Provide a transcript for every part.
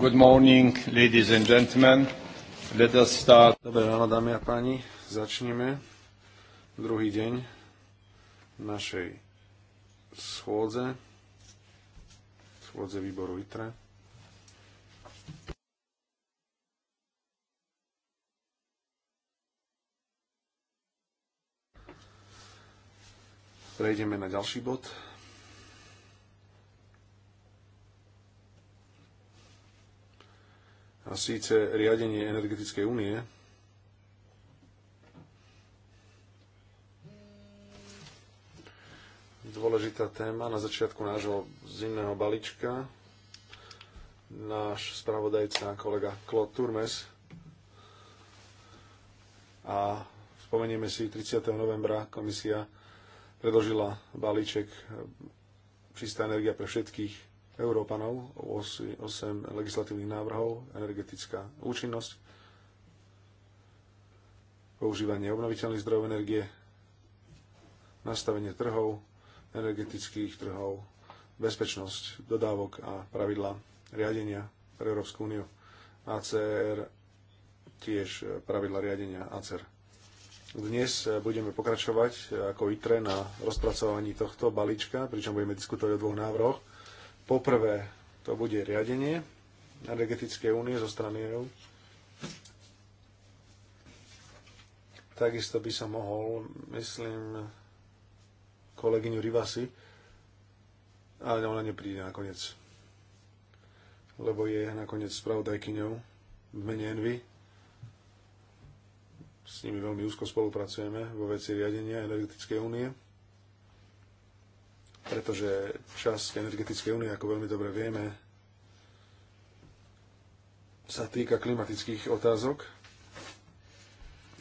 Good morning, ladies and gentlemen. Let us start. Dobré ráno, dámy a páni. Začneme druhý deň našej schôdze, schôdze výboru ITRE. Prejdeme na ďalší bod. a síce riadenie energetickej únie. Dôležitá téma na začiatku nášho zimného balíčka. Náš spravodajca, kolega Claude Turmes. A spomenieme si, 30. novembra komisia predložila balíček Čistá energia pre všetkých Európanov, 8 legislatívnych návrhov, energetická účinnosť, používanie obnoviteľných zdrojov energie, nastavenie trhov, energetických trhov, bezpečnosť dodávok a pravidla riadenia pre Európsku úniu. ACR tiež pravidla riadenia ACER. Dnes budeme pokračovať ako ITRE na rozpracovaní tohto balíčka, pričom budeme diskutovať o dvoch návrhoch. Poprvé to bude riadenie energetickej únie zo strany EU. Takisto by sa mohol, myslím, kolegyňu Rivasi, ale ona nepríde nakoniec. Lebo je nakoniec spravodajkyňou v mene Envy. S nimi veľmi úzko spolupracujeme vo veci riadenia energetickej únie pretože čas energetickej únie, ako veľmi dobre vieme, sa týka klimatických otázok.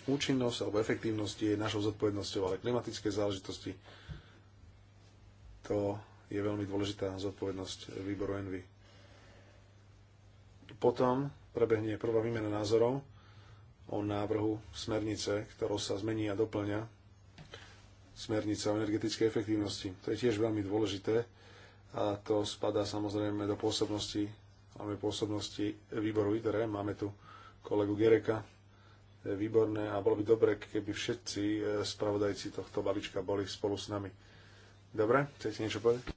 Účinnosť alebo efektívnosť je našou zodpovednosťou, ale klimatické záležitosti to je veľmi dôležitá zodpovednosť výboru Envy. Potom prebehne prvá výmena názorov o návrhu smernice, ktorou sa zmení a doplňa smernica o energetickej efektívnosti. To je tiež veľmi dôležité a to spadá samozrejme do pôsobnosti, máme pôsobnosti výboru IDRE. Máme tu kolegu Gereka, to je výborné a bolo by dobre, keby všetci e, spravodajci tohto balíčka boli spolu s nami. Dobre, chcete niečo povedať?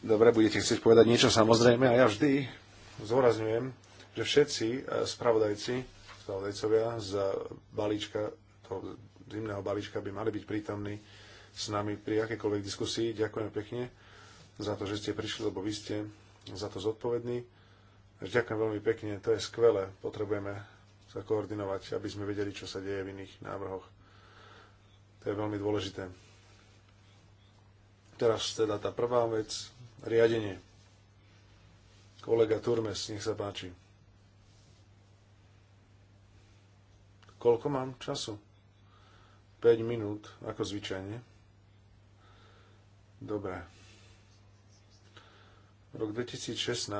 Dobre, budete chcieť povedať niečo samozrejme a ja vždy Zôrazňujem, že všetci eh, spravodajci, spravodajcovia z balíčka, toho zimného balíčka by mali byť prítomní s nami pri akékoľvek diskusii. Ďakujem pekne za to, že ste prišli, lebo vy ste za to zodpovední. Ďakujem veľmi pekne, to je skvelé. Potrebujeme sa koordinovať, aby sme vedeli, čo sa deje v iných návrhoch. To je veľmi dôležité. Teraz teda tá prvá vec, riadenie. Kolega Turmes, nech sa páči. Koľko mám času? 5 minút, ako zvyčajne. Dobre. Rok 2016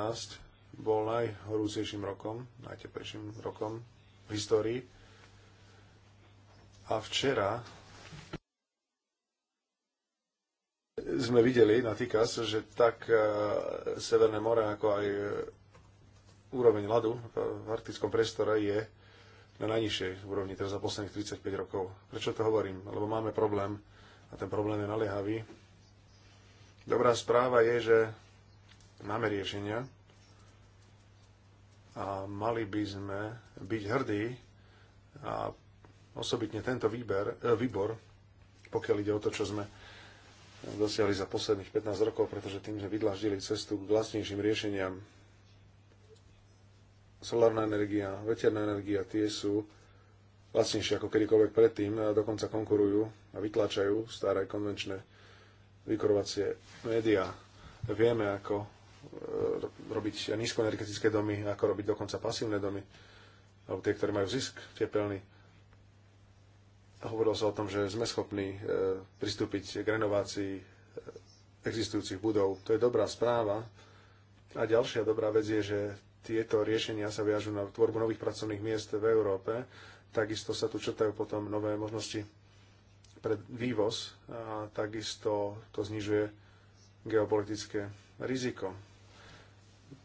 bol najhorúcejším rokom, najteplejším rokom v histórii. A včera sme videli na TIKAS, že tak e, Severné more, ako aj e, úroveň ľadu v arktickom priestore je na najnižšej úrovni, teraz za posledných 35 rokov. Prečo to hovorím? Lebo máme problém a ten problém je naliehavý. Dobrá správa je, že máme riešenia a mali by sme byť hrdí a osobitne tento výber, e, výbor, pokiaľ ide o to, čo sme dosiahli za posledných 15 rokov, pretože tým sme vydlaždili cestu k vlastnejším riešeniam. Solárna energia, veterná energia, tie sú vlastnejšie ako kedykoľvek predtým a dokonca konkurujú a vytlačajú staré konvenčné vykorovacie médiá. Vieme, ako e, robiť nízkoenergetické domy, ako robiť dokonca pasívne domy, alebo tie, ktoré majú zisk tepelný Hovorilo sa o tom, že sme schopní e, pristúpiť k renovácii e, existujúcich budov. To je dobrá správa. A ďalšia dobrá vec je, že tieto riešenia sa viažú na tvorbu nových pracovných miest v Európe. Takisto sa tu črtajú potom nové možnosti pre vývoz a takisto to znižuje geopolitické riziko.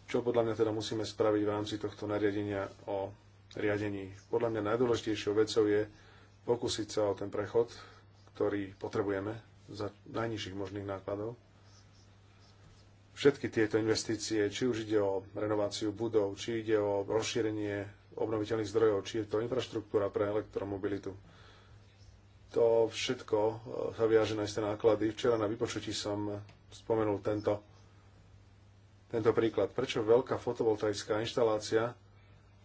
Čo podľa mňa teda musíme spraviť v rámci tohto nariadenia o riadení? Podľa mňa najdôležitejšou vecou je pokúsiť sa o ten prechod, ktorý potrebujeme za najnižších možných nákladov. Všetky tieto investície, či už ide o renováciu budov, či ide o rozšírenie obnoviteľných zdrojov, či je to infraštruktúra pre elektromobilitu, to všetko eh, sa viaže na isté náklady. Včera na vypočutí som spomenul tento, tento príklad. Prečo veľká fotovoltaická inštalácia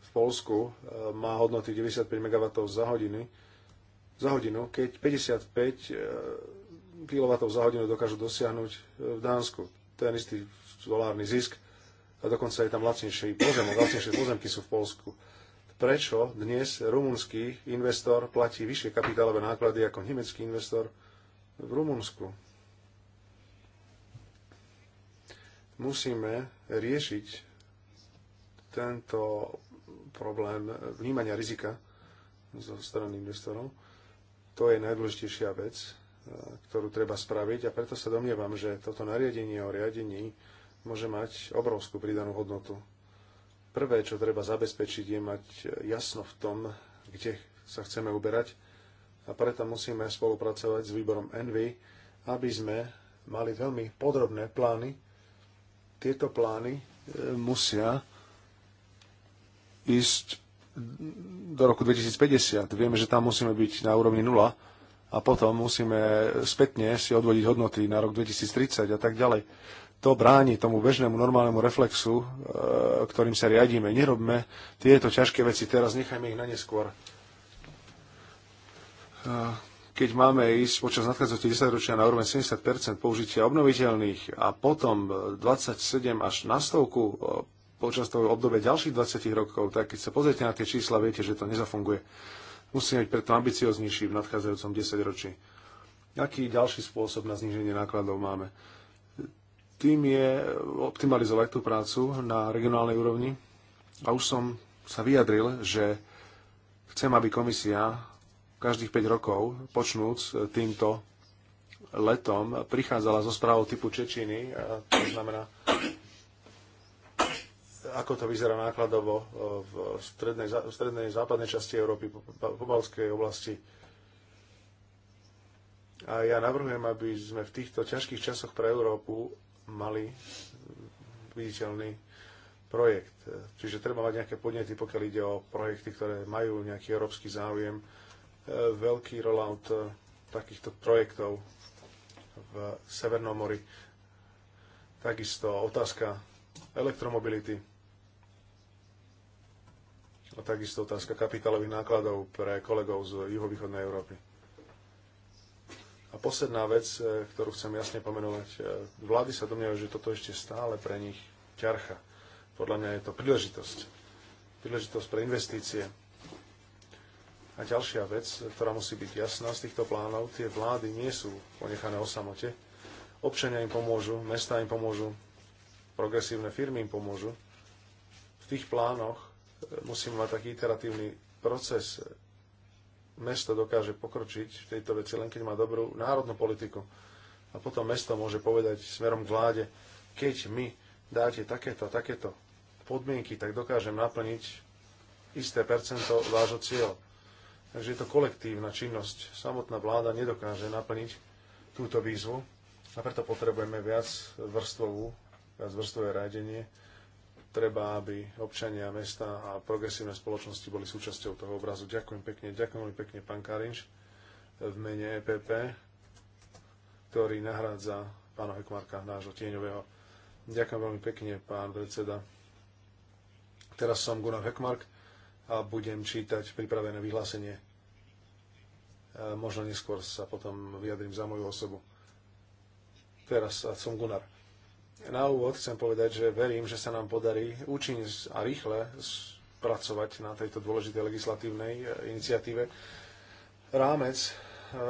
v Polsku eh, má hodnoty 95 MW za hodiny za hodinu, keď 55 e, kW za hodinu dokážu dosiahnuť e, v Dánsku. Ten istý solárny zisk a dokonca je tam lacnejší pozemok, lacnejšie pozemky sú v Polsku. Prečo dnes rumunský investor platí vyššie kapitálové náklady ako nemecký investor v Rumunsku? Musíme riešiť tento problém vnímania rizika zo strany investorov. To je najdôležitejšia vec, e, ktorú treba spraviť a preto sa domnievam, že toto nariadenie o riadení môže mať obrovskú pridanú hodnotu. Prvé, čo treba zabezpečiť, je mať jasno v tom, kde sa chceme uberať a preto musíme spolupracovať s výborom Envy, aby sme mali veľmi podrobné plány. Tieto plány e, musia ísť do roku 2050. Vieme, že tam musíme byť na úrovni nula a potom musíme spätne si odvodiť hodnoty na rok 2030 a tak ďalej. To bráni tomu bežnému normálnemu reflexu, e, ktorým sa riadíme. Nerobme tieto ťažké veci teraz, nechajme ich na neskôr e, keď máme ísť počas nadchádzajúcich 10 ročia na úroveň 70 použitia obnoviteľných a potom 27 až na stovku e, počas toho obdobia ďalších 20 rokov, tak keď sa pozriete na tie čísla, viete, že to nezafunguje. Musíme byť preto ambicioznejší v nadchádzajúcom 10 ročí. Aký ďalší spôsob na zníženie nákladov máme? Tým je optimalizovať tú prácu na regionálnej úrovni. A už som sa vyjadril, že chcem, aby komisia každých 5 rokov, počnúc týmto letom, prichádzala zo správou typu Čečiny, to znamená ako to vyzerá nákladovo e, v strednej, v strednej západnej časti Európy, po, po Balskej oblasti. A ja navrhujem, aby sme v týchto ťažkých časoch pre Európu mali viditeľný projekt. Čiže treba mať nejaké podnety, pokiaľ ide o projekty, ktoré majú nejaký európsky záujem. E, veľký rollout e, takýchto projektov v Severnom mori. Takisto otázka elektromobility. A takisto otázka kapitálových nákladov pre kolegov z juhovýchodnej Európy. A posledná vec, e, ktorú chcem jasne pomenovať, e, vlády sa domnievajú, že toto ešte stále pre nich ťarcha. Podľa mňa je to príležitosť. Príležitosť pre investície. A ďalšia vec, ktorá musí byť jasná z týchto plánov, tie vlády nie sú ponechané o samote. Občania im pomôžu, mesta im pomôžu, progresívne firmy im pomôžu. V tých plánoch musíme mať taký iteratívny proces. Mesto dokáže pokročiť v tejto veci len keď má dobrú národnú politiku. A potom mesto môže povedať smerom k vláde, keď mi dáte takéto a takéto podmienky, tak dokážem naplniť isté percento vášho cieľ. Takže je to kolektívna činnosť. Samotná vláda nedokáže naplniť túto výzvu a preto potrebujeme viac vrstvovú, viac vrstové rádenie treba, aby občania mesta a progresívne spoločnosti boli súčasťou toho obrazu. Ďakujem pekne, ďakujem veľmi pekne pán Karinč v mene EPP, ktorý nahrádza pána Hekmarka, nášho tieňového. Ďakujem veľmi pekne, pán predseda. Teraz som Gunnar Hekmark a budem čítať pripravené vyhlásenie. Možno neskôr sa potom vyjadrím za moju osobu. Teraz som Gunnar na úvod chcem povedať, že verím, že sa nám podarí účinne a rýchle pracovať na tejto dôležitej legislatívnej e, iniciatíve. Rámec e,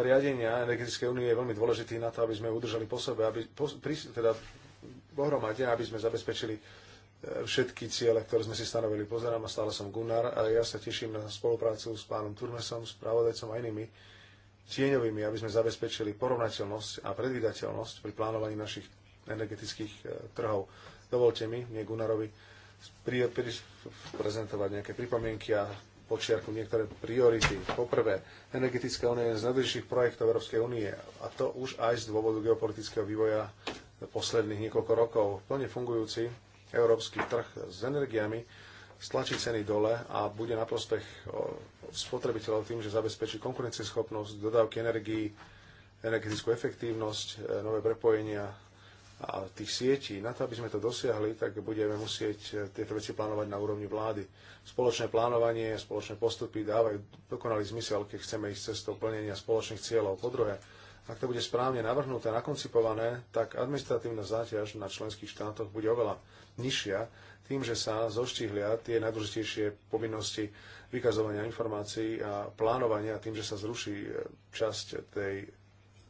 riadenia energetickej únie je veľmi dôležitý na to, aby sme udržali po sebe, aby, po, pri, teda pohromade, aby sme zabezpečili e, všetky ciele, ktoré sme si stanovili. Pozerám a stále som Gunnar a ja sa teším na spoluprácu s pánom Turmesom, s spravodajcom a inými tieňovými, aby sme zabezpečili porovnateľnosť a predvydateľnosť pri plánovaní našich energetických e, trhov. Dovolte mi, nie Gunarovi, prezentovať nejaké pripomienky a počiarku niektoré priority. Poprvé, energetická únia je z najdôležitejších projektov Európskej únie a to už aj z dôvodu geopolitického vývoja posledných niekoľko rokov. Plne fungujúci európsky trh s energiami stlačí ceny dole a bude na prospech spotrebiteľov tým, že zabezpečí konkurencieschopnosť, dodávky energií, energetickú efektívnosť, e, nové prepojenia, a tých sietí. Na to, aby sme to dosiahli, tak budeme musieť eh, tieto veci plánovať na úrovni vlády. Spoločné plánovanie, spoločné postupy dávajú dokonalý zmysel, keď chceme ísť cestou plnenia spoločných cieľov. Po druhé, ak to bude správne navrhnuté, nakoncipované, tak administratívna záťaž na členských štátoch bude oveľa nižšia tým, že sa zoštihlia tie najdôležitejšie povinnosti vykazovania informácií a plánovania tým, že sa zruší eh, časť tej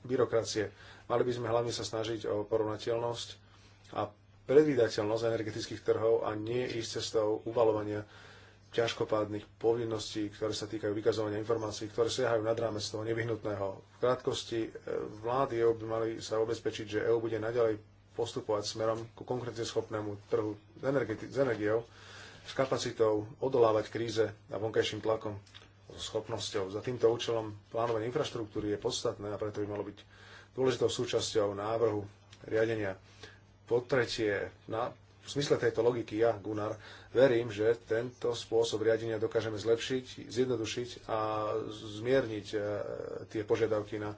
byrokracie Mali by sme hlavne sa snažiť o porovnateľnosť a predvídateľnosť energetických trhov a nie ísť cestou uvalovania ťažkopádnych povinností, ktoré sa týkajú vykazovania informácií, ktoré siahajú nad rámec toho nevyhnutného. V krátkosti e, vlády EU by mali sa obezpečiť, že EU bude naďalej postupovať smerom ku konkurencieschopnému trhu s, energeti- s energiou, s kapacitou odolávať kríze a vonkajším tlakom, so schopnosťou. Za týmto účelom plánovanie infraštruktúry je podstatné a preto by malo byť dôležitou súčasťou návrhu riadenia. Po tretie, na, v smysle tejto logiky ja, Gunnar, verím, že tento spôsob riadenia dokážeme zlepšiť, zjednodušiť a zmierniť e, tie požiadavky na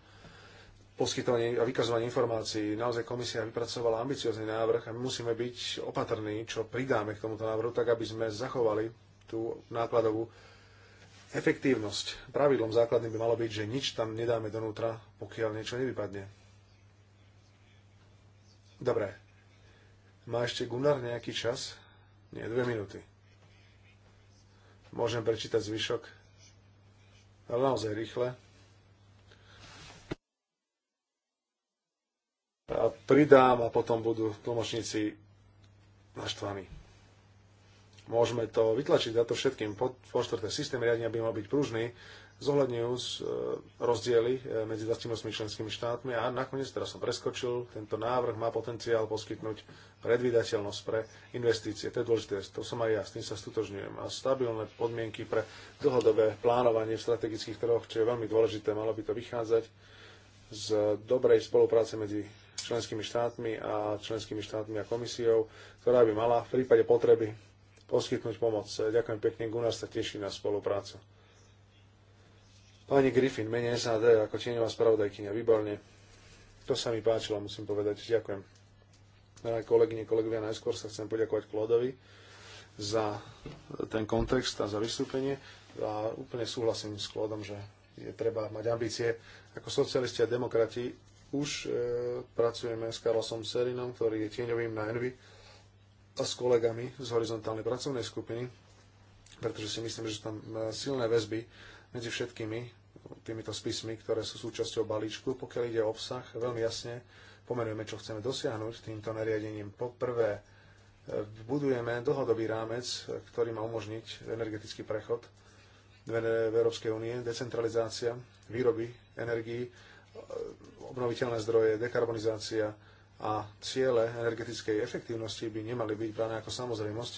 poskytovanie a vykazovanie informácií. Naozaj komisia vypracovala ambiciózny návrh a my musíme byť opatrní, čo pridáme k tomuto návrhu, tak aby sme zachovali tú nákladovú Efektívnosť. Pravidlom základným by malo byť, že nič tam nedáme donútra, pokiaľ niečo nevypadne. Dobre. Má ešte Gunnar nejaký čas? Nie, dve minúty. Môžem prečítať zvyšok. Ale naozaj rýchle. A pridám a potom budú tlmočníci naštvaní. Môžeme to vytlačiť, za to všetkým. Po, po štvrté, systém riadenia by mal byť pružný, zohľadňujúc e, rozdiely e, medzi 28 členskými štátmi a nakoniec, teraz som preskočil, tento návrh má potenciál poskytnúť predvydateľnosť pre investície. To je dôležité, to som aj ja, s tým sa stutožňujem. A stabilné podmienky pre dlhodobé plánovanie v strategických trhoch, čo je veľmi dôležité, malo by to vychádzať z dobrej spolupráce medzi členskými štátmi a členskými štátmi a komisiou, ktorá by mala v prípade potreby poskytnúť pomoc. Ďakujem pekne, Gunnar sa teší na spoluprácu. Pani Griffin, menej SAD ako tieňová spravodajkynia, výborne. To sa mi páčilo, musím povedať. Ďakujem. Drahé kolegyne, kolegovia, najskôr sa chcem poďakovať Klodovi za ten kontext a za vystúpenie. A úplne súhlasím s Klodom, že je treba mať ambície. Ako socialisti a demokrati už e, pracujeme s Karlosom Serinom, ktorý je tieňovým na Envy s kolegami z horizontálnej pracovnej skupiny, pretože si myslím, že sú tam e, silné väzby medzi všetkými týmito spismi, ktoré sú súčasťou balíčku. Pokiaľ ide o obsah, veľmi jasne pomenujeme, čo chceme dosiahnuť týmto nariadením. Po prvé, e, budujeme dlhodobý rámec, ktorý má umožniť energetický prechod v e, Európskej únie, decentralizácia výroby energií, obnoviteľné zdroje, dekarbonizácia, a ciele energetickej efektívnosti by nemali byť brané ako samozrejmosť.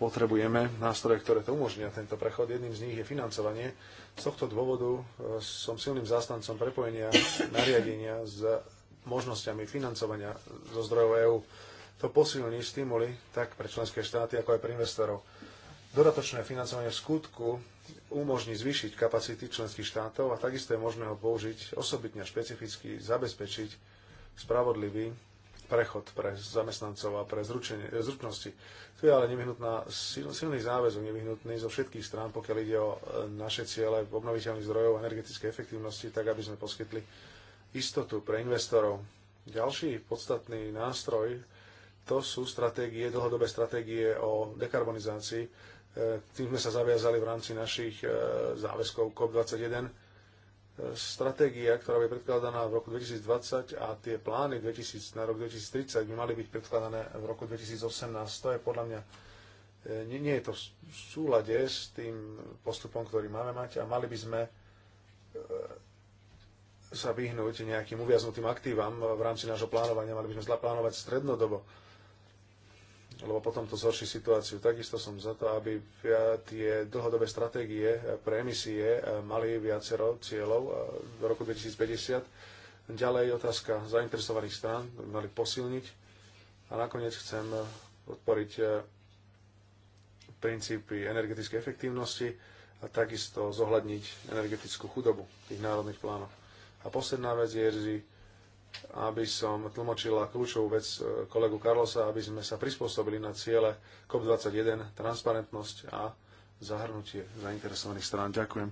Potrebujeme nástroje, ktoré to umožnia, tento prechod. Jedným z nich je financovanie. Z tohto dôvodu e, som silným zástancom prepojenia nariadenia s možnosťami financovania zo zdrojov EÚ. To posilní stimuly tak pre členské štáty, ako aj pre investorov. Dodatočné financovanie v skutku umožní zvýšiť kapacity členských štátov a takisto je možné ho použiť osobitne a špecificky zabezpečiť spravodlivý prechod pre zamestnancov a pre zručenie, zručnosti. Tu je ale nevyhnutná, silný záväzok nevyhnutný zo všetkých strán, pokiaľ ide o e, naše ciele obnoviteľných zdrojov energetickej efektivnosti, tak aby sme poskytli istotu pre investorov. Ďalší podstatný nástroj to sú stratégie, dlhodobé stratégie o dekarbonizácii. E, tým sme sa zaviazali v rámci našich e, záväzkov COP21 stratégia, ktorá je predkladaná v roku 2020 a tie plány 2000, na rok 2030 by mali byť predkladané v roku 2018. To je podľa mňa, e, nie, nie je to v súlade s tým postupom, ktorý máme mať a mali by sme e, sa vyhnúť nejakým uviaznutým aktívam v rámci nášho plánovania, mali by sme zla plánovať strednodobo lebo potom to zhorší situáciu. Takisto som za to, aby tie dlhodobé stratégie pre emisie eh, mali viacero cieľov do eh, roku 2050. Ďalej otázka zainteresovaných strán, mali posilniť. A nakoniec chcem eh, podporiť princípy energetickej efektívnosti a takisto zohľadniť energetickú chudobu v tých národných plánoch. A posledná vec je, aby som tlmočila kľúčovú vec e, kolegu Karlosa, aby sme sa prispôsobili na ciele COP21, transparentnosť a zahrnutie zainteresovaných strán. Ďakujem.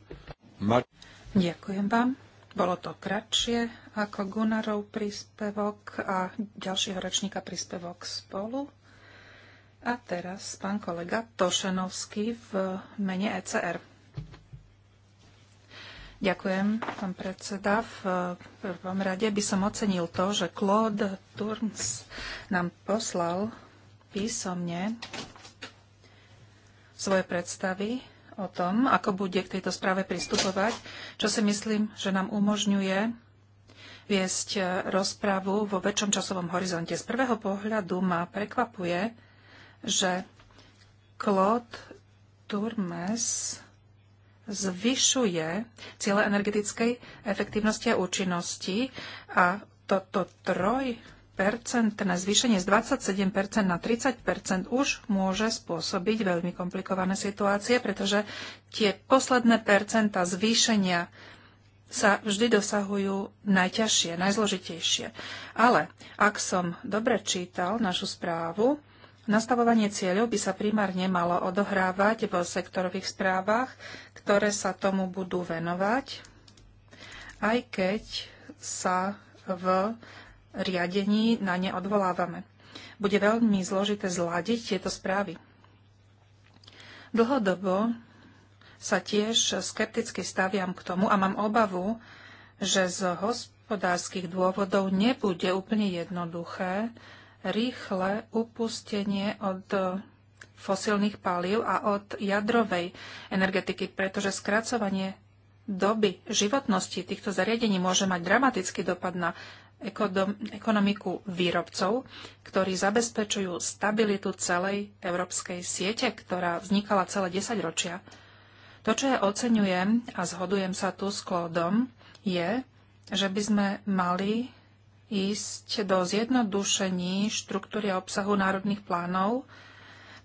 Ďakujem vám. Bolo to kratšie ako Gunarov príspevok a ďalšieho ročníka príspevok spolu. A teraz pán kolega Tošenovský v mene ECR. Ďakujem, pán predseda. V prvom rade by som ocenil to, že Claude Turns nám poslal písomne svoje predstavy o tom, ako bude k tejto správe pristupovať, čo si myslím, že nám umožňuje viesť rozpravu vo väčšom časovom horizonte. Z prvého pohľadu ma prekvapuje, že Claude Turmes zvyšuje ciele energetickej efektívnosti a účinnosti a toto troj percentné zvýšenie z 27% na 30% už môže spôsobiť veľmi komplikované situácie, pretože tie posledné percenta zvýšenia sa vždy dosahujú najťažšie, najzložitejšie. Ale ak som dobre čítal našu správu, nastavovanie cieľov by sa primárne malo odohrávať vo sektorových správach, ktoré sa tomu budú venovať, aj keď sa v riadení na ne odvolávame. Bude veľmi zložité zladiť tieto správy. Dlhodobo sa tiež skepticky staviam k tomu a mám obavu, že z hospodárskych dôvodov nebude úplne jednoduché rýchle upustenie od fosilných palív a od jadrovej energetiky, pretože skracovanie doby životnosti týchto zariadení môže mať dramatický dopad na ekonomiku výrobcov, ktorí zabezpečujú stabilitu celej európskej siete, ktorá vznikala celé 10 ročia. To, čo ja oceňujem a zhodujem sa tu s Klódom, je, že by sme mali ísť do zjednodušení štruktúry a obsahu národných plánov,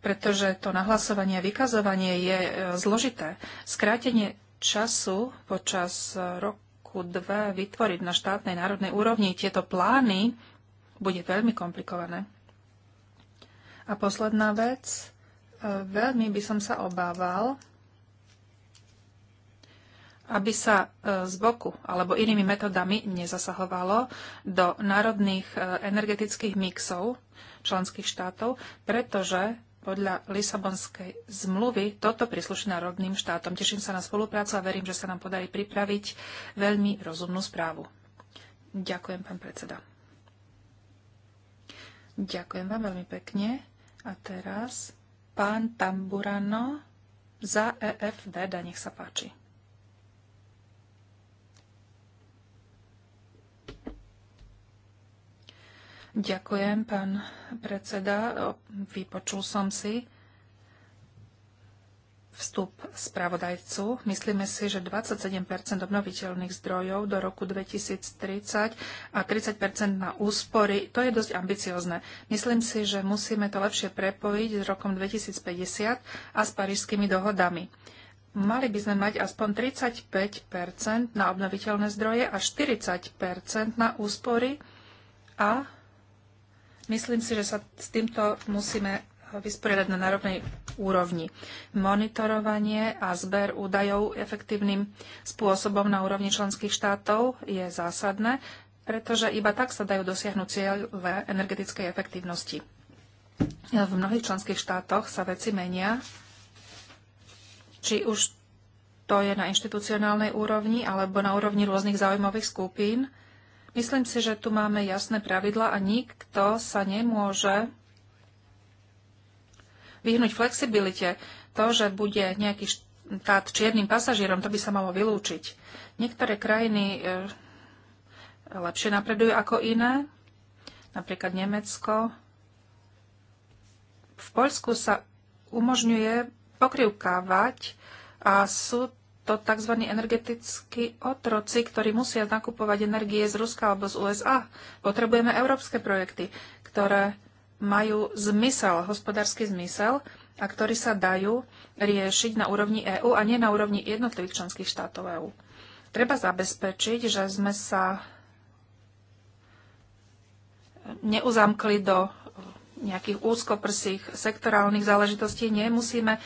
pretože to nahlasovanie a vykazovanie je e, zložité. Skrátenie času počas e, roku dve vytvoriť na štátnej národnej úrovni tieto plány bude veľmi komplikované. A posledná vec, e, veľmi by som sa obával, aby sa z boku alebo inými metodami nezasahovalo do národných energetických mixov členských štátov, pretože podľa Lisabonskej zmluvy toto príslušné národným štátom. Teším sa na spoluprácu a verím, že sa nám podarí pripraviť veľmi rozumnú správu. Ďakujem, pán predseda. Ďakujem vám veľmi pekne. A teraz pán Tamburano za EFDD, nech sa páči. Ďakujem, pán predseda. Vypočul som si vstup spravodajcu. Myslíme si, že 27 obnoviteľných zdrojov do roku 2030 a 30 na úspory, to je dosť ambiciozne. Myslím si, že musíme to lepšie prepojiť s rokom 2050 a s parížskými dohodami. Mali by sme mať aspoň 35 na obnoviteľné zdroje a 40 na úspory a Myslím si, že sa s týmto musíme vysporiadať na národnej úrovni. Monitorovanie a zber údajov efektívnym spôsobom na úrovni členských štátov je zásadné, pretože iba tak sa dajú dosiahnuť cieľe energetickej efektívnosti. V mnohých členských štátoch sa veci menia, či už to je na inštitucionálnej úrovni alebo na úrovni rôznych zaujímavých skupín, Myslím si, že tu máme jasné pravidla a nikto sa nemôže vyhnúť flexibilite. To, že bude nejaký štát čiernym pasažierom, to by sa malo vylúčiť. Niektoré krajiny e, lepšie napredujú ako iné, napríklad Nemecko. V Poľsku sa umožňuje pokrivkávať a sú to tzv. energetickí otroci, ktorí musia nakupovať energie z Ruska alebo z USA. Potrebujeme európske projekty, ktoré majú zmysel, hospodársky zmysel a ktorí sa dajú riešiť na úrovni EÚ a nie na úrovni jednotlivých členských štátov EÚ. Treba zabezpečiť, že sme sa neuzamkli do nejakých úzkoprsých sektorálnych záležitostí. Nemusíme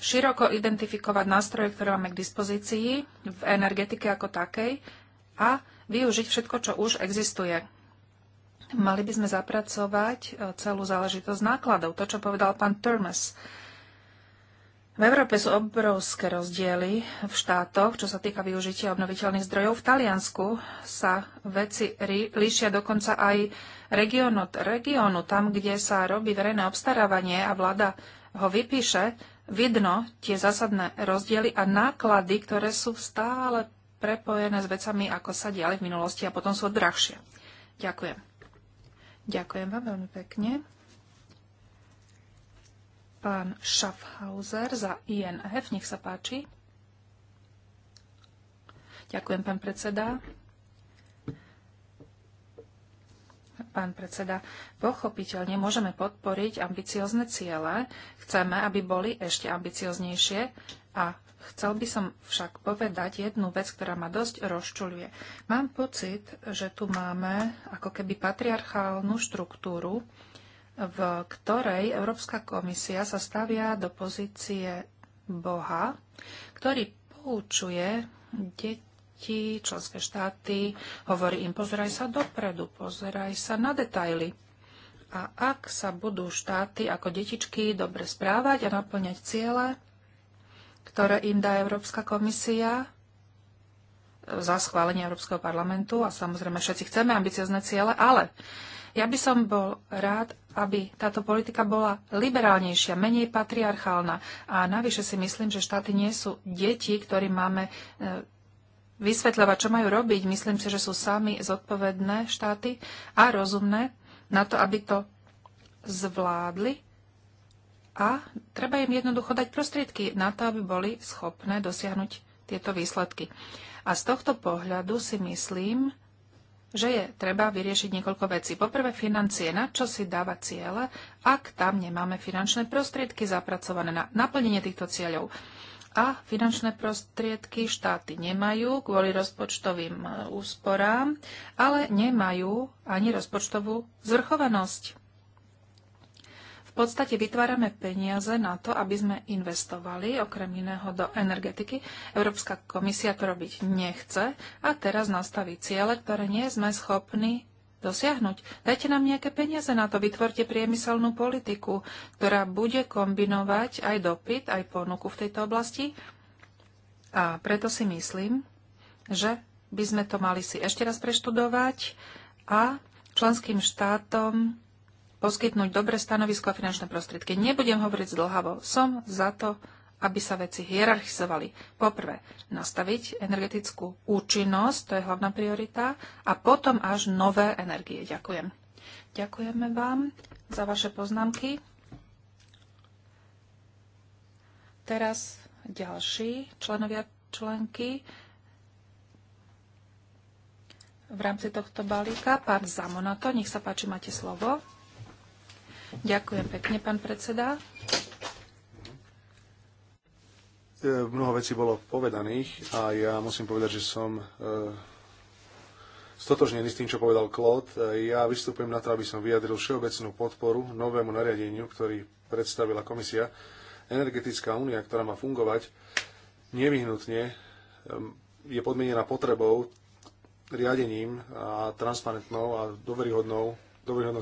široko identifikovať nástroje, ktoré máme k dispozícii v energetike ako takej a využiť všetko, čo už existuje. Mali by sme zapracovať e, celú záležitosť nákladov, to, čo povedal pán Turmes. V Európe sú obrovské rozdiely v štátoch, čo sa týka využitia obnoviteľných zdrojov. V Taliansku sa veci líšia dokonca aj region od regiónu. Tam, kde sa robí verejné obstarávanie a vláda ho vypíše, vidno tie zásadné rozdiely a náklady, ktoré sú stále prepojené s vecami, ako sa diali v minulosti a potom sú drahšie. Ďakujem. Ďakujem vám veľmi pekne. Pán Schaffhauser za INF, nech sa páči. Ďakujem, pán predseda. pán predseda. Pochopiteľne môžeme podporiť ambiciozne ciele. Chceme, aby boli ešte ambicioznejšie a chcel by som však povedať jednu vec, ktorá ma dosť rozčuluje. Mám pocit, že tu máme ako keby patriarchálnu štruktúru, v ktorej Európska komisia sa stavia do pozície Boha, ktorý poučuje deti deti, členské štáty, hovorí im, pozeraj sa dopredu, pozeraj sa na detaily. A ak sa budú štáty ako detičky dobre správať a naplňať ciele, ktoré im dá Európska komisia e, za schválenie Európskeho parlamentu, a samozrejme všetci chceme ambiciozne ciele, ale ja by som bol rád, aby táto politika bola liberálnejšia, menej patriarchálna. A navyše si myslím, že štáty nie sú deti, ktorým máme e, vysvetľovať, čo majú robiť, myslím si, že sú sami zodpovedné štáty a rozumné na to, aby to zvládli. A treba im jednoducho dať prostriedky na to, aby boli schopné dosiahnuť tieto výsledky. A z tohto pohľadu si myslím, že je treba vyriešiť niekoľko vecí. Poprvé financie, na čo si dáva ciele, ak tam nemáme finančné prostriedky zapracované na naplnenie týchto cieľov a finančné prostriedky štáty nemajú kvôli rozpočtovým e, úsporám, ale nemajú ani rozpočtovú zvrchovanosť. V podstate vytvárame peniaze na to, aby sme investovali okrem iného do energetiky. Európska komisia to robiť nechce a teraz nastaví ciele, ktoré nie sme schopní dosiahnuť. Dajte nám nejaké peniaze na to, vytvorte priemyselnú politiku, ktorá bude kombinovať aj dopyt, aj ponuku v tejto oblasti. A preto si myslím, že by sme to mali si ešte raz preštudovať a členským štátom poskytnúť dobré stanovisko a finančné prostriedky. Nebudem hovoriť zdlhavo. Som za to, aby sa veci hierarchizovali. Poprvé, nastaviť energetickú účinnosť, to je hlavná priorita, a potom až nové energie. Ďakujem. Ďakujeme vám za vaše poznámky. Teraz ďalší členovia členky v rámci tohto balíka. Pán Zamonato, nech sa páči, máte slovo. Ďakujem pekne, pán predseda. E, mnoho vecí bolo povedaných a ja musím povedať, že som e, stotožnený s tým, čo povedal Klod. E, ja vystupujem na to, aby som vyjadril všeobecnú podporu novému nariadeniu, ktorý predstavila komisia. Energetická únia, ktorá má fungovať, nevyhnutne je podmienená potrebou, riadením a transparentnou a dôveryhodnou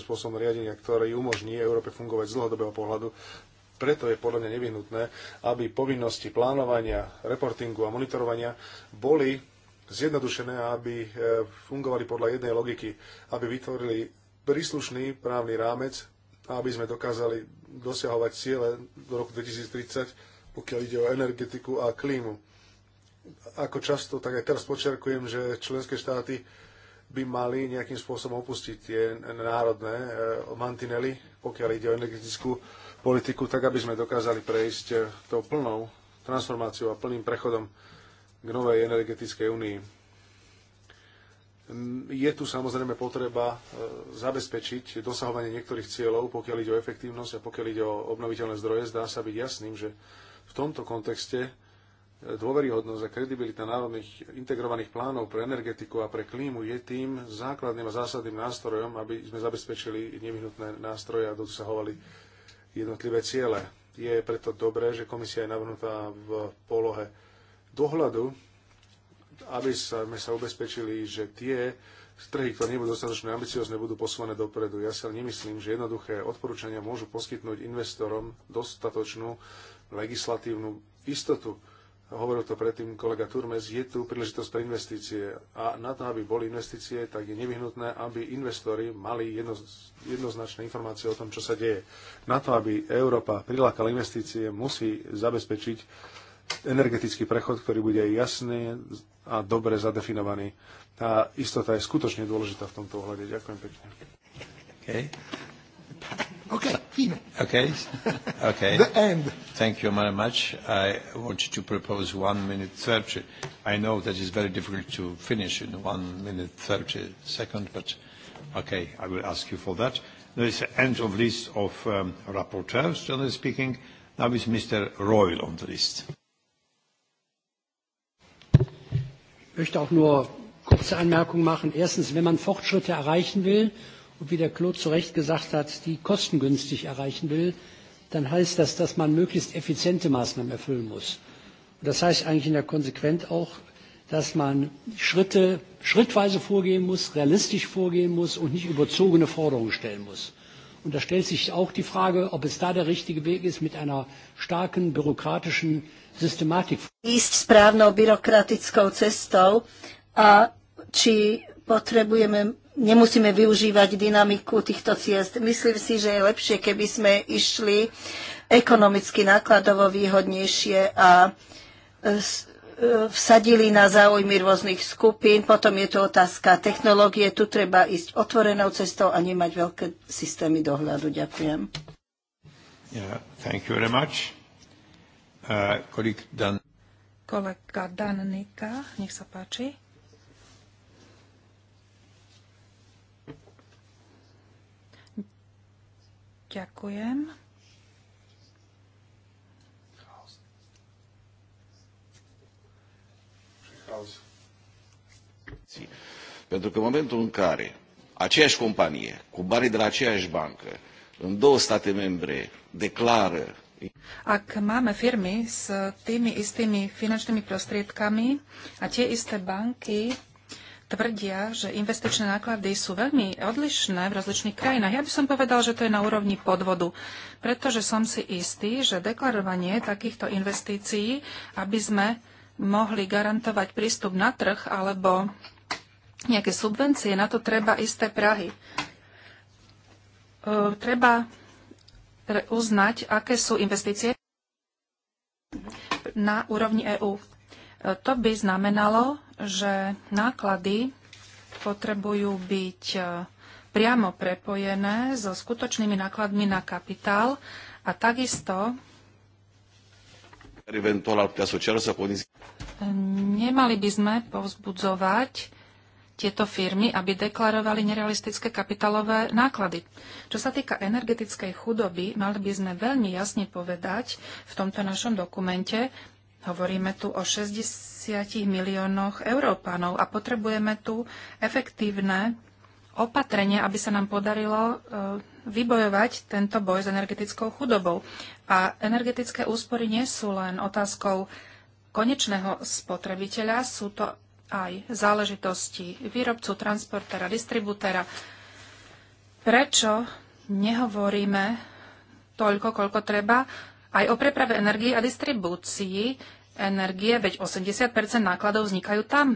spôsobom riadenia, ktorý umožní Európe fungovať z dlhodobého pohľadu preto je podľa mňa nevyhnutné, aby povinnosti plánovania, reportingu a monitorovania boli zjednodušené, a aby e, fungovali podľa jednej logiky, aby vytvorili príslušný právny rámec, aby sme dokázali dosiahovať ciele do roku 2030, pokiaľ ide o energetiku a klímu. Ako často, tak aj teraz počerkujem, že členské štáty by mali nejakým spôsobom opustiť tie národné e, mantinely, pokiaľ ide o energetickú politiku, tak aby sme dokázali prejsť eh, tou plnou transformáciou a plným prechodom k novej energetickej únii. Je tu samozrejme potreba eh, zabezpečiť dosahovanie niektorých cieľov, pokiaľ ide o efektívnosť a pokiaľ ide o obnoviteľné zdroje. Zdá sa byť jasným, že v tomto kontexte eh, dôveryhodnosť a kredibilita národných integrovaných plánov pre energetiku a pre klímu je tým základným a zásadným nástrojom, aby sme zabezpečili nevyhnutné nástroje a dosahovali jednotlivé ciele. Je preto dobré, že komisia je navrhnutá v polohe dohľadu, aby sme sa ubezpečili, že tie trhy, ktoré nebudú dostatočne ambiciozne, budú posúvané dopredu. Ja sa nemyslím, že jednoduché odporúčania môžu poskytnúť investorom dostatočnú legislatívnu istotu hovoril to predtým kolega Turmes, je tu príležitosť pre investície a na to, aby boli investície, tak je nevyhnutné, aby investori mali jedno, jednoznačné informácie o tom, čo sa deje. Na to, aby Európa prilákala investície, musí zabezpečiť energetický prechod, ktorý bude jasný a dobre zadefinovaný. Tá istota je skutočne dôležitá v tomto ohľade. Ďakujem pekne. Okay. Okay, fine. Okay, okay. the end. Thank you very much. I want you to propose one minute 30. I know that it's very difficult to finish in one minute 30 seconds, but okay, I will ask you for that. There is an end of list of um, rapporteurs, generally speaking. Now is Mr. Royal on the list. Ich möchte auch nur kurze Anmerkungen machen. Erstens, wenn man Fortschritte erreichen will, und wie der Claude zu Recht gesagt hat, die kostengünstig erreichen will, dann heißt das, dass man möglichst effiziente Maßnahmen erfüllen muss. Und das heißt eigentlich in der Konsequenz auch, dass man Schritte schrittweise vorgehen muss, realistisch vorgehen muss und nicht überzogene Forderungen stellen muss. Und da stellt sich auch die Frage, ob es da der richtige Weg ist, mit einer starken bürokratischen Systematik. vorzugehen nemusíme využívať dynamiku týchto ciest. Myslím si, že je lepšie, keby sme išli ekonomicky nákladovo výhodnejšie a e, e, vsadili na záujmy rôznych skupín. Potom je tu otázka technológie. Tu treba ísť otvorenou cestou a nemať veľké systémy dohľadu. Ďakujem. Yeah, thank you very much. Uh, Dan... Kolega Danika, nech sa páči. Ďakujem. Pentru că în momentul în care aceeași companie, cu banii de la aceeași bancă, în două state membre declară ak máme firmy s tými istými finančnými prostriedkami a tie isté banky tvrdia, že investičné náklady sú veľmi odlišné v rozličných krajinách. Ja by som povedal, že to je na úrovni podvodu, pretože som si istý, že deklarovanie takýchto investícií, aby sme mohli garantovať prístup na trh alebo nejaké subvencie, na to treba isté Prahy. E, treba uznať, aké sú investície na úrovni EÚ. To by znamenalo, že náklady potrebujú byť e, priamo prepojené so skutočnými nákladmi na kapitál a takisto nemali by sme povzbudzovať tieto firmy, aby deklarovali nerealistické kapitálové náklady. Čo sa týka energetickej chudoby, mali by sme veľmi jasne povedať v tomto našom dokumente, Hovoríme tu o 60 miliónoch Európanov a potrebujeme tu efektívne opatrenia, aby sa nám podarilo e, vybojovať tento boj s energetickou chudobou. A energetické úspory nie sú len otázkou konečného spotrebiteľa, sú to aj záležitosti výrobcu, transportéra, distribútera. Prečo nehovoríme toľko, koľko treba aj o preprave energie a distribúcii energie, veď 80 nákladov vznikajú tam.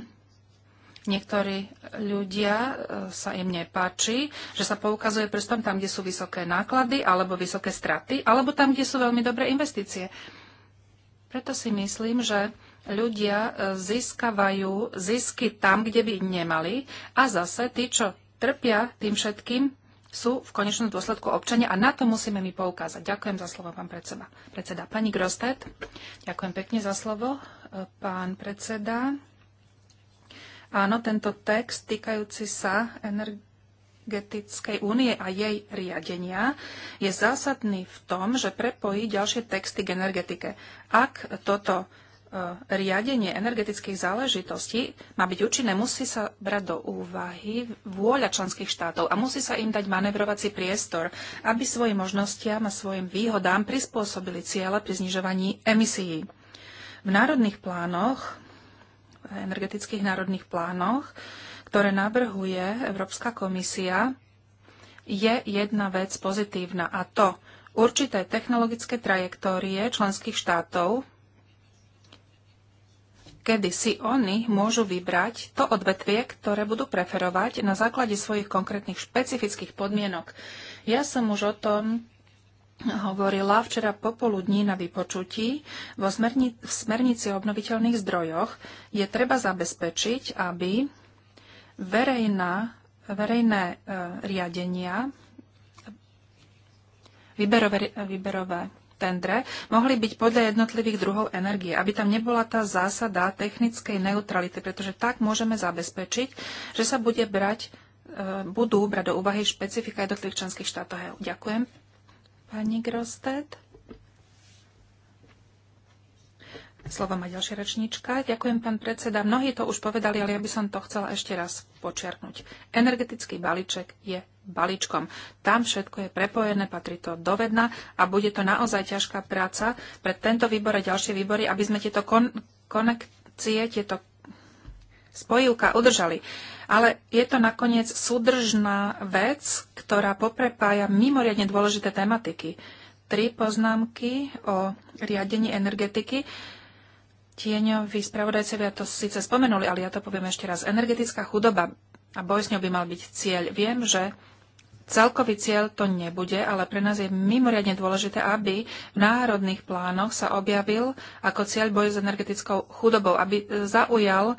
Niektorí ľudia e, sa im nepáči, že sa poukazuje prstom tam, kde sú vysoké náklady alebo vysoké straty, alebo tam, kde sú veľmi dobré investície. Preto si myslím, že ľudia e, získavajú zisky tam, kde by nemali a zase tí, čo trpia tým všetkým, sú v konečnom dôsledku občania a na to musíme my poukázať. Ďakujem za slovo, pán predseda. predseda. Pani Grostet, ďakujem pekne za slovo, pán predseda. Áno, tento text týkajúci sa energetickej únie a jej riadenia je zásadný v tom, že prepojí ďalšie texty k energetike. Ak toto E, riadenie energetických záležitostí má byť účinné, musí sa brať do úvahy vôľa členských štátov a musí sa im dať manevrovací priestor, aby svojim možnostiam a svojim výhodám prispôsobili ciele pri znižovaní emisií. V národných plánoch, v energetických národných plánoch, ktoré navrhuje Európska komisia, je jedna vec pozitívna a to určité technologické trajektórie členských štátov kedy si oni môžu vybrať to odvetvie, ktoré budú preferovať na základe svojich konkrétnych špecifických podmienok. Ja som už o tom hovorila včera popoludní na vypočutí. Vo smerni- v smernici o obnoviteľných zdrojoch je treba zabezpečiť, aby verejná, verejné e, riadenia, vyberové. vyberové tendre mohli byť podľa jednotlivých druhov energie, aby tam nebola tá zásada technickej neutrality, pretože tak môžeme zabezpečiť, že sa bude brať, e, budú brať do úvahy špecifika jednotlivých členských štátov. E Ďakujem. Pani Grosted. Slovo má ďalšia rečníčka. Ďakujem, pán predseda. Mnohí to už povedali, ale ja by som to chcela ešte raz počiarknúť. Energetický balíček je balíčkom. Tam všetko je prepojené, patrí to dovedna a bude to naozaj ťažká práca pre tento výbor a ďalšie výbory, aby sme tieto kon- konekcie, tieto spojivka udržali. Ale je to nakoniec súdržná vec, ktorá poprepája mimoriadne dôležité tematiky. Tri poznámky o riadení energetiky. Tieňoví spravodajcovia to síce spomenuli, ale ja to poviem ešte raz. Energetická chudoba a boj s ňou by mal byť cieľ. Viem, že Celkový cieľ to nebude, ale pre nás je mimoriadne dôležité, aby v národných plánoch sa objavil ako cieľ boju s energetickou chudobou, aby zaujal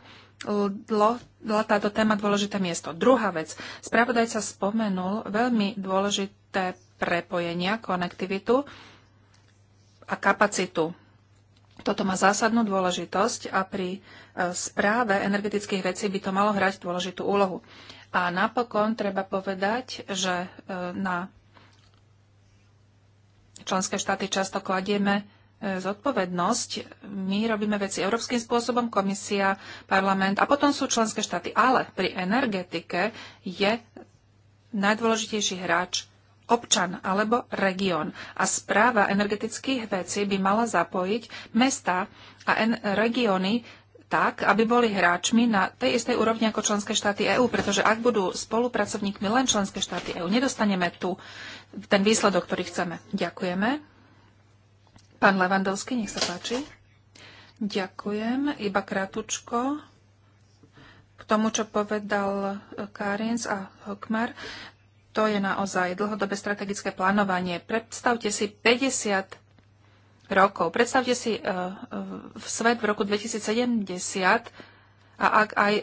táto téma dôležité miesto. Druhá vec. Spravodajca spomenul veľmi dôležité prepojenia, konektivitu a kapacitu. Toto má zásadnú dôležitosť a pri e, správe energetických vecí by to malo hrať dôležitú úlohu. A napokon treba povedať, že e, na členské štáty často kladieme e, zodpovednosť. My robíme veci európskym spôsobom, komisia, parlament a potom sú členské štáty. Ale pri energetike je najdôležitejší hráč občan alebo región. A správa energetických vecí by mala zapojiť mesta a regióny tak, aby boli hráčmi na tej istej úrovni ako členské štáty EÚ, pretože ak budú spolupracovníkmi len členské štáty EÚ, nedostaneme tu ten výsledok, ktorý chceme. Ďakujeme. Pán Levandovský, nech sa páči. Ďakujem. Iba krátučko k tomu, čo povedal Karins a Hokmar. To je naozaj dlhodobé strategické plánovanie. Predstavte si 50 rokov. Predstavte si uh, svet v roku 2070 a ak aj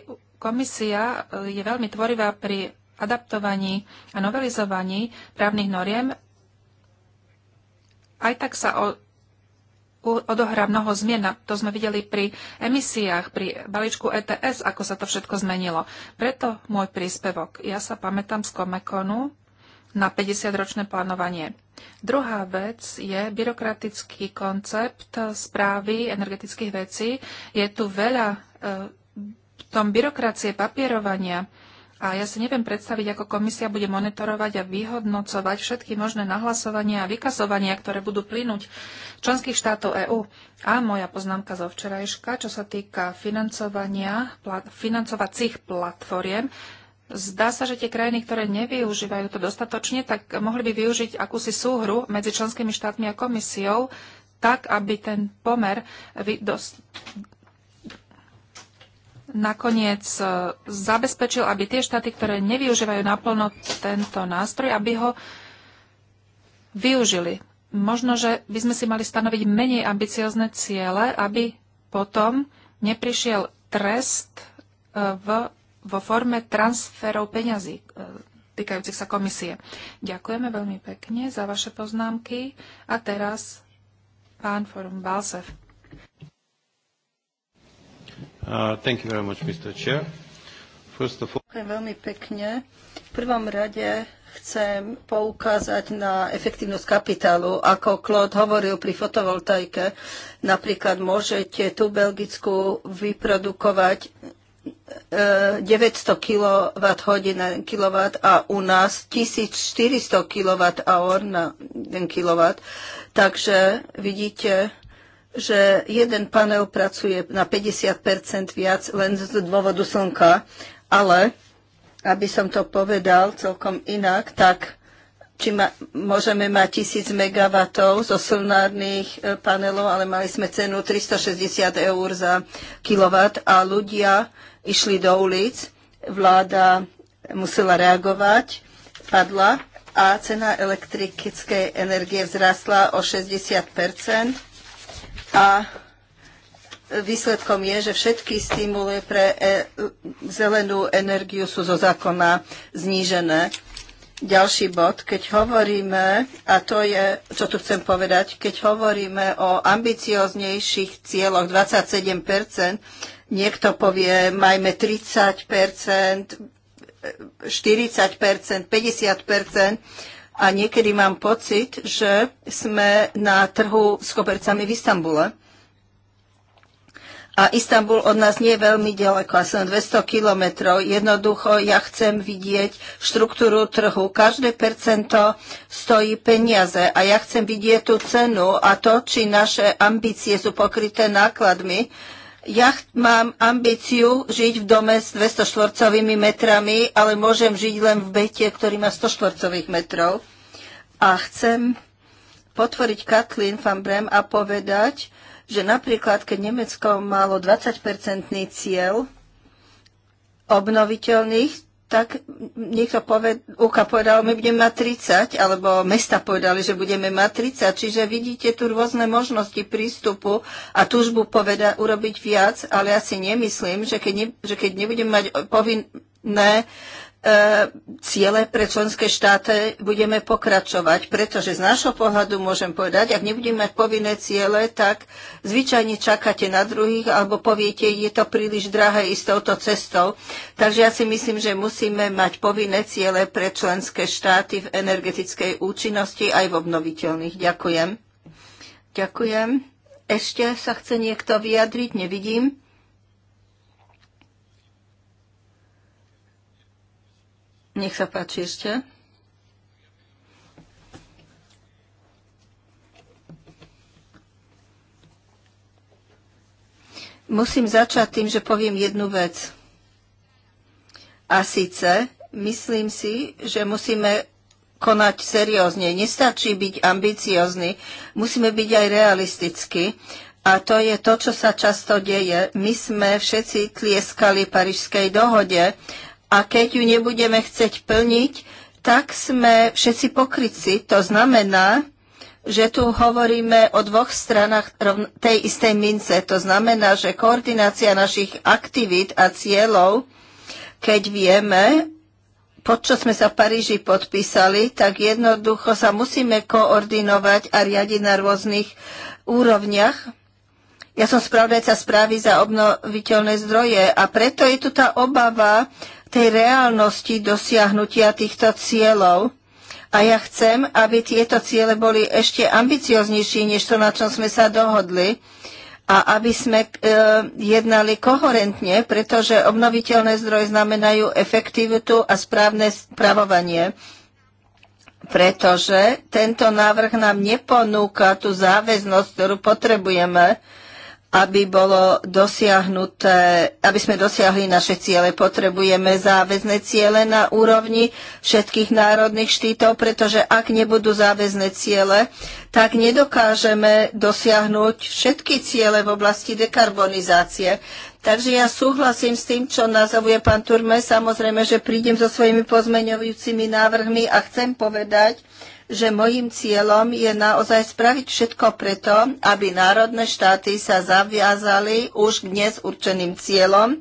komisia eh, je veľmi tvorivá pri adaptovaní a novelizovaní právnych noriem, aj tak sa o, odohrá mnoho zmien. To sme videli pri emisiách, pri balíčku ETS, ako sa to všetko zmenilo. Preto môj príspevok. Ja sa pamätám z Komekonu, na 50-ročné plánovanie. Druhá vec je byrokratický koncept správy energetických vecí. Je tu veľa eh, v tom byrokracie papierovania a ja si neviem predstaviť, ako komisia bude monitorovať a vyhodnocovať všetky možné nahlasovania a vykazovania, ktoré budú plynúť členských štátov EÚ. A moja poznámka zo včerajška, čo sa týka financovania, financovacích platformiem, Zdá sa, že tie krajiny, ktoré nevyužívajú to dostatočne, tak mohli by využiť akúsi súhru medzi členskými štátmi a komisiou, tak, aby ten pomer dos- nakoniec e, zabezpečil, aby tie štáty, ktoré nevyužívajú naplno tento nástroj, aby ho využili. Možno, že by sme si mali stanoviť menej ambiciozne ciele, aby potom neprišiel trest e, v vo forme transferov peňazí e, týkajúcich sa komisie. Ďakujeme veľmi pekne za vaše poznámky a teraz pán Forum Balsev. Uh, Ďakujem Veľmi pekne. V prvom rade chcem poukázať na efektívnosť kapitálu. Ako Claude hovoril pri fotovoltaike, napríklad môžete tú belgickú vyprodukovať 900 e, kWh na kW a u nás 1400 kWh na 1 kW. Takže vidíte, že jeden panel pracuje na 50% viac len z dôvodu slnka, ale aby som to povedal celkom inak, tak či ma, môžeme mať 1000 MW zo solárnych e, panelov, ale mali sme cenu 360 eur za kilowatt a ľudia išli do ulic, vláda musela reagovať, padla a cena elektrickej energie vzrastla o 60 a výsledkom je, že všetky stimuly pre e- zelenú energiu sú zo zákona znížené. Ďalší bod, keď hovoríme, a to je, čo tu chcem povedať, keď hovoríme o ambicioznejších cieľoch 27 Niekto povie, majme 30 40 50 a niekedy mám pocit, že sme na trhu s kopercami v Istambule. A Istanbul od nás nie je veľmi ďaleko, asi 200 kilometrov. Jednoducho ja chcem vidieť štruktúru trhu. Každé percento stojí peniaze a ja chcem vidieť tú cenu a to, či naše ambície sú pokryté nákladmi. Ja mám ambíciu žiť v dome s 200 štvorcovými metrami, ale môžem žiť len v bete, ktorý má 100 štvorcových metrov. A chcem potvoriť Katlin van Brem a povedať, že napríklad, keď Nemecko malo 20-percentný cieľ obnoviteľných, tak niekto poved, Uka povedal, my budeme mať 30, alebo mesta povedali, že budeme mať 30. Čiže vidíte tu rôzne možnosti prístupu a túžbu poveda, urobiť viac, ale ja si nemyslím, že keď, ne, že keď nebudeme mať povinné E, ciele pre členské štáty budeme pokračovať, pretože z nášho pohľadu môžem povedať, ak nebudeme mať povinné ciele, tak zvyčajne čakáte na druhých alebo poviete, je to príliš drahé ísť touto cestou. Takže ja si myslím, že musíme mať povinné ciele pre členské štáty v energetickej účinnosti aj v obnoviteľných. Ďakujem. Ďakujem. Ešte sa chce niekto vyjadriť? Nevidím. Nech sa páči ešte. Musím začať tým, že poviem jednu vec. A síce, myslím si, že musíme konať seriózne. Nestačí byť ambiciózny, musíme byť aj realisticky. A to je to, čo sa často deje. My sme všetci tlieskali Parížskej dohode, a keď ju nebudeme chceť plniť, tak sme všetci pokryci. To znamená, že tu hovoríme o dvoch stranách tej istej mince. To znamená, že koordinácia našich aktivít a cieľov, keď vieme, pod čo sme sa v Paríži podpísali, tak jednoducho sa musíme koordinovať a riadiť na rôznych úrovniach. Ja som spravodajca správy za obnoviteľné zdroje a preto je tu tá obava, tej reálnosti dosiahnutia týchto cieľov. A ja chcem, aby tieto ciele boli ešte ambicioznejšie, než to, na čom sme sa dohodli a aby sme e, jednali koherentne, pretože obnoviteľné zdroje znamenajú efektivitu a správne spravovanie. Pretože tento návrh nám neponúka tú záväznosť, ktorú potrebujeme, aby, bolo dosiahnuté, aby sme dosiahli naše ciele. Potrebujeme záväzne ciele na úrovni všetkých národných štítov, pretože ak nebudú záväzne ciele, tak nedokážeme dosiahnuť všetky ciele v oblasti dekarbonizácie. Takže ja súhlasím s tým, čo nazavuje pán Turme. Samozrejme, že prídem so svojimi pozmeňujúcimi návrhmi a chcem povedať, že mojím cieľom je naozaj spraviť všetko preto, aby národné štáty sa zaviazali už dnes určeným cieľom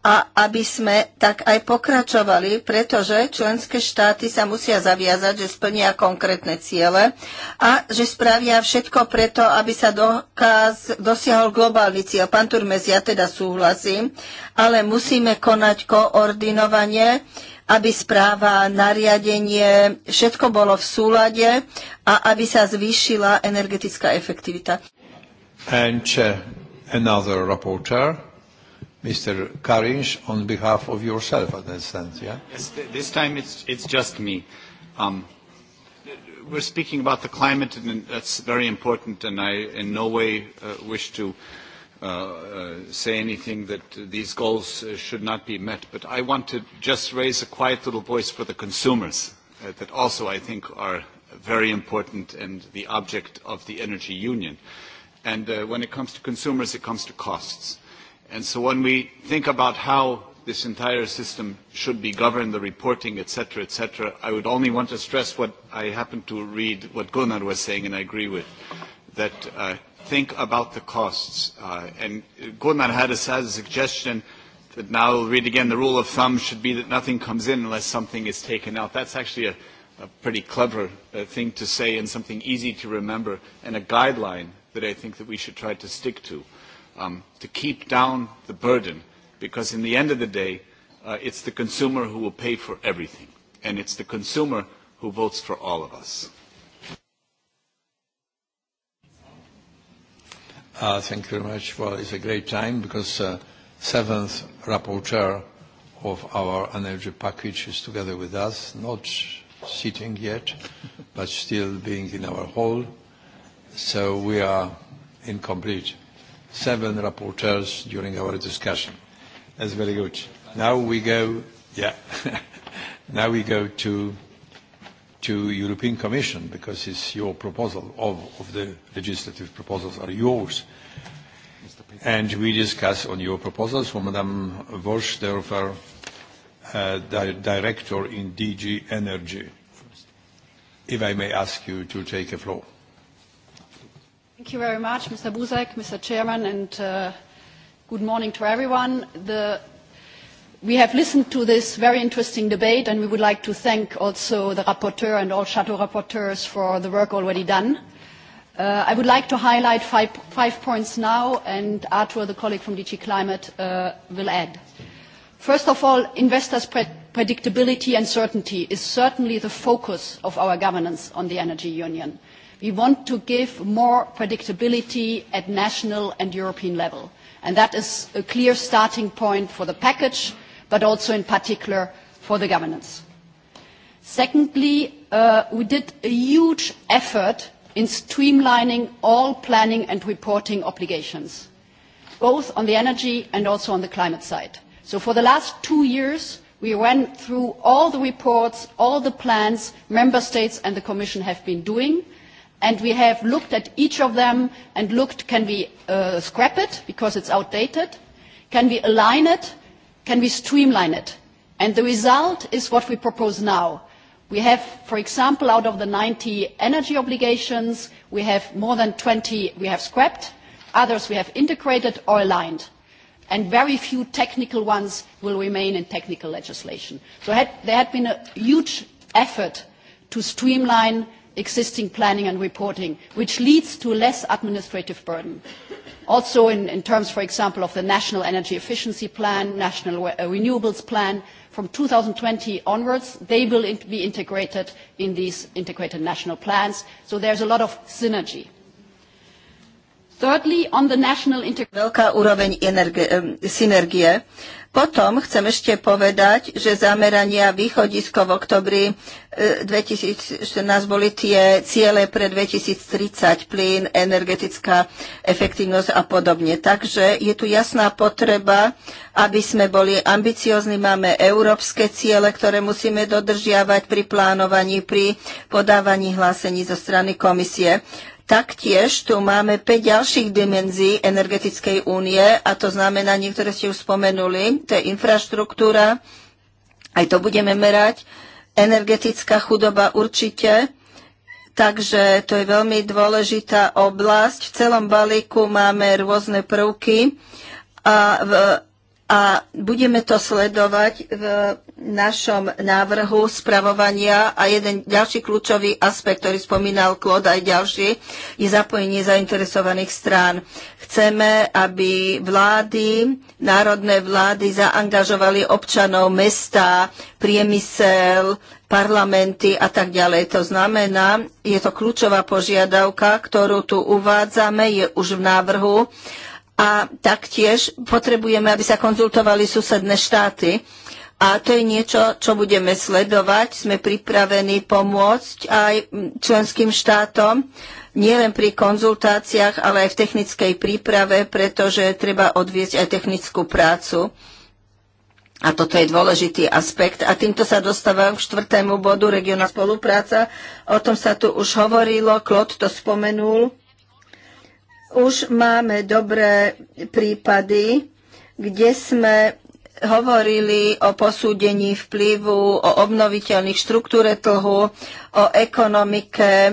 a aby sme tak aj pokračovali, pretože členské štáty sa musia zaviazať, že splnia konkrétne ciele a že spravia všetko preto, aby sa dokáz, dosiahol globálny cieľ. Pán Turmes, ja teda súhlasím, ale musíme konať koordinovanie aby správa, nariadenie, všetko bolo v súlade a aby sa zvýšila energetická efektivita. And uh, another rapporteur, Mr. Karinš, on behalf of yourself, I understand, yeah? Yes, this time it's, it's just me. Um, we're speaking about the climate, and that's very important, and I in no way uh, wish to uh, uh, uh, say anything that these goals uh, should not be met, but I want to just raise a quiet little voice for the consumers uh, that also I think are very important and the object of the energy union. And uh, when it comes to consumers, it comes to costs. And so when we think about how this entire system should be governed, the reporting, etc., etc., I would only want to stress what I happen to read, what Gunnar was saying, and I agree with, that uh, think about the costs. Uh, and Gunnar had a suggestion that now I'll read again, the rule of thumb should be that nothing comes in unless something is taken out. That's actually a, a pretty clever uh, thing to say and something easy to remember and a guideline that I think that we should try to stick to, um, to keep down the burden. Because in the end of the day, uh, it's the consumer who will pay for everything. And it's the consumer who votes for all of us. Uh, thank you very much. Well, it's a great time because uh, seventh rapporteur of our energy package is together with us, not sitting yet, but still being in our hall. So we are incomplete. Seven rapporteurs during our discussion. That's very good. Now we go, yeah, now we go to to European Commission because it's your proposal, all of the legislative proposals are yours. And we discuss on your proposals for Madame Vosch, uh, di director in DG Energy. If I may ask you to take the floor. Thank you very much, Mr. Buzek, Mr. Chairman, and uh, good morning to everyone. The we have listened to this very interesting debate and we would like to thank also the rapporteur and all shadow rapporteurs for the work already done. Uh, I would like to highlight five, five points now and Arthur, the colleague from DG Climate, uh, will add. First of all, investors' pre predictability and certainty is certainly the focus of our governance on the energy union. We want to give more predictability at national and European level. And that is a clear starting point for the package but also in particular for the governance. Secondly, uh, we did a huge effort in streamlining all planning and reporting obligations, both on the energy and also on the climate side. So for the last two years, we ran through all the reports, all the plans member states and the commission have been doing, and we have looked at each of them and looked, can we uh, scrap it because it's outdated? Can we align it Can we streamline it? And the result is what we propose now. We have, for example, out of the 90 energy obligations, we have more than 20 we have scrapped, others we have integrated or aligned, and very few technical ones will remain in technical legislation. So had, there had been a huge effort to streamline existing planning and reporting, which leads to less administrative burden. Also in, in terms, for example, of the National Energy Efficiency Plan, National uh, Renewables Plan, from twenty onwards, they will in be integrated in these integrated national plans. So there is a lot of synergy. Thirdly, on the national integration, potom chcem ešte povedať, že zamerania východisko v oktobri 2014 e, boli tie ciele pre 2030, plyn, energetická efektívnosť a podobne. Takže je tu jasná potreba, aby sme boli ambiciozni. Máme európske ciele, ktoré musíme dodržiavať pri plánovaní, pri podávaní hlásení zo strany komisie. Taktiež tu máme 5 ďalších dimenzií energetickej únie a to znamená, niektoré ste už spomenuli, to je infraštruktúra, aj to budeme merať, energetická chudoba určite, takže to je veľmi dôležitá oblasť. V celom balíku máme rôzne prvky a, v, a budeme to sledovať v našom návrhu spravovania a jeden ďalší kľúčový aspekt, ktorý spomínal Klod aj ďalší, je zapojenie zainteresovaných strán. Chceme, aby vlády, národné vlády zaangažovali občanov, mesta, priemysel, parlamenty a tak ďalej. To znamená, je to kľúčová požiadavka, ktorú tu uvádzame, je už v návrhu a taktiež potrebujeme, aby sa konzultovali susedné štáty a to je niečo, čo budeme sledovať. Sme pripravení pomôcť aj členským štátom, nielen pri konzultáciách, ale aj v technickej príprave, pretože treba odviesť aj technickú prácu. A toto je dôležitý aspekt. A týmto sa dostávam k štvrtému bodu, regionálna spolupráca. O tom sa tu už hovorilo, Klod to spomenul. Už máme dobré prípady, kde sme hovorili o posúdení vplyvu, o obnoviteľných štruktúre tlhu, o ekonomike e,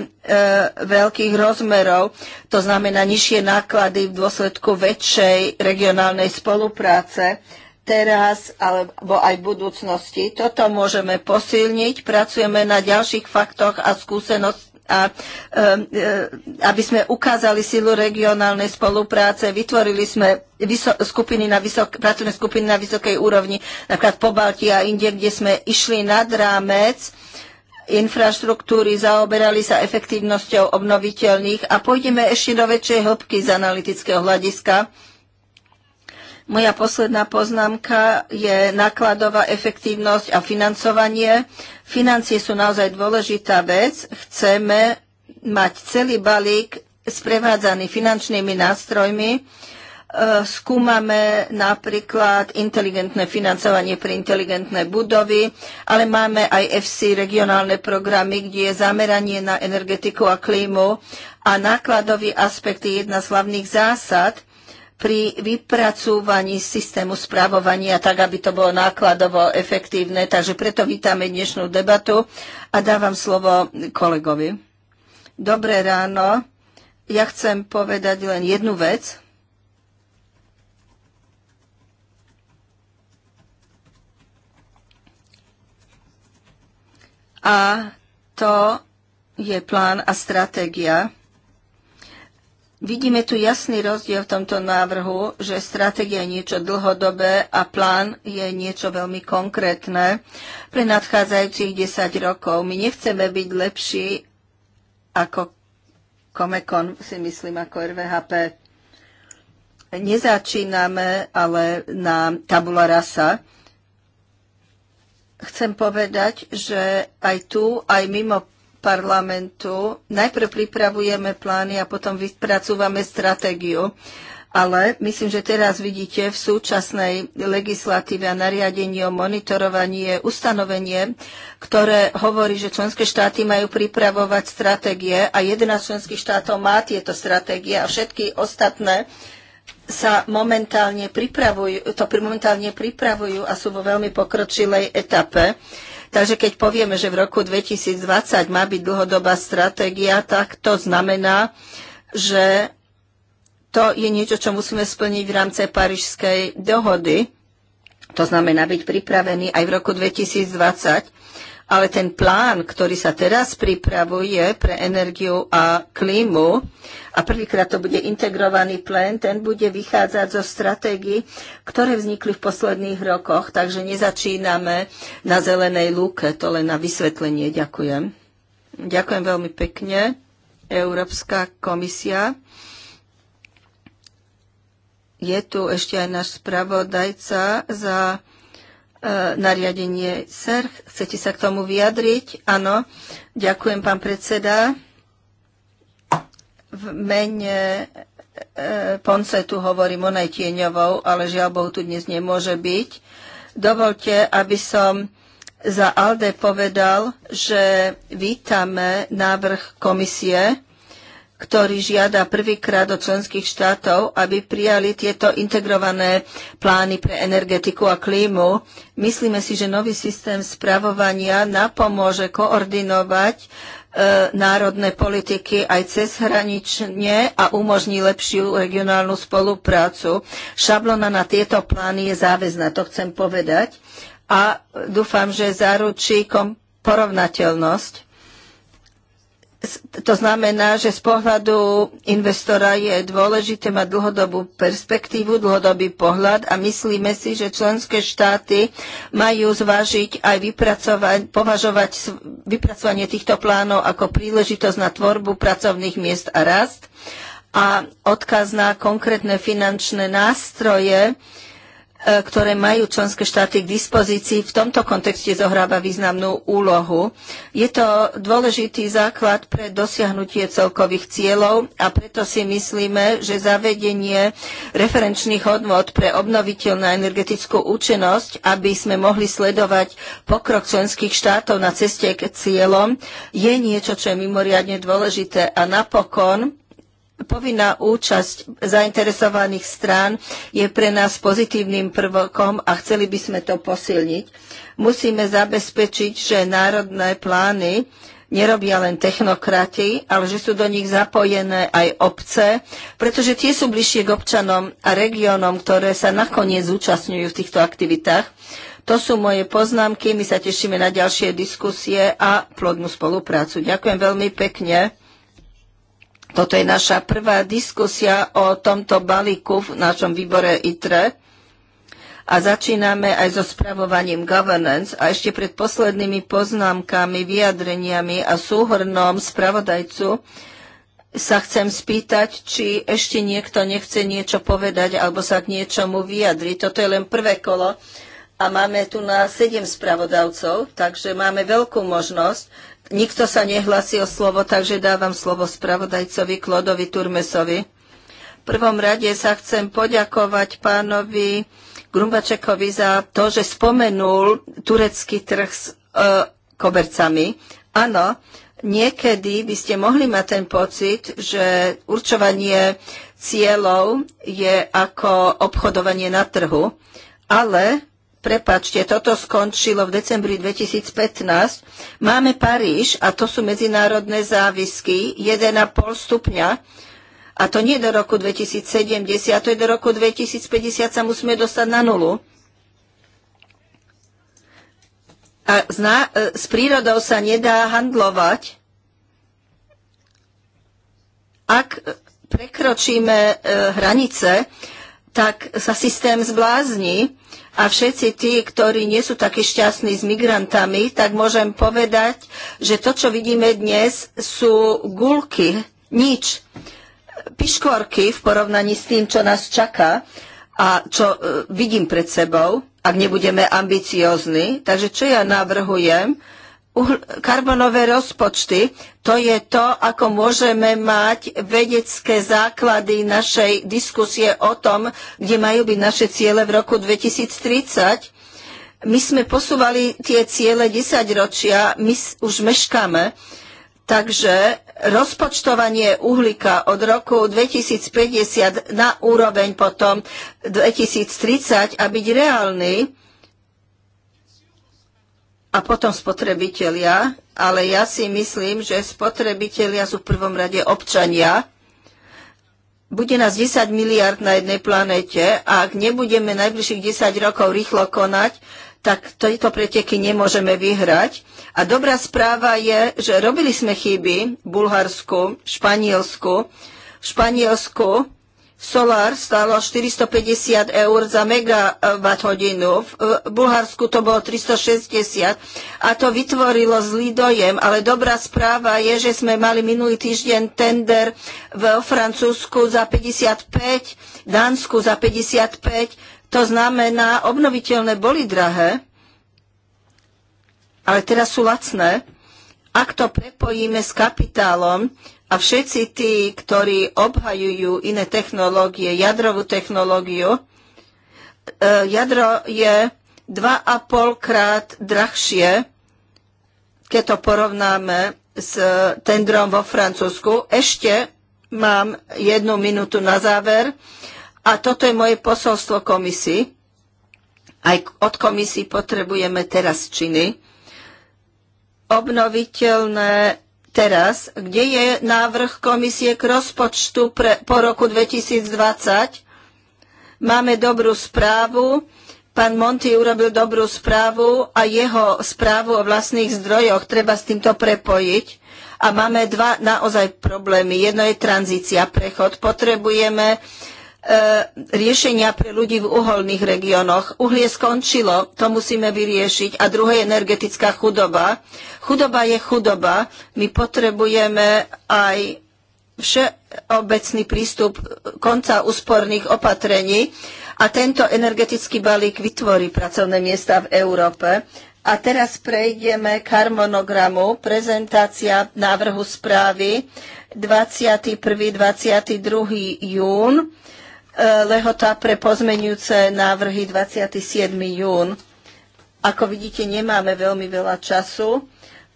veľkých rozmerov, to znamená nižšie náklady v dôsledku väčšej regionálnej spolupráce teraz alebo aj v budúcnosti. Toto môžeme posilniť. Pracujeme na ďalších faktoch a skúsenosti a e, e, aby sme ukázali silu regionálnej spolupráce, vytvorili sme skupiny na vysok, pracovné skupiny na vysokej úrovni, napríklad po Balti a inde, kde sme išli nad rámec infraštruktúry, zaoberali sa efektívnosťou obnoviteľných a pôjdeme ešte do väčšej hĺbky z analytického hľadiska moja posledná poznámka je nákladová efektívnosť a financovanie. Financie sú naozaj dôležitá vec. Chceme mať celý balík sprevádzaný finančnými nástrojmi. E, skúmame napríklad inteligentné financovanie pre inteligentné budovy, ale máme aj FC regionálne programy, kde je zameranie na energetiku a klímu a nákladový aspekt je jedna z hlavných zásad pri vypracúvaní systému správovania tak, aby to bolo nákladovo efektívne. Takže preto vítame dnešnú debatu a dávam slovo kolegovi. Dobré ráno. Ja chcem povedať len jednu vec. A to je plán a stratégia Vidíme tu jasný rozdiel v tomto návrhu, že stratégia je niečo dlhodobé a plán je niečo veľmi konkrétne pre nadchádzajúcich 10 rokov. My nechceme byť lepší ako Komekon, si myslím, ako RVHP. Nezačíname ale na tabula rasa. Chcem povedať, že aj tu, aj mimo parlamentu najprv pripravujeme plány a potom vypracúvame stratégiu. Ale myslím, že teraz vidíte v súčasnej legislatíve a nariadení o monitorovaní je ustanovenie, ktoré hovorí, že členské štáty majú pripravovať stratégie a 11 členských štátov má tieto stratégie a všetky ostatné sa momentálne pripravujú, to momentálne pripravujú a sú vo veľmi pokročilej etape. Takže keď povieme, že v roku 2020 má byť dlhodobá stratégia, tak to znamená, že to je niečo, čo musíme splniť v rámci Parížskej dohody. To znamená byť pripravený aj v roku 2020. Ale ten plán, ktorý sa teraz pripravuje pre energiu a klímu a prvýkrát to bude integrovaný plén, ten bude vychádzať zo stratégií, ktoré vznikli v posledných rokoch, takže nezačíname na zelenej lúke, to len na vysvetlenie. Ďakujem. Ďakujem veľmi pekne. Európska komisia. Je tu ešte aj náš spravodajca za e, nariadenie SER. Chcete sa k tomu vyjadriť? Áno. Ďakujem, pán predseda v mene e, Ponce tu hovorím, ona je tieňovou, ale žiaľ Bohu tu dnes nemôže byť. Dovolte, aby som za Alde povedal, že vítame návrh komisie, ktorý žiada prvýkrát od členských štátov, aby prijali tieto integrované plány pre energetiku a klímu. Myslíme si, že nový systém spravovania napomôže koordinovať E, národné politiky aj cezhranične a umožní lepšiu regionálnu spoluprácu. Šablona na tieto plány je záväzná, to chcem povedať. A dúfam, že zaručí porovnateľnosť to znamená, že z pohľadu investora je dôležité mať dlhodobú perspektívu, dlhodobý pohľad a myslíme si, že členské štáty majú zvážiť aj vypracovať, považovať vypracovanie týchto plánov ako príležitosť na tvorbu pracovných miest a rast a odkaz na konkrétne finančné nástroje, E, ktoré majú členské štáty k dispozícii, v tomto kontexte zohráva významnú úlohu. Je to dôležitý základ pre dosiahnutie celkových cieľov a preto si myslíme, že zavedenie referenčných hodnot pre obnoviteľnú energetickú účinnosť, aby sme mohli sledovať pokrok členských štátov na ceste k cieľom, je niečo, čo je mimoriadne dôležité. A napokon, Povinná účasť zainteresovaných strán je pre nás pozitívnym prvokom a chceli by sme to posilniť. Musíme zabezpečiť, že národné plány nerobia len technokrati, ale že sú do nich zapojené aj obce, pretože tie sú bližšie k občanom a regiónom, ktoré sa nakoniec zúčastňujú v týchto aktivitách. To sú moje poznámky, my sa tešíme na ďalšie diskusie a plodnú spoluprácu. Ďakujem veľmi pekne. Toto je naša prvá diskusia o tomto balíku v našom výbore ITRE a začíname aj so spravovaním governance a ešte pred poslednými poznámkami, vyjadreniami a súhrnom spravodajcu sa chcem spýtať, či ešte niekto nechce niečo povedať alebo sa k niečomu vyjadriť. Toto je len prvé kolo a máme tu na sedem spravodavcov, takže máme veľkú možnosť Nikto sa nehlási o slovo, takže dávam slovo spravodajcovi Klodovi Turmesovi. V prvom rade sa chcem poďakovať pánovi Grumbačekovi za to, že spomenul turecký trh s e, kobercami. Áno, niekedy by ste mohli mať ten pocit, že určovanie cieľov je ako obchodovanie na trhu, ale prepačte, toto skončilo v decembri 2015. Máme Paríž a to sú medzinárodné závisky 1,5 stupňa. A to nie do roku 2070, to je do roku 2050 sa musíme dostať na nulu. A zna, e, s prírodou sa nedá handlovať. Ak prekročíme e, hranice, tak sa systém zblázni a všetci tí, ktorí nie sú takí šťastní s migrantami, tak môžem povedať, že to, čo vidíme dnes, sú gulky, nič, piškorky v porovnaní s tým, čo nás čaká a čo e, vidím pred sebou, ak nebudeme ambiciózni. Takže čo ja navrhujem, karbonové rozpočty. To je to, ako môžeme mať vedecké základy našej diskusie o tom, kde majú byť naše ciele v roku 2030. My sme posúvali tie ciele 10 ročia, my už meškáme. Takže rozpočtovanie uhlíka od roku 2050 na úroveň potom 2030 a byť reálny, a potom spotrebitelia, ale ja si myslím, že spotrebitelia sú v prvom rade občania. Bude nás 10 miliard na jednej planete a ak nebudeme najbližších 10 rokov rýchlo konať, tak tieto preteky nemôžeme vyhrať. A dobrá správa je, že robili sme chyby v Bulharsku, Španielsku. V Španielsku Solár stalo 450 eur za megawatt hodinu, v Bulharsku to bolo 360 a to vytvorilo zlý dojem, ale dobrá správa je, že sme mali minulý týždeň tender v Francúzsku za 55, Dánsku za 55, to znamená, obnoviteľné boli drahé, ale teraz sú lacné. Ak to prepojíme s kapitálom, a všetci tí, ktorí obhajujú iné technológie, jadrovú technológiu, e, jadro je 2,5 krát drahšie, keď to porovnáme s e, tendrom vo Francúzsku. Ešte mám jednu minútu na záver a toto je moje posolstvo komisii. Aj od komisii potrebujeme teraz činy. Obnoviteľné Teraz, kde je návrh komisie k rozpočtu pre, po roku 2020? Máme dobrú správu. Pán Monty urobil dobrú správu a jeho správu o vlastných zdrojoch treba s týmto prepojiť. A máme dva naozaj problémy. Jedno je tranzícia, prechod. Potrebujeme E, riešenia pre ľudí v uholných regiónoch. Uhlie skončilo, to musíme vyriešiť. A druhé je energetická chudoba. Chudoba je chudoba. My potrebujeme aj všeobecný prístup konca úsporných opatrení a tento energetický balík vytvorí pracovné miesta v Európe. A teraz prejdeme k harmonogramu. Prezentácia návrhu správy 21. 22. jún lehota pre pozmenujúce návrhy 27. jún. Ako vidíte, nemáme veľmi veľa času.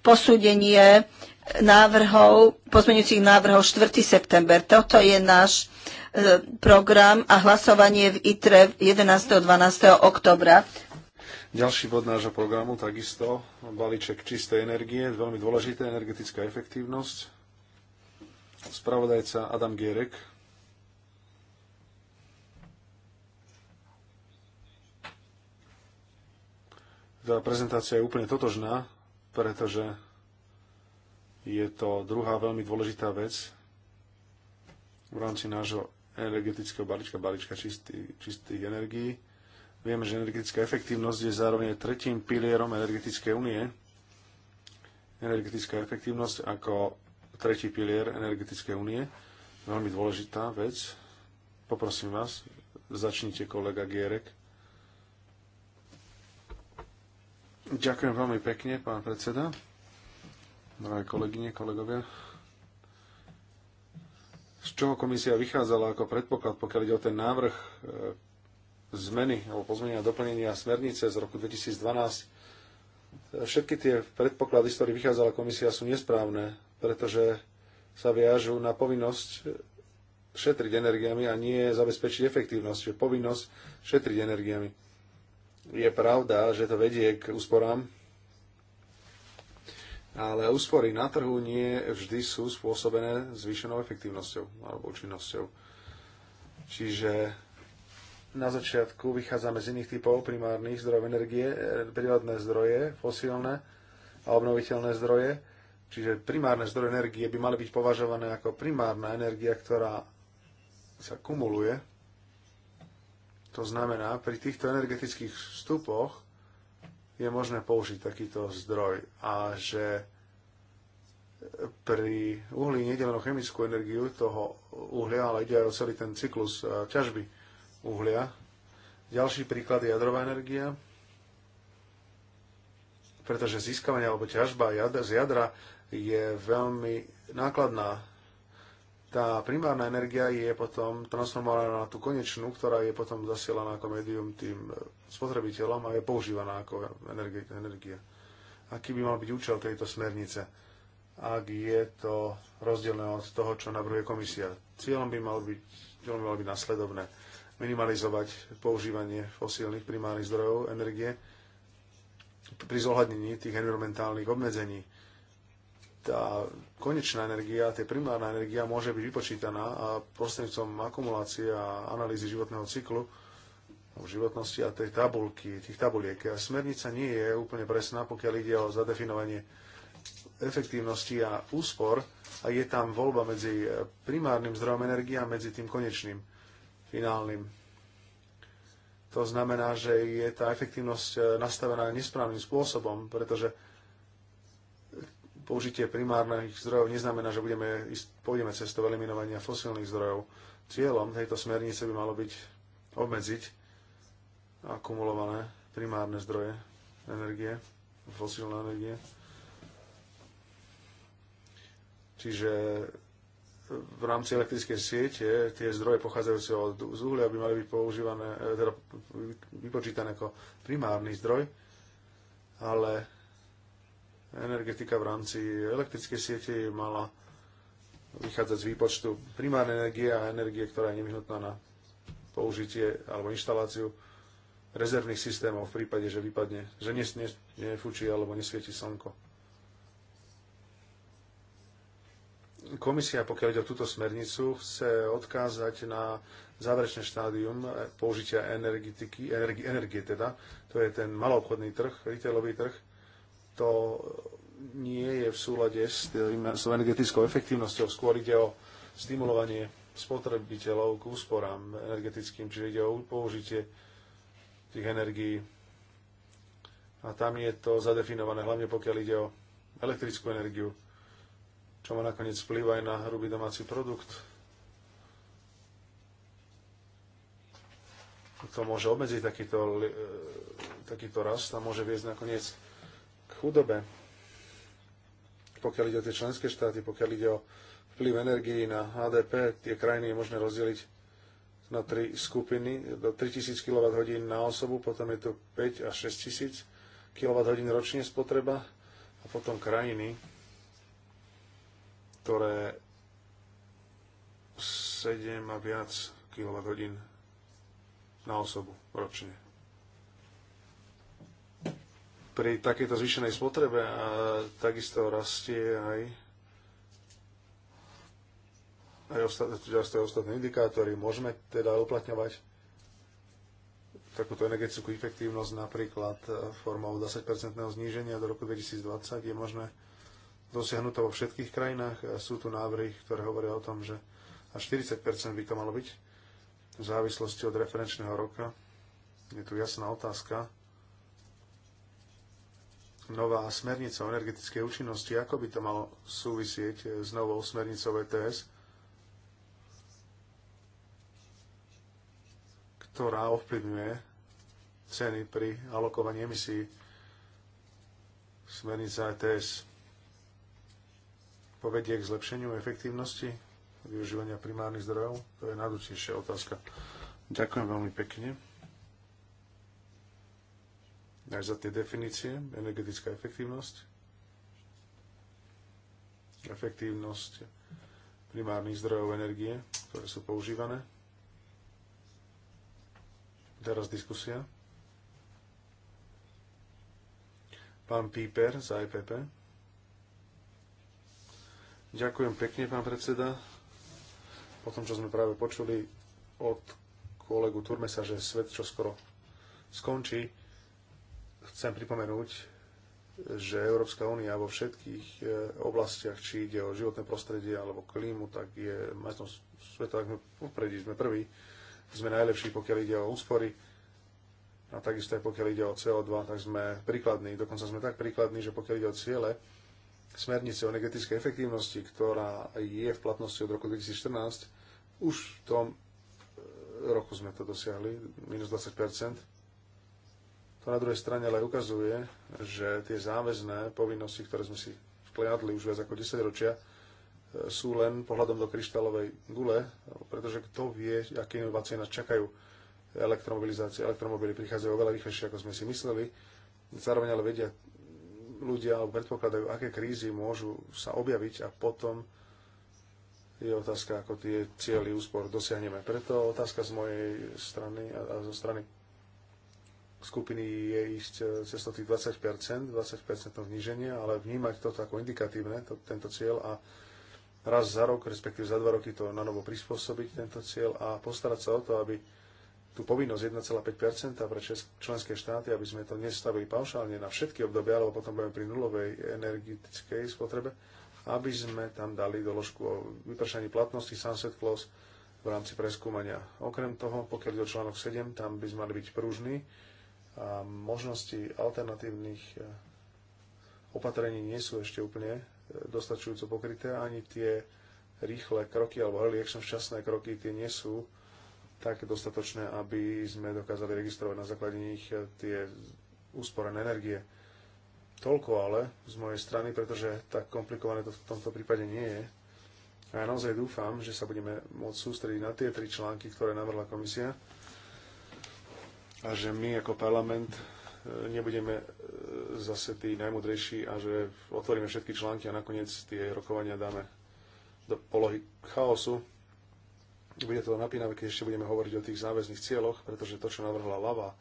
Posúdenie návrhov, pozmenujúcich návrhov 4. september. Toto je náš e, program a hlasovanie v ITRE 11. 12. oktobra. Ďalší bod nášho programu, takisto balíček čistej energie, veľmi dôležité, energetická efektívnosť. Spravodajca Adam Gierek, Tá prezentácia je úplne totožná, pretože je to druhá veľmi dôležitá vec v rámci nášho energetického balíčka, balíčka čistých, čistých energií. Vieme, že energetická efektívnosť je zároveň tretím pilierom energetickej únie. Energetická efektívnosť ako tretí pilier energetickej únie. Veľmi dôležitá vec. Poprosím vás, začnite kolega Gierek. Ďakujem veľmi pekne, pán predseda. Drahé kolegyne, kolegovia. Z čoho komisia vychádzala ako predpoklad, pokiaľ ide o ten návrh e, zmeny alebo pozmenia a doplnenia smernice z roku 2012, e, všetky tie predpoklady, z ktorých vychádzala komisia, sú nesprávne, pretože sa viažú na povinnosť šetriť energiami a nie zabezpečiť efektívnosť, čiže povinnosť šetriť energiami. Je pravda, že to vedie k úsporám, ale úspory na trhu nie vždy sú spôsobené zvýšenou efektívnosťou alebo účinnosťou. Čiže na začiatku vychádzame z iných typov primárnych zdrojov energie, prírodné zdroje, fosílne a obnoviteľné zdroje. Čiže primárne zdroje energie by mali byť považované ako primárna energia, ktorá sa kumuluje to znamená, pri týchto energetických vstupoch je možné použiť takýto zdroj a že pri uhlí nejde len o chemickú energiu toho uhlia, ale ide aj o celý ten cyklus e, ťažby uhlia. Ďalší príklad je jadrová energia, pretože získavanie alebo ťažba z jadra je veľmi nákladná tá primárna energia je potom transformovaná na tú konečnú, ktorá je potom zasielaná ako médium tým e, spotrebiteľom a je používaná ako energia. Aký by mal byť účel tejto smernice, ak je to rozdielne od toho, čo navrhuje komisia? Cieľom by mal byť, cieľom by mal byť nasledovné. Minimalizovať používanie fosílnych primárnych zdrojov energie pri zohľadnení tých environmentálnych obmedzení tá konečná energia, tá primárna energia môže byť vypočítaná a prostredníctvom akumulácie a analýzy životného cyklu v životnosti a tej tabulky, tých tabuliek. A smernica nie je úplne presná, pokiaľ ide o zadefinovanie efektívnosti a úspor a je tam voľba medzi primárnym zdrojom energie a medzi tým konečným, finálnym. To znamená, že je tá efektívnosť nastavená nesprávnym spôsobom, pretože použitie primárnych zdrojov neznamená, že budeme, pôjdeme cestou eliminovania fosílnych zdrojov. Cieľom tejto smernice by malo byť obmedziť akumulované primárne zdroje energie, fosílne energie. Čiže v rámci elektrickej siete tie zdroje pochádzajúce od z uhlia by mali byť používané, eh, teda vypočítané ako primárny zdroj, ale energetika v rámci elektrickej siete mala vychádzať z výpočtu primárnej energie a energie, ktorá je nevyhnutná na použitie alebo inštaláciu rezervných systémov v prípade, že vypadne, že nes, nefúči alebo nesvieti slnko. Komisia, pokiaľ ide o túto smernicu, chce odkázať na záverečné štádium použitia energetiky, energie, energie teda, to je ten maloobchodný trh, retailový trh, to nie je v súlade s, s energetickou efektívnosťou, skôr ide o stimulovanie spotrebiteľov k úsporám energetickým, čiže ide o použitie tých energií. A tam je to zadefinované, hlavne pokiaľ ide o elektrickú energiu, čo má nakoniec vplyv aj na hrubý domáci produkt. To môže obmedziť takýto, e, takýto rast a môže viesť nakoniec k chudobe, pokiaľ ide o tie členské štáty, pokiaľ ide o vplyv energii na HDP, tie krajiny je možné rozdeliť na tri skupiny, do 3000 kWh na osobu, potom je to 5 až 6000 kWh ročne spotreba a potom krajiny, ktoré 7 a viac kWh na osobu ročne pri takejto zvýšenej spotrebe a takisto rastie aj aj ostatné, ostatné indikátory. Môžeme teda uplatňovať takúto energetickú efektívnosť napríklad e, formou 10-percentného zníženia do roku 2020 je možné dosiahnuť to vo všetkých krajinách. E, sú tu návrhy, ktoré hovoria o tom, že až 40 by to malo byť v závislosti od referenčného roka. Je tu jasná otázka, nová smernica o energetickej účinnosti, ako by to malo súvisieť e, s novou smernicou ETS, ktorá ovplyvňuje ceny pri alokovaní emisí smernica ETS povedie k zlepšeniu efektívnosti využívania primárnych zdrojov? To je najdôležitejšia otázka. Ďakujem veľmi pekne aj za tie definície, energetická efektívnosť, efektívnosť primárnych zdrojov energie, ktoré sú používané. Teraz diskusia. Pán Píper z IPP. E Ďakujem pekne, pán predseda. Po tom, čo sme práve počuli od kolegu Turmesa, že svet čo skoro skončí, chcem pripomenúť, že Európska únia vo všetkých e, oblastiach, či ide o životné prostredie alebo klímu, tak je majstrom sveta, tak sme popredí, sme prví, sme najlepší, pokiaľ ide o úspory a takisto aj pokiaľ ide o CO2, tak sme príkladní. Dokonca sme tak príkladní, že pokiaľ ide o ciele, smernice o energetickej efektívnosti, ktorá je v platnosti od roku 2014, už v tom e, roku sme to dosiahli, minus 20 to na druhej strane ale ukazuje, že tie záväzné povinnosti, ktoré sme si vkliadli už viac ako 10 ročia, e, sú len pohľadom do kryštálovej gule, pretože kto vie, aké inovácie nás čakajú. Elektromobilizácie, elektromobily prichádzajú oveľa rýchlejšie, ako sme si mysleli. Zároveň ale vedia ľudia, alebo predpokladajú, aké krízy môžu sa objaviť a potom je otázka, ako tie cieľy úspor dosiahneme. Preto otázka z mojej strany a zo strany skupiny je ísť e, cez tých 20%, 20% vníženie, ale vnímať toto ako indikatívne, to, tento cieľ a raz za rok, respektíve za dva roky to na novo prispôsobiť, tento cieľ a postarať sa o to, aby tú povinnosť 1,5% pre členské štáty, aby sme to nestavili paušálne na všetky obdobia, alebo potom budeme pri nulovej energetickej spotrebe, aby sme tam dali doložku o vypršaní platnosti sunset clause v rámci preskúmania. Okrem toho, pokiaľ do článok 7, tam by sme mali byť pružní, a možnosti alternatívnych e, opatrení nie sú ešte úplne e, dostačujúco pokryté, ani tie rýchle kroky alebo early action včasné kroky, tie nie sú tak dostatočné, aby sme dokázali registrovať na základe nich e, tie úsporené energie. Toľko ale z mojej strany, pretože tak komplikované to v tomto prípade nie je. A ja naozaj dúfam, že sa budeme môcť sústrediť na tie tri články, ktoré navrhla komisia a že my ako parlament e, nebudeme e, zase tí najmudrejší a že otvoríme všetky články a nakoniec tie rokovania dáme do polohy chaosu. Bude to napínavé, keď ešte budeme hovoriť o tých záväzných cieľoch, pretože to, čo navrhla lava,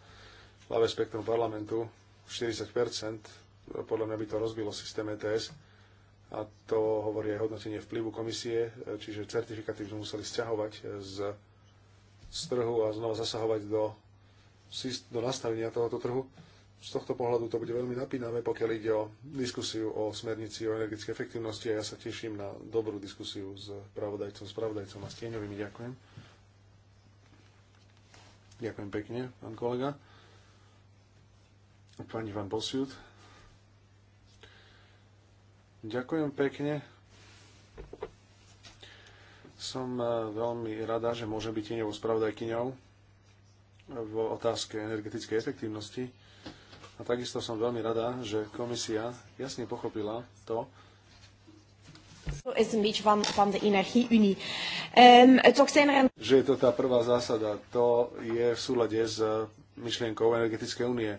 lave spektrum parlamentu, 40%, podľa mňa by to rozbilo systém ETS a to hovorí aj hodnotenie vplyvu komisie, e, čiže certifikáty by sme museli sťahovať z, z trhu a znova zasahovať do do nastavenia tohoto trhu. Z tohto pohľadu to bude veľmi napínavé, pokiaľ ide o diskusiu o smernici o energetickej efektivnosti a ja sa teším na dobrú diskusiu s pravodajcom, s pravodajcom a tieňovými. Ďakujem. Ďakujem pekne, pán kolega. Pani Van Bosiut. Ďakujem pekne. Som eh, veľmi rada, že môžem byť tieňovou spravodajkyňou v otázke energetickej efektívnosti. A takisto som veľmi rada, že komisia jasne pochopila to, ehm, er Že je to tá prvá zásada, to je v súlade s myšlienkou energetickej únie.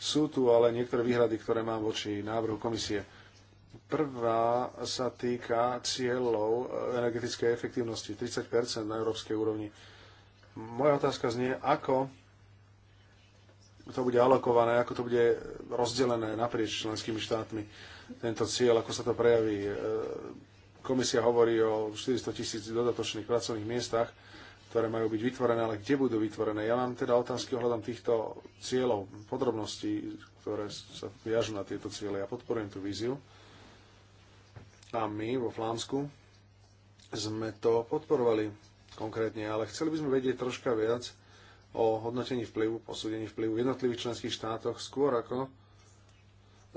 Sú tu ale niektoré výhrady, ktoré mám voči návrhu komisie. Prvá sa týka cieľov energetickej efektívnosti, 30 na európskej úrovni. Moja otázka znie, ako to bude alokované, ako to bude rozdelené naprieč členskými štátmi, tento cieľ, ako sa to prejaví. E, komisia hovorí o 400 tisíc dodatočných pracovných miestach, ktoré majú byť vytvorené, ale kde budú vytvorené? Ja mám teda otázky ohľadom týchto cieľov, podrobností, ktoré sa viažú na tieto ciele. Ja podporujem tú víziu. A my vo Flámsku sme to podporovali konkrétne, ale chceli by sme vedieť troška viac o hodnotení vplyvu, posúdení vplyvu v jednotlivých členských štátoch, skôr ako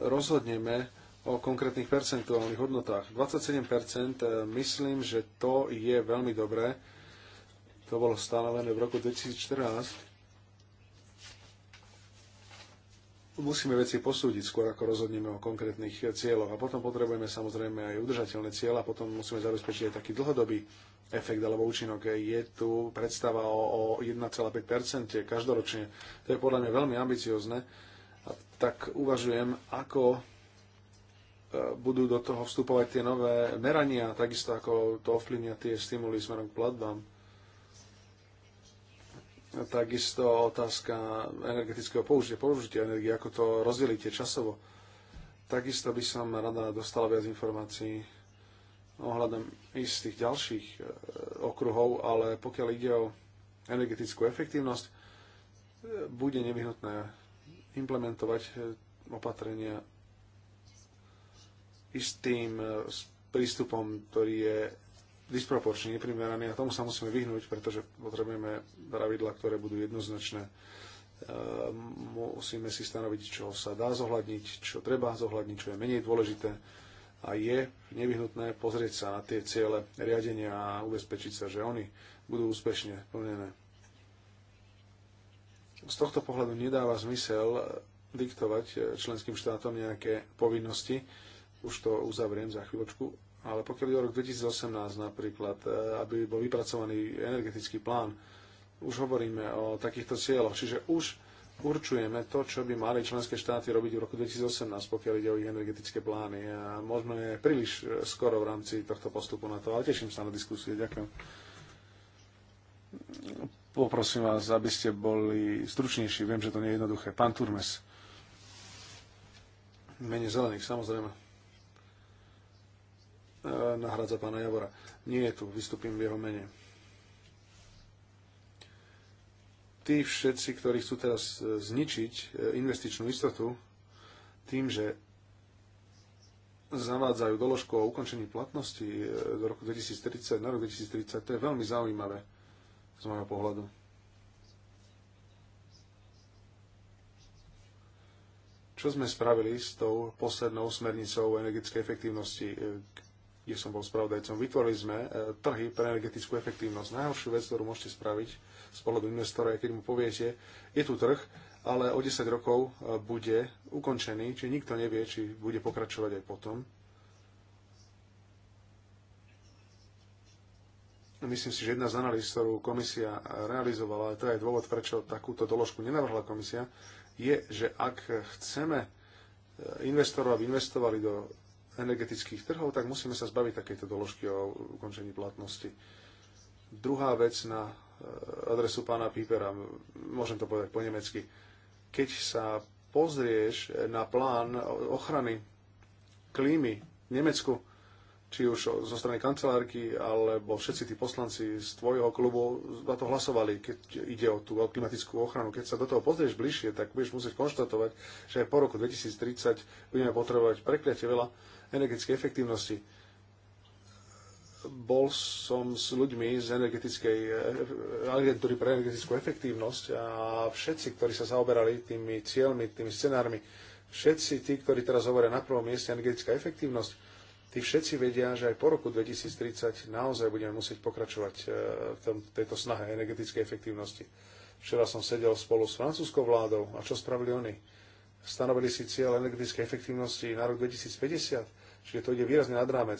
rozhodneme o konkrétnych percentuálnych hodnotách. 27%, eh, myslím, že to je veľmi dobré. To bolo stanovené v roku 2014. Musíme veci posúdiť skôr, ako rozhodneme o konkrétnych cieľoch. A potom potrebujeme samozrejme aj udržateľné cieľa, potom musíme zabezpečiť aj taký dlhodobý efekt alebo účinok. Je tu predstava o, o 1,5% každoročne. To je podľa mňa veľmi ambiciozne. A tak uvažujem, ako e, budú do toho vstupovať tie nové merania, takisto ako to ovplyvnia tie stimuly smerom k platbám. Takisto otázka energetického použitia, použitia energie, ako to rozdelíte časovo. Takisto by som rada dostala viac informácií ohľadom istých ďalších e, okruhov, ale pokiaľ ide o energetickú efektívnosť, e, bude nevyhnutné implementovať e, opatrenia istým prístupom, ktorý je disproporčne neprimeraný a tomu sa musíme vyhnúť, pretože potrebujeme pravidla, ktoré budú jednoznačné. Musíme si stanoviť, čo sa dá zohľadniť, čo treba zohľadniť, čo je menej dôležité a je nevyhnutné pozrieť sa na tie ciele riadenia a ubezpečiť sa, že oni budú úspešne plnené. Z tohto pohľadu nedáva zmysel diktovať eh, členským štátom nejaké povinnosti, už to uzavriem za chvíľočku, ale pokiaľ je o rok 2018 napríklad, eh, aby bol vypracovaný energetický plán, už hovoríme o takýchto cieľoch, čiže už určujeme to, čo by mali členské štáty robiť v roku 2018, pokiaľ ide o ich energetické plány. A možno je príliš e, skoro v rámci tohto postupu na to, ale teším sa na diskusie. Ďakujem. Poprosím vás, aby ste boli stručnejší. Viem, že to nie je jednoduché. Pán Turmes. Mene zelených, samozrejme. E, nahradza pána Javora. Nie je tu, vystupím v jeho mene tí všetci, ktorí chcú teraz e, zničiť e, investičnú istotu tým, že zavádzajú doložku o ukončení platnosti e, do roku 2030, na rok 2030, to je veľmi zaujímavé z môjho pohľadu. Čo sme spravili s tou poslednou smernicou energetickej efektívnosti, kde som bol spravodajcom? Vytvorili sme trhy pre energetickú efektívnosť. Najhoršiu vec, ktorú môžete spraviť, z pohľadu investora, keď mu poviete, je tu trh, ale o 10 rokov e, bude ukončený, či nikto nevie, či bude pokračovať aj potom. Myslím si, že jedna z analýz, ktorú komisia realizovala, a to je aj dôvod, prečo takúto doložku nenavrhla komisia, je, že ak chceme e, investorov, aby investovali do energetických trhov, tak musíme sa zbaviť takejto doložky o ukončení platnosti. Druhá vec na adresu pána Pípera, môžem to povedať po nemecky. Keď sa pozrieš na plán ochrany klímy v Nemecku, či už zo strany kancelárky, alebo všetci tí poslanci z tvojho klubu za to hlasovali, keď ide o tú klimatickú ochranu. Keď sa do toho pozrieš bližšie, tak budeš musieť konštatovať, že aj po roku 2030 budeme potrebovať prekliate veľa energetickej efektívnosti bol som s ľuďmi z energetickej eh, agentúry pre energetickú efektívnosť a všetci, ktorí sa zaoberali tými cieľmi, tými scenármi, všetci tí, ktorí teraz hovoria na prvom mieste energetická efektívnosť, tí všetci vedia, že aj po roku 2030 naozaj budeme musieť pokračovať eh, v tejto snahe energetickej efektívnosti. Včera som sedel spolu s francúzskou vládou a čo spravili oni? Stanovili si cieľ energetickej efektívnosti na rok 2050, čiže to ide výrazne nad rámec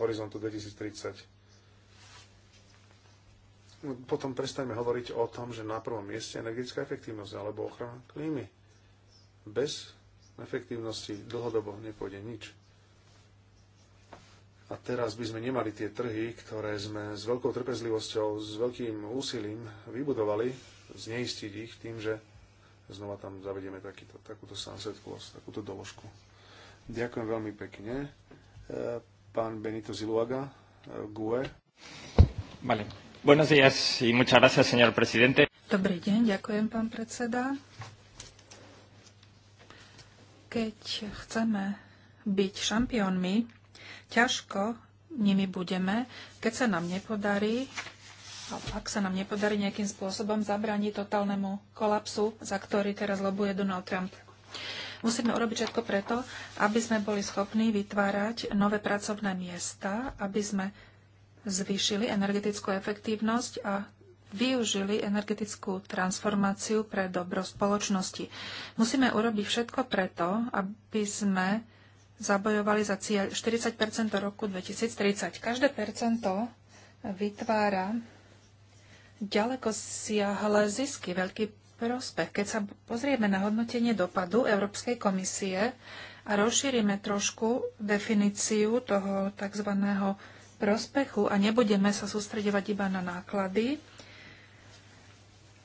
horizontu 2030. No, potom prestaňme hovoriť o tom, že na prvom mieste energetická efektívnosť alebo ochrana klímy. Bez efektívnosti dlhodobo nepôjde nič. A teraz by sme nemali tie trhy, ktoré sme s veľkou trpezlivosťou, s veľkým úsilím vybudovali, zneistiť ich tým, že znova tam zavedieme takýto, takúto sunset clause, takúto doložku. Ďakujem veľmi pekne. E, pan Benito Ziluaga, eh, GUE. Vale. Buenos días y muchas gracias, señor presidente. Dobrý deň, ďakujem, pán predseda. Keď chceme byť šampiónmi, ťažko nimi budeme, keď sa nám nepodarí ak sa nám nepodarí nejakým spôsobom zabraniť totálnemu kolapsu, za ktorý teraz lobuje Donald Trump. Musíme urobiť všetko preto, aby sme boli schopní vytvárať nové pracovné miesta, aby sme zvýšili energetickú efektívnosť a využili energetickú transformáciu pre dobro spoločnosti. Musíme urobiť všetko preto, aby sme zabojovali za cieľ 40 do roku 2030. Každé percento vytvára ďaleko siahle zisky. Veľký prospech. Keď sa pozrieme na hodnotenie dopadu Európskej komisie a rozšírime trošku definíciu toho tzv. prospechu a nebudeme sa sústredovať iba na náklady,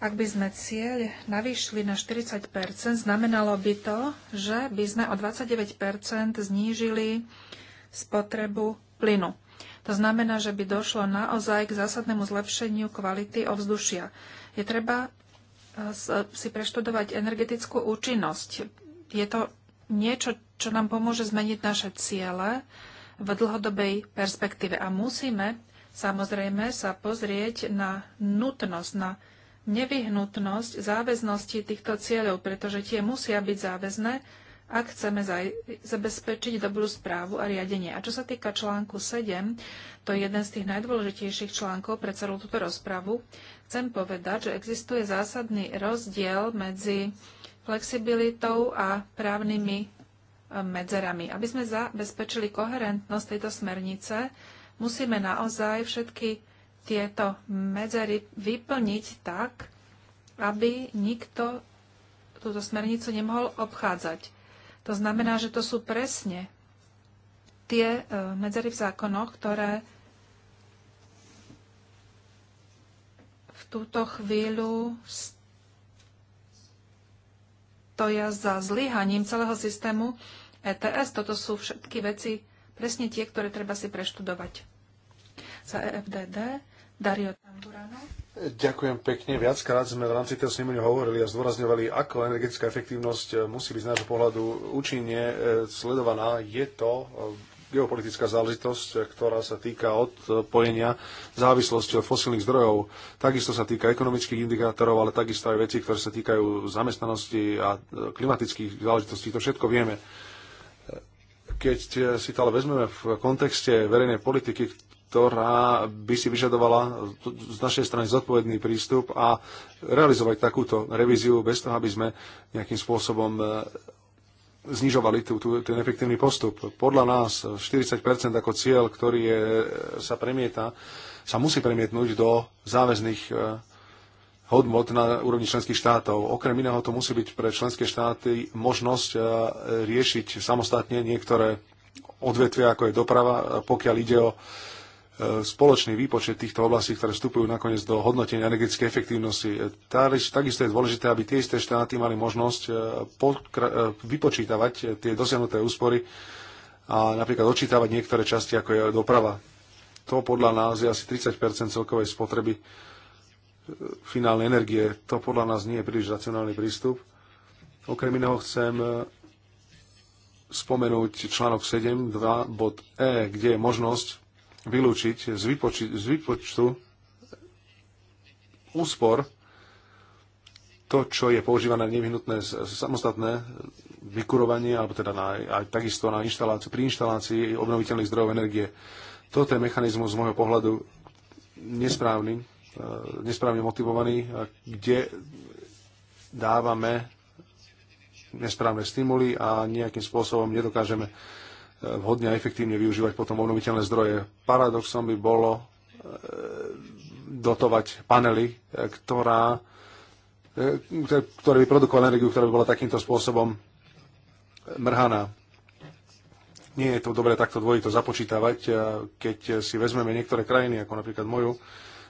ak by sme cieľ navýšili na 40 znamenalo by to, že by sme o 29 znížili spotrebu plynu. To znamená, že by došlo naozaj k zásadnému zlepšeniu kvality ovzdušia. Je treba si preštudovať energetickú účinnosť. Je to niečo, čo nám pomôže zmeniť naše ciele v dlhodobej perspektíve. A musíme samozrejme sa pozrieť na nutnosť, na nevyhnutnosť záväznosti týchto cieľov, pretože tie musia byť záväzné ak chceme zabezpečiť dobrú správu a riadenie. A čo sa týka článku 7, to je jeden z tých najdôležitejších článkov pre celú túto rozpravu, chcem povedať, že existuje zásadný rozdiel medzi flexibilitou a právnymi e, medzerami. Aby sme zabezpečili koherentnosť tejto smernice, musíme naozaj všetky tieto medzery vyplniť tak, aby nikto túto smernicu nemohol obchádzať. To znamená, že to sú presne tie e, medzery v zákonoch, ktoré v túto chvíľu stoja za zlyhaním celého systému ETS. Toto sú všetky veci, presne tie, ktoré treba si preštudovať. Za EFDD Dario Tamburano. Ďakujem pekne. Viackrát sme v rámci tej snemenia hovorili a zdôrazňovali, ako energetická efektívnosť e, musí byť z nášho pohľadu účinne e, sledovaná. Je to e, geopolitická záležitosť, ktorá sa týka odpojenia závislosti od fosílnych zdrojov. Takisto sa týka ekonomických indikátorov, ale takisto aj veci, ktoré sa týkajú zamestnanosti a klimatických záležitostí. To všetko vieme keď si to ale vezmeme v kontexte verejnej politiky, ktorá by si vyžadovala z našej strany zodpovedný prístup a realizovať takúto revíziu bez toho, aby sme nejakým spôsobom e, znižovali tú, tú, ten efektívny postup. Podľa nás 40% ako cieľ, ktorý je, e, sa premieta, sa musí premietnúť do záväzných e, hodnot na úrovni členských štátov. Okrem iného to musí byť pre členské štáty možnosť riešiť samostatne niektoré odvetvia, ako je doprava, pokiaľ ide o spoločný výpočet týchto oblastí, ktoré vstupujú nakoniec do hodnotenia energetickej efektívnosti. Takisto je dôležité, aby tie isté štáty mali možnosť e, e, vypočítavať tie dosiahnuté úspory a napríklad odčítavať niektoré časti, ako je doprava. To podľa nás je asi 30 celkovej spotreby e, finálnej energie. To podľa nás nie je príliš racionálny prístup. Okrem iného chcem spomenúť článok 7, bod E, kde je možnosť vylúčiť z, vypoči- z vypočtu úspor to, čo je používané nevyhnutné samostatné vykurovanie, alebo teda na, aj takisto na inštaláciu pri inštalácii obnoviteľných zdrojov energie. Toto je mechanizmus z môjho pohľadu nesprávny, e, nesprávne motivovaný, e, kde dávame nesprávne stimuly a nejakým spôsobom nedokážeme vhodne a efektívne využívať potom obnoviteľné zdroje. Paradoxom by bolo e, dotovať panely, e, ktorá, e, ktoré by produkovali energiu, ktorá by bola takýmto spôsobom mrhaná. Nie je to dobre takto dvojito započítavať, keď si vezmeme niektoré krajiny, ako napríklad moju,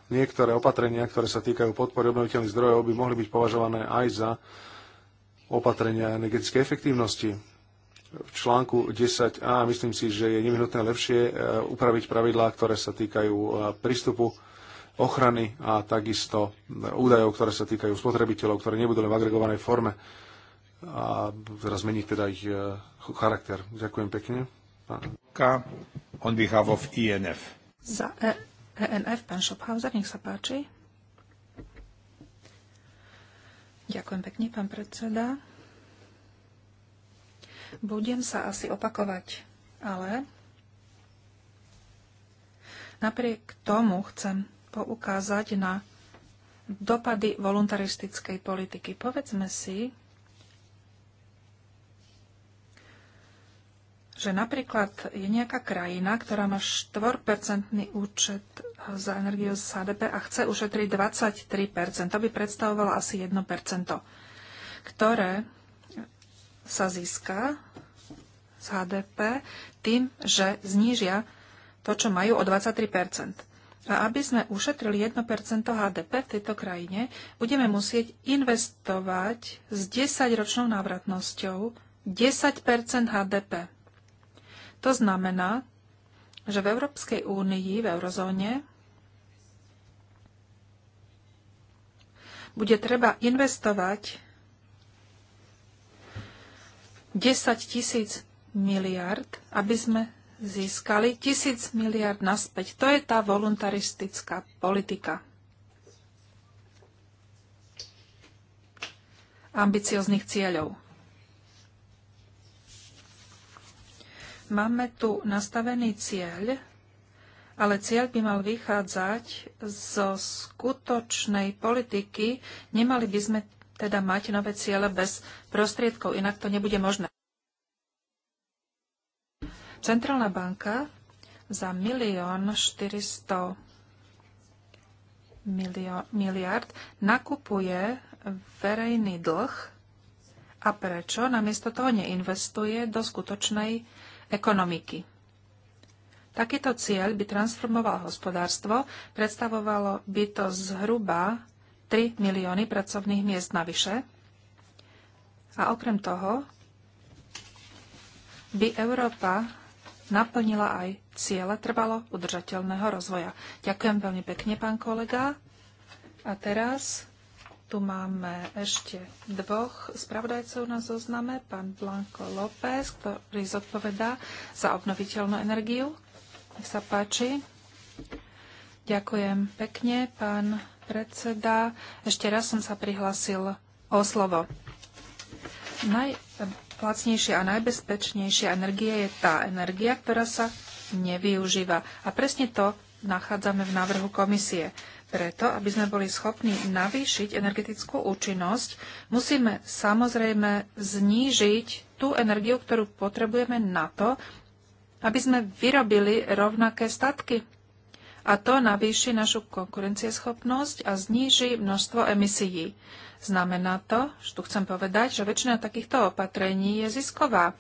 niektoré opatrenia, ktoré sa týkajú podpory obnoviteľných zdrojov, by mohli byť považované aj za opatrenia energetickej efektívnosti v článku 10a myslím si, že je nevyhnutné lepšie e, upraviť pravidlá, ktoré sa týkajú e, prístupu, ochrany a takisto e, údajov, ktoré sa týkajú spotrebiteľov, ktoré nebudú len v agregovanej forme a teraz zmeniť teda ich charakter. Ďakujem pekne. On behalf of Za ENF, pán Schopenhauser, nech sa páči. Ďakujem pekne, pán predseda. Budem sa asi opakovať, ale napriek tomu chcem poukázať na dopady voluntaristickej politiky. Povedzme si, že napríklad je nejaká krajina, ktorá má 4-percentný účet za energiu z HDP a chce ušetriť 23%. To by predstavovalo asi 1%, ktoré sa získa z HDP tým, že znížia to, čo majú o 23 A aby sme ušetrili 1 HDP v tejto krajine, budeme musieť investovať s 10-ročnou návratnosťou 10 HDP. To znamená, že v Európskej únii, v eurozóne, bude treba investovať 10 tisíc miliard, aby sme získali tisíc miliard naspäť. To je tá voluntaristická politika. Ambicióznych cieľov. Máme tu nastavený cieľ, ale cieľ by mal vychádzať zo skutočnej politiky. Nemali by sme teda mať nové ciele bez prostriedkov, inak to nebude možné. Centrálna banka za milión 400 milio, miliard nakupuje verejný dlh a prečo namiesto toho neinvestuje do skutočnej ekonomiky. Takýto cieľ by transformoval hospodárstvo, predstavovalo by to zhruba 3 milióny pracovných miest navyše. A okrem toho by Európa naplnila aj ciele trvalo udržateľného rozvoja. Ďakujem veľmi pekne, pán kolega. A teraz tu máme ešte dvoch spravodajcov na zozname. Pán Blanco López, ktorý zodpovedá za obnoviteľnú energiu. Nech sa páči. Ďakujem pekne, pán predseda. Ešte raz som sa prihlasil o slovo. Najlacnejšia a najbezpečnejšia energia je tá energia, ktorá sa nevyužíva. A presne to nachádzame v návrhu komisie. Preto, aby sme boli schopní navýšiť energetickú účinnosť, musíme samozrejme znížiť tú energiu, ktorú potrebujeme na to, aby sme vyrobili rovnaké statky a to navýši našu konkurencieschopnosť a zníži množstvo emisií. Znamená to, že tu chcem povedať, že väčšina takýchto opatrení je zisková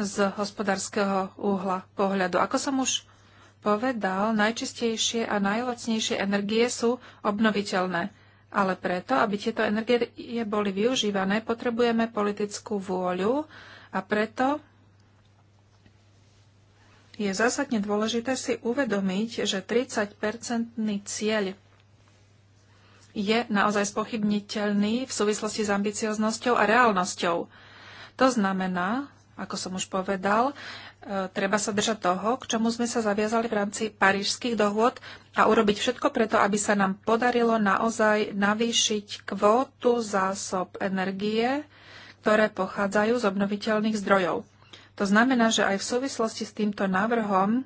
z hospodárskeho úhla pohľadu. Ako som už povedal, najčistejšie a najlacnejšie energie sú obnoviteľné. Ale preto, aby tieto energie boli využívané, potrebujeme politickú vôľu a preto je zásadne dôležité si uvedomiť, že 30-percentný cieľ je naozaj spochybniteľný v súvislosti s ambicioznosťou a reálnosťou. To znamená, ako som už povedal, e, treba sa držať toho, k čomu sme sa zaviazali v rámci parížských dohôd a urobiť všetko preto, aby sa nám podarilo naozaj navýšiť kvótu zásob energie, ktoré pochádzajú z obnoviteľných zdrojov. To znamená, že aj v súvislosti s týmto návrhom e,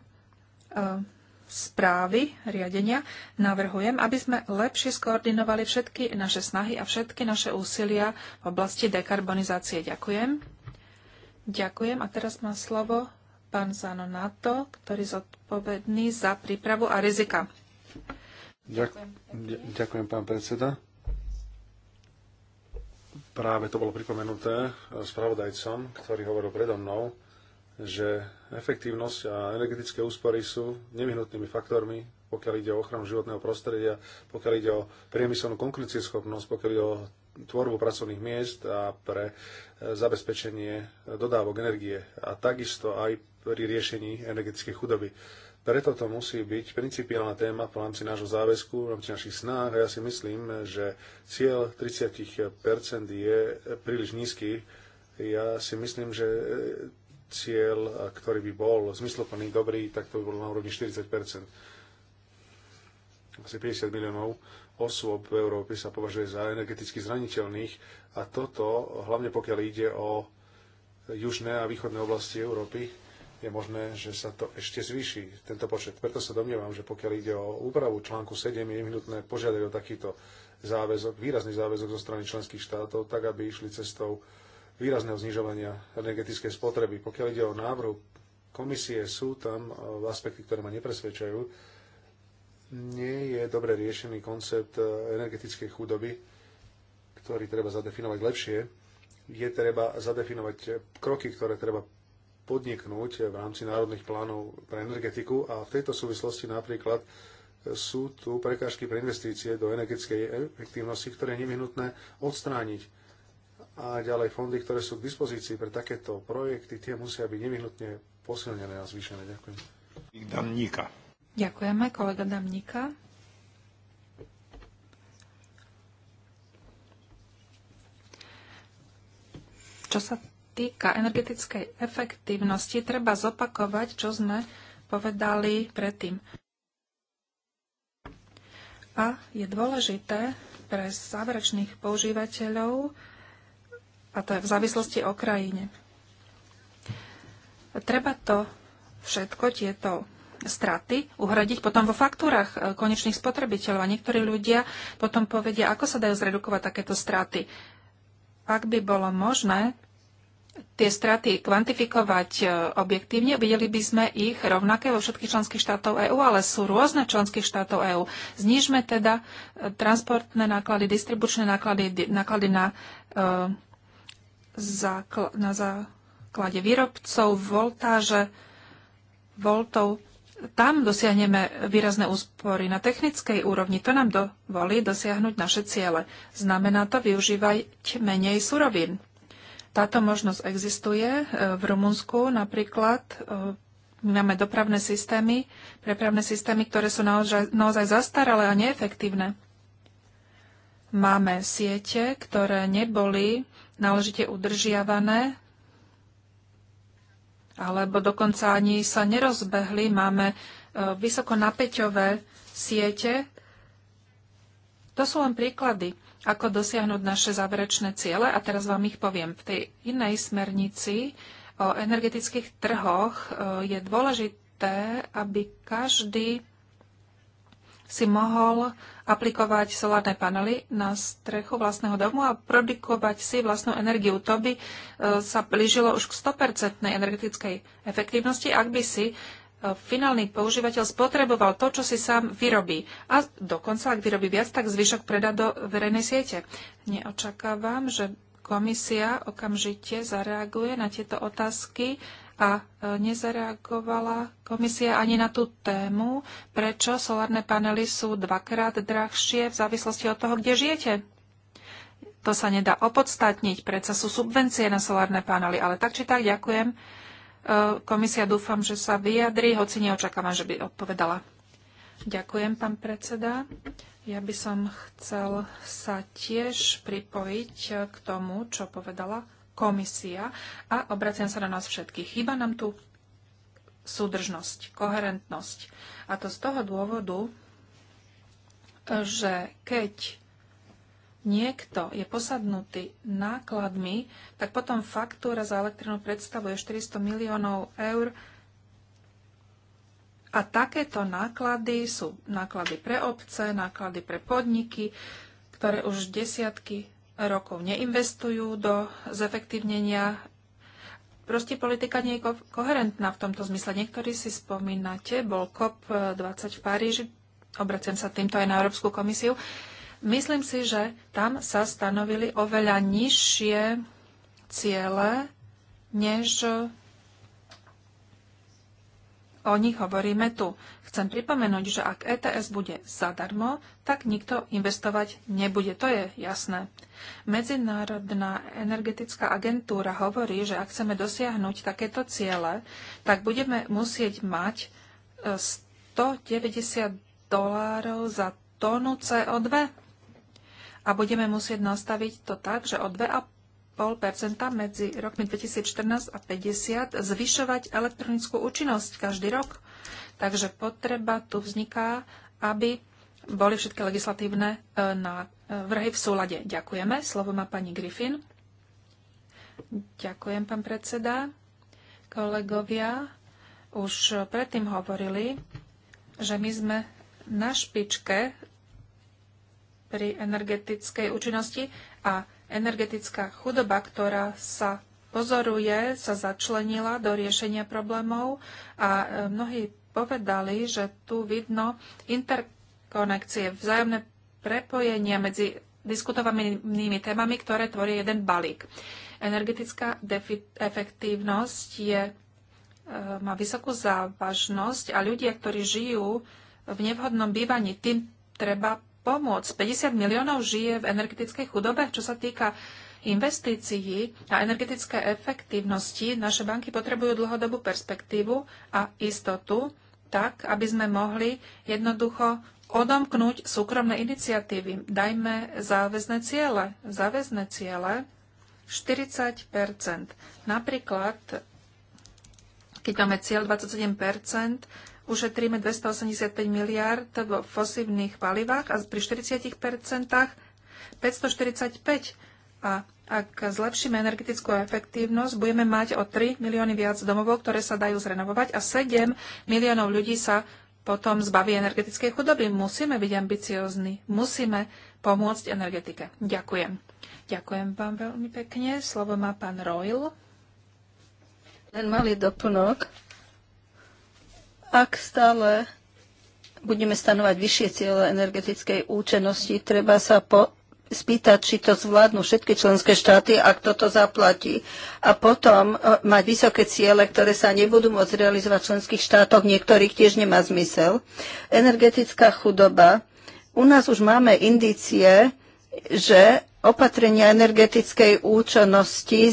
správy riadenia navrhujem, aby sme lepšie skoordinovali všetky naše snahy a všetky naše úsilia v oblasti dekarbonizácie. Ďakujem. Ďakujem a teraz má slovo pán Zanonato, ktorý je zodpovedný za prípravu a rizika. Ďakujem, ďakujem pán predseda práve to bolo pripomenuté spravodajcom, ktorý hovoril predo mnou, že efektívnosť a energetické úspory sú nevyhnutnými faktormi, pokiaľ ide o ochranu životného prostredia, pokiaľ ide o priemyselnú konkurencieschopnosť, pokiaľ ide o tvorbu pracovných miest a pre e, zabezpečenie dodávok energie a takisto aj pri riešení energetickej chudoby. Preto to musí byť principiálna téma v rámci nášho záväzku, v rámci našich snách. A ja si myslím, že cieľ 30% je príliš nízky. Ja si myslím, že cieľ, ktorý by bol zmysloplný, dobrý, tak to by bolo na úrovni 40%. Asi 50 miliónov osôb v Európe sa považuje za energeticky zraniteľných a toto, hlavne pokiaľ ide o južné a východné oblasti Európy, je možné, že sa to ešte zvýši, tento počet. Preto sa domnievam, že pokiaľ ide o úpravu článku 7, je nevyhnutné požiadať o takýto záväzok, výrazný záväzok zo strany členských štátov, tak aby išli cestou výrazného znižovania energetickej spotreby. Pokiaľ ide o návrhu komisie, sú tam e, aspekty, ktoré ma nepresvedčajú. Nie je dobre riešený koncept e, energetickej chudoby, ktorý treba zadefinovať lepšie. Je treba zadefinovať kroky, ktoré treba podniknúť v rámci národných plánov pre energetiku a v tejto súvislosti napríklad sú tu prekážky pre investície do energetickej efektívnosti, ktoré je nevyhnutné odstrániť. A ďalej fondy, ktoré sú k dispozícii pre takéto projekty, tie musia byť nevyhnutne posilnené a zvýšené. Ďakujem. Damníka. Ďakujeme, kolega Damníka. Čo sa týka energetickej efektívnosti, treba zopakovať, čo sme povedali predtým. A je dôležité pre záverečných používateľov, a to je v závislosti o krajine. Treba to všetko, tieto straty uhradiť potom vo faktúrach e, konečných spotrebiteľov. A niektorí ľudia potom povedia, ako sa dajú zredukovať takéto straty. Ak by bolo možné tie straty kvantifikovať e, objektívne, videli by sme ich rovnaké vo všetkých členských štátov EÚ, ale sú rôzne členských štátov EÚ. Znižme teda e, transportné náklady, distribučné náklady, náklady na, e, na základe výrobcov, voltáže, voltov. Tam dosiahneme výrazné úspory na technickej úrovni. To nám dovolí dosiahnuť naše ciele. Znamená to využívať menej surovín táto možnosť existuje e, v Rumunsku napríklad. E, my máme dopravné systémy, prepravné systémy, ktoré sú naozaj, naozaj zastaralé a neefektívne. Máme siete, ktoré neboli náležite udržiavané, alebo dokonca ani sa nerozbehli. Máme e, vysokonapeťové siete. To sú len príklady ako dosiahnuť naše záverečné ciele a teraz vám ich poviem. V tej inej smernici o energetických trhoch e, je dôležité, aby každý si mohol aplikovať solárne panely na strechu vlastného domu a produkovať si vlastnú energiu. To by e, sa blížilo už k 100% energetickej efektívnosti, ak by si finálny používateľ spotreboval to, čo si sám vyrobí. A dokonca, ak vyrobí viac, tak zvyšok predá do verejnej siete. Neočakávam, že komisia okamžite zareaguje na tieto otázky a e, nezareagovala komisia ani na tú tému, prečo solárne panely sú dvakrát drahšie v závislosti od toho, kde žijete. To sa nedá opodstatniť, predsa sú subvencie na solárne panely, ale tak či tak ďakujem E, komisia dúfam, že sa vyjadri, hoci neočakávam, že by odpovedala. Ďakujem, pán predseda. Ja by som chcel sa tiež pripojiť e, k tomu, čo povedala komisia a obraciam sa na nás všetkých. Chýba nám tu súdržnosť, koherentnosť. A to z toho dôvodu, e, že keď niekto je posadnutý nákladmi, tak potom faktúra za elektrinu predstavuje 400 miliónov eur. A takéto náklady sú náklady pre obce, náklady pre podniky, ktoré už desiatky rokov neinvestujú do zefektívnenia. Proste politika nie je ko- koherentná v tomto zmysle. Niektorí si spomínate, bol COP20 v Paríži, obraciam sa týmto aj na Európsku komisiu, Myslím si, že tam sa stanovili oveľa nižšie ciele, než o nich hovoríme tu. Chcem pripomenúť, že ak ETS bude zadarmo, tak nikto investovať nebude. To je jasné. Medzinárodná energetická agentúra hovorí, že ak chceme dosiahnuť takéto ciele, tak budeme musieť mať 190 e, dolárov za tónu CO2 a budeme musieť nastaviť to tak, že o 2,5% medzi rokmi 2014 a 50 zvyšovať elektronickú účinnosť každý rok. Takže potreba tu vzniká, aby boli všetky legislatívne e, e, vrhy v súlade. Ďakujeme. Slovo má pani Griffin. Ďakujem, pán predseda. Kolegovia už predtým hovorili, že my sme na špičke pri energetickej účinnosti a energetická chudoba, ktorá sa pozoruje, sa začlenila do riešenia problémov a e, mnohí povedali, že tu vidno interkonekcie, vzájomné prepojenia medzi diskutovanými témami, ktoré tvorí jeden balík. Energetická efektívnosť je, e, má vysokú závažnosť a ľudia, ktorí žijú v nevhodnom bývaní, tým treba pomoc. 50 miliónov žije v energetickej chudobe. Čo sa týka investícií a energetické efektívnosti, naše banky potrebujú dlhodobú perspektívu a istotu, tak, aby sme mohli jednoducho odomknúť súkromné iniciatívy. Dajme záväzne ciele. Záväzne ciele 40 Napríklad, keď máme cieľ 27 ušetríme 285 miliard v fosívnych palivách a pri 40 545 a ak zlepšíme energetickú efektívnosť, budeme mať o 3 milióny viac domovov, ktoré sa dajú zrenovovať a 7 miliónov ľudí sa potom zbaví energetickej chudoby. Musíme byť ambiciozni, musíme pomôcť energetike. Ďakujem. Ďakujem vám veľmi pekne. Slovo má pán Royl. Len malý doplnok ak stále budeme stanovať vyššie cieľe energetickej účenosti, treba sa po, spýtať, či to zvládnu všetky členské štáty, ak toto zaplatí. A potom e, mať vysoké ciele, ktoré sa nebudú môcť realizovať v členských štátoch, niektorých tiež nemá zmysel. Energetická chudoba. U nás už máme indície, že Opatrenia energetickej účinnosti e,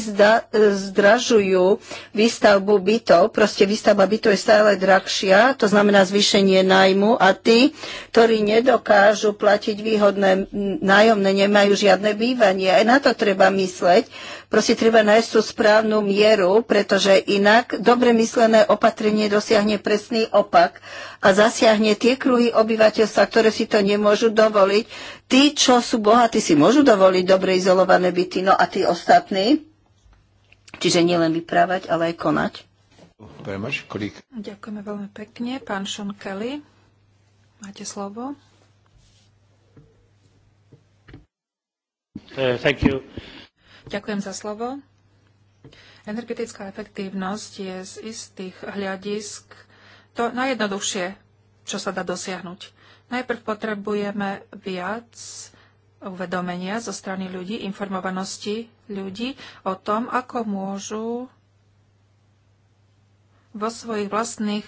zdražujú výstavbu bytov. Proste výstavba bytov je stále drahšia, to znamená zvýšenie nájmu a tí, ktorí nedokážu platiť výhodné nájomné, nemajú žiadne bývanie. Aj na to treba mysleť, Proste treba nájsť tú správnu mieru, pretože inak dobre myslené opatrenie dosiahne presný opak a zasiahne tie kruhy obyvateľstva, ktoré si to nemôžu dovoliť. Tí, čo sú bohatí, si môžu dovoliť dobre izolované byty, no a tí ostatní. Čiže nielen vyprávať, ale aj konať. Ďakujeme veľmi pekne. Pán Sean Kelly, máte slovo. Uh, thank you. Ďakujem za slovo. Energetická efektívnosť je z istých hľadisk to najjednoduchšie, čo sa dá dosiahnuť. Najprv potrebujeme viac uvedomenia zo strany ľudí, informovanosti ľudí o tom, ako môžu vo svojich vlastných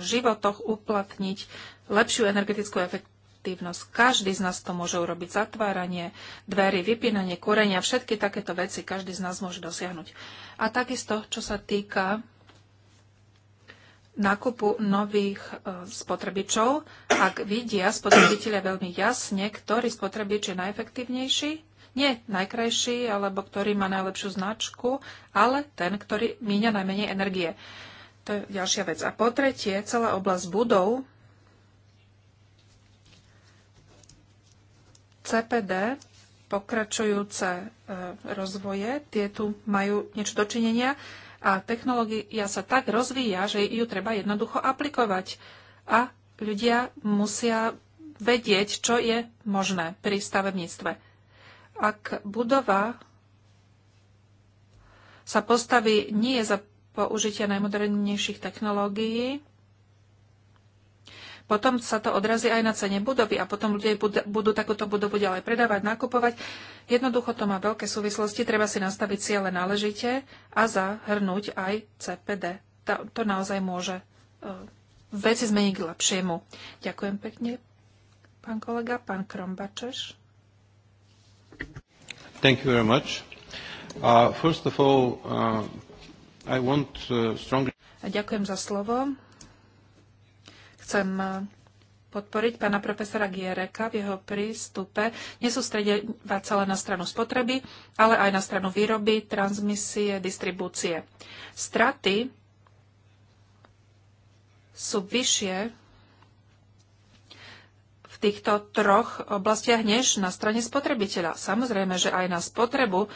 životoch uplatniť lepšiu energetickú efektívnosť efektívnosť. Každý z nás to môže urobiť. Zatváranie dverí, vypínanie, kúrenia, všetky takéto veci každý z nás môže dosiahnuť. A takisto, čo sa týka nákupu nových e, spotrebičov, ak vidia spotrebitelia veľmi jasne, ktorý spotrebič je najefektívnejší, nie najkrajší, alebo ktorý má najlepšiu značku, ale ten, ktorý míňa najmenej energie. To je ďalšia vec. A po tretie, celá oblasť budov CPD, pokračujúce e, rozvoje, tie tu majú niečo dočinenia a technológia sa tak rozvíja, že ju treba jednoducho aplikovať. A ľudia musia vedieť, čo je možné pri stavebníctve. Ak budova sa postaví nie za použitia najmodernejších technológií, potom sa to odrazí aj na cene budovy a potom ľudia budú takúto budovu ďalej predávať, nakupovať. Jednoducho to má veľké súvislosti, treba si nastaviť ciele náležite a zahrnúť aj CPD. To, to naozaj môže e, veci zmeniť k lepšiemu. Ďakujem pekne, pán kolega, pán Krombačeš. Thank you very much. Uh, first of all, uh, I want uh, strongly... Ďakujem za slovo. Chcem eh, podporiť pána profesora Giereka v jeho prístupe nesústredovať sa len na stranu spotreby, ale aj na stranu výroby, transmisie, distribúcie. Straty sú vyššie v týchto troch oblastiach než na strane spotrebiteľa. Samozrejme, že aj na spotrebu e,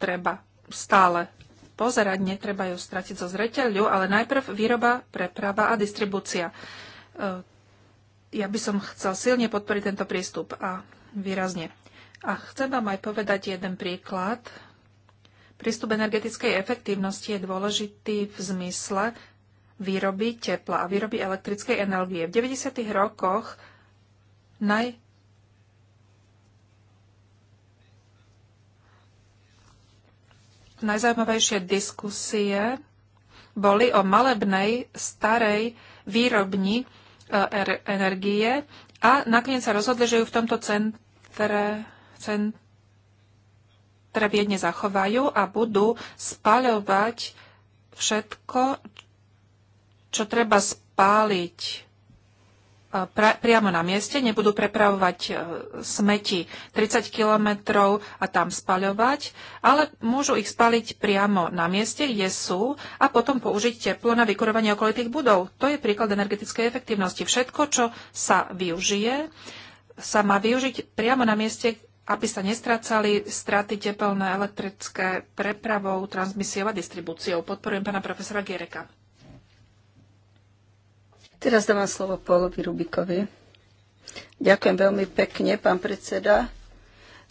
treba stále pozerať, netreba ju stratiť zo zreteľu, ale najprv výroba, preprava a distribúcia. E, Eh, ja by som chcel silne podporiť tento prístup a výrazne. A chcem vám aj povedať jeden príklad. Prístup energetickej efektívnosti je dôležitý v zmysle výroby tepla a výroby elektrickej energie. V 90. rokoch naj najzaujímavejšie diskusie boli o malebnej starej výrobni E, er, energie a nakoniec sa rozhodli, že ju v tomto centre, centre Viedne zachovajú a budú spaľovať všetko, čo treba spáliť pra, priamo na mieste, nebudú prepravovať e, smeti 30 kilometrov a tam spaľovať, ale môžu ich spaliť priamo na mieste, kde sú a potom použiť teplo na vykurovanie okolitých budov. To je príklad energetickej efektívnosti. Všetko, čo sa využije, sa má využiť priamo na mieste, aby sa nestracali straty tepelné elektrické prepravou, transmisiou a distribúciou. Podporujem pána profesora Giereka. Teraz dávam slovo Pólovi Rubikovi. Ďakujem veľmi pekne, pán predseda.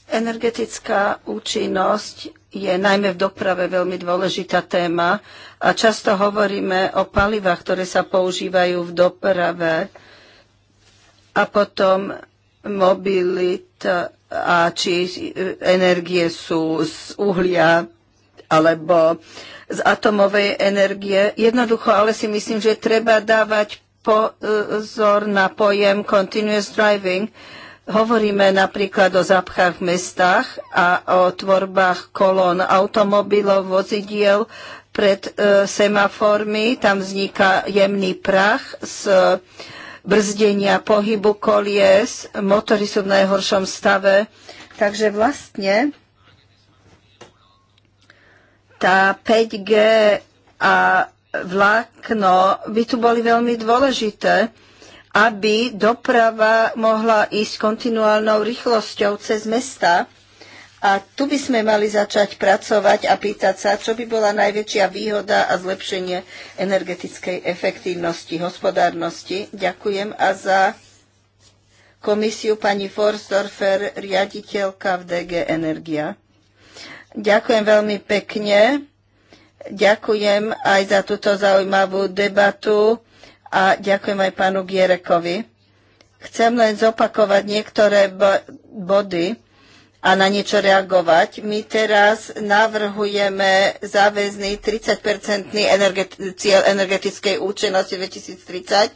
Energetická účinnosť je najmä v doprave veľmi dôležitá téma a často hovoríme o palivách, ktoré sa používajú v doprave a potom mobilita a či energie sú z uhlia alebo z atomovej energie. Jednoducho, ale si myslím, že treba dávať pozor na pojem continuous driving. Hovoríme napríklad o zapchách v mestách a o tvorbách kolón automobilov, vozidiel pred e, semaformy. Tam vzniká jemný prach z e, brzdenia pohybu kolies. Motory sú v najhoršom stave. Takže vlastne tá 5G a vlákno by tu boli veľmi dôležité, aby doprava mohla ísť kontinuálnou rýchlosťou cez mesta. A tu by sme mali začať pracovať a pýtať sa, čo by bola najväčšia výhoda a zlepšenie energetickej efektívnosti, hospodárnosti. Ďakujem a za komisiu pani Forstorfer, riaditeľka v DG Energia. Ďakujem veľmi pekne. Ďakujem aj za túto zaujímavú debatu a ďakujem aj pánu Gierekovi. Chcem len zopakovať niektoré body a na niečo reagovať. My teraz navrhujeme záväzný 30-percentný energeti- cieľ energetickej účinnosti 2030,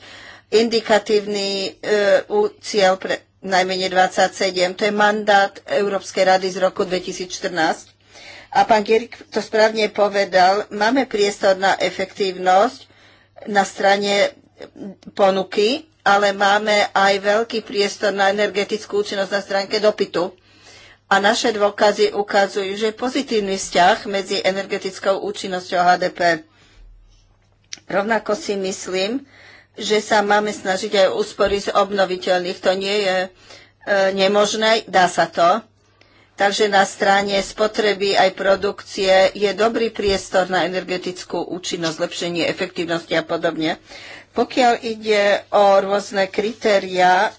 indikatívny e, cieľ pre najmenej 27. To je mandát Európskej rady z roku 2014 a pán Gierik to správne povedal, máme priestor na efektívnosť na strane ponuky, ale máme aj veľký priestor na energetickú účinnosť na stránke dopytu. A naše dôkazy ukazujú, že je pozitívny vzťah medzi energetickou účinnosťou HDP. Rovnako si myslím, že sa máme snažiť aj úspory z obnoviteľných. To nie je e, nemožné, dá sa to. Takže na strane spotreby aj produkcie je dobrý priestor na energetickú účinnosť, zlepšenie efektívnosti a podobne. Pokiaľ ide o rôzne kritéria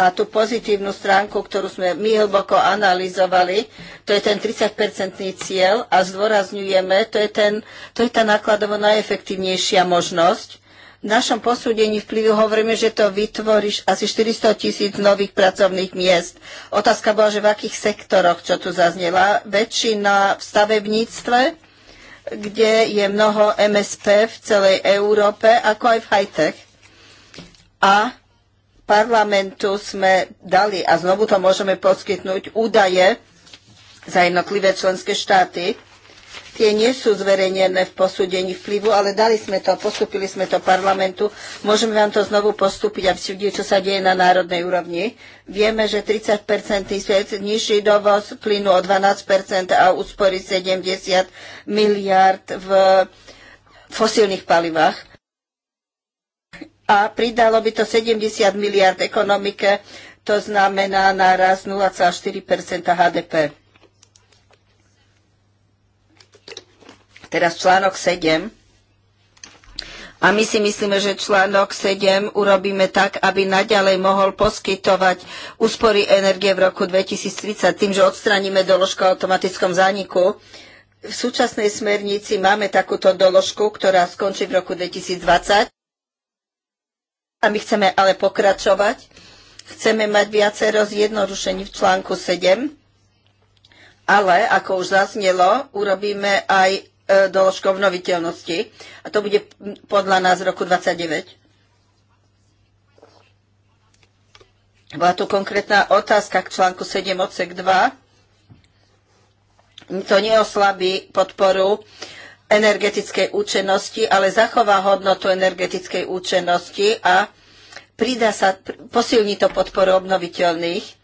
a tú pozitívnu stránku, ktorú sme my hlboko analyzovali, to je ten 30-percentný cieľ a zdôrazňujeme, to je, ten, to je tá nákladovo najefektívnejšia možnosť. V našom posúdení vplyvu hovoríme, že to vytvoríš asi 400 tisíc nových pracovných miest. Otázka bola, že v akých sektoroch, čo tu zaznela. Väčšina v stavebníctve, kde je mnoho MSP v celej Európe, ako aj v high-tech. A parlamentu sme dali, a znovu to môžeme poskytnúť, údaje za jednotlivé členské štáty Tie nie sú zverejnené v posúdení vplyvu, ale dali sme to, postupili sme to parlamentu. Môžeme vám to znovu postúpiť, a ste čo sa deje na národnej úrovni. Vieme, že 30-percentný svet, nižší dovoz plynu o 12 a úspory 70 miliard v fosílnych palivách a pridalo by to 70 miliard ekonomike, to znamená náraz 0,4 HDP. Teraz článok 7. A my si myslíme, že článok 7 urobíme tak, aby naďalej mohol poskytovať úspory energie v roku 2030 tým, že odstraníme doložku o automatickom zániku. V súčasnej smernici máme takúto doložku, ktorá skončí v roku 2020. A my chceme ale pokračovať. Chceme mať viacero zjednodušení v článku 7. Ale, ako už zaznelo, urobíme aj E, doložkou obnoviteľnosti. A to bude podľa nás roku 29. Bola tu konkrétna otázka k článku 7 odsek 2. To neoslabí podporu energetickej účinnosti, ale zachová hodnotu energetickej účinnosti a pridá sa, posilní to podporu obnoviteľných.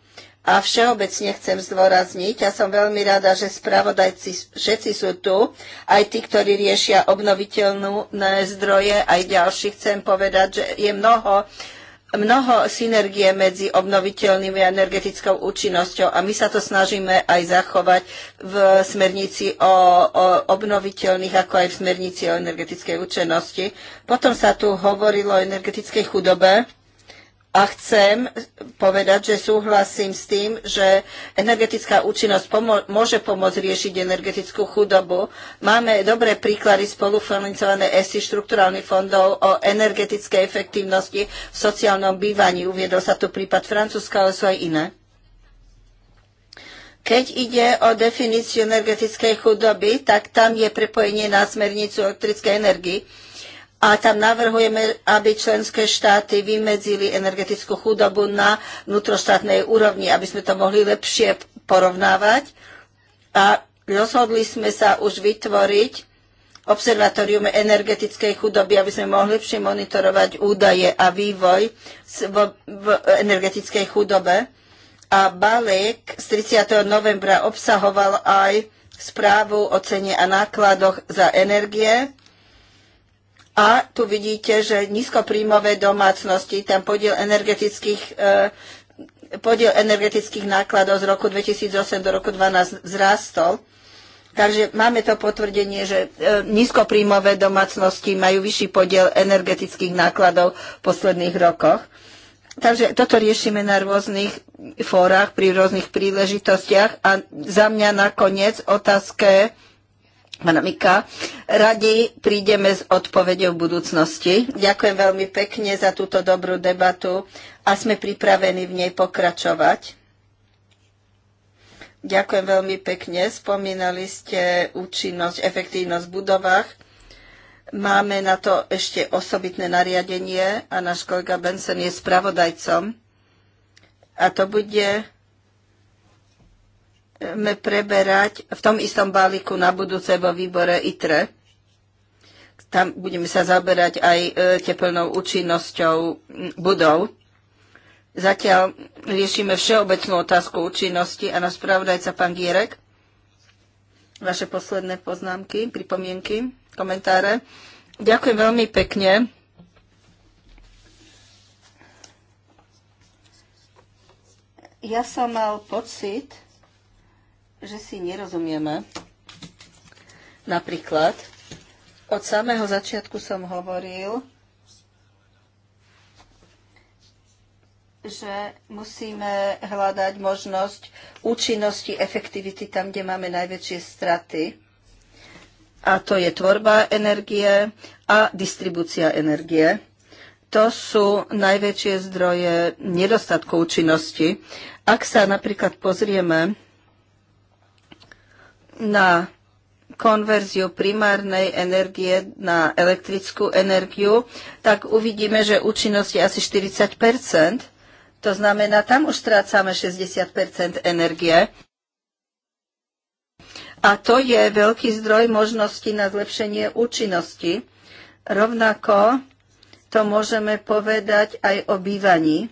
A všeobecne chcem zdôrazniť, ja som veľmi rada, že spravodajci všetci sú tu, aj tí, ktorí riešia obnoviteľné zdroje, aj ďalší. Chcem povedať, že je mnoho mnoho synergie medzi obnoviteľnými a energetickou účinnosťou a my sa to snažíme aj zachovať v smernici o, o obnoviteľných, ako aj v smernici o energetickej účinnosti. Potom sa tu hovorilo o energetickej chudobe. A chcem povedať, že súhlasím s tým, že energetická účinnosť pomo- môže pomôcť riešiť energetickú chudobu. Máme dobré príklady spolufinancované ESI štruktúrálnych fondov o energetickej efektívnosti v sociálnom bývaní. Uviedol sa tu prípad Francúzska, ale sú aj iné. Keď ide o definíciu energetickej chudoby, tak tam je prepojenie na smernicu elektrickej energii a tam navrhujeme, aby členské štáty vymedzili energetickú chudobu na vnútroštátnej úrovni, aby sme to mohli lepšie porovnávať. A rozhodli sme sa už vytvoriť observatórium energetickej chudoby, aby sme mohli lepšie monitorovať údaje a vývoj v energetickej chudobe. A balík z 30. novembra obsahoval aj správu o cene a nákladoch za energie a tu vidíte, že nízkopríjmové domácnosti, tam podiel energetických e, podiel energetických nákladov z roku 2008 do roku 2012 vzrastol. Takže máme to potvrdenie, že e, nízkopríjmové domácnosti majú vyšší podiel energetických nákladov v posledných rokoch. Takže toto riešime na rôznych fórach, pri rôznych príležitostiach a za mňa nakoniec otázke Mika. Radi prídeme s odpovedou v budúcnosti. Ďakujem veľmi pekne za túto dobrú debatu a sme pripravení v nej pokračovať. Ďakujem veľmi pekne. Spomínali ste účinnosť, efektívnosť v budovách. Máme na to ešte osobitné nariadenie a náš kolega Benson je spravodajcom. A to bude budeme preberať v tom istom balíku na budúce vo výbore ITRE. Tam budeme sa zaberať aj e, teplnou účinnosťou budov. Zatiaľ riešime všeobecnú otázku účinnosti a náš spravodajca pán Gierek. Vaše posledné poznámky, pripomienky, komentáre. Ďakujem veľmi pekne. Ja som mal pocit, že si nerozumieme. Napríklad, od samého začiatku som hovoril, že musíme hľadať možnosť účinnosti, efektivity tam, kde máme najväčšie straty. A to je tvorba energie a distribúcia energie. To sú najväčšie zdroje nedostatku účinnosti. Ak sa napríklad pozrieme na konverziu primárnej energie na elektrickú energiu, tak uvidíme, že účinnosť je asi 40 To znamená, tam už strácame 60 energie. A to je veľký zdroj možností na zlepšenie účinnosti. Rovnako to môžeme povedať aj o bývaní.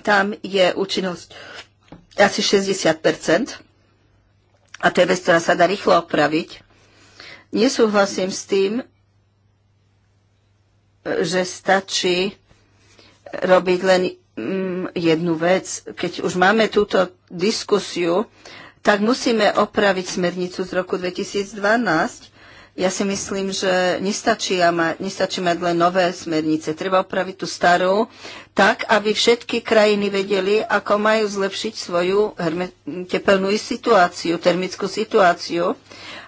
Tam je účinnosť asi 60 A to je vec, ktorá sa dá rýchlo opraviť. Nesúhlasím s tým, že stačí robiť len mm, jednu vec. Keď už máme túto diskusiu, tak musíme opraviť smernicu z roku 2012, ja si myslím, že nestačí, ma, nestačí mať len nové smernice. Treba opraviť tú starú, tak, aby všetky krajiny vedeli, ako majú zlepšiť svoju herme, tepelnú situáciu, termickú situáciu.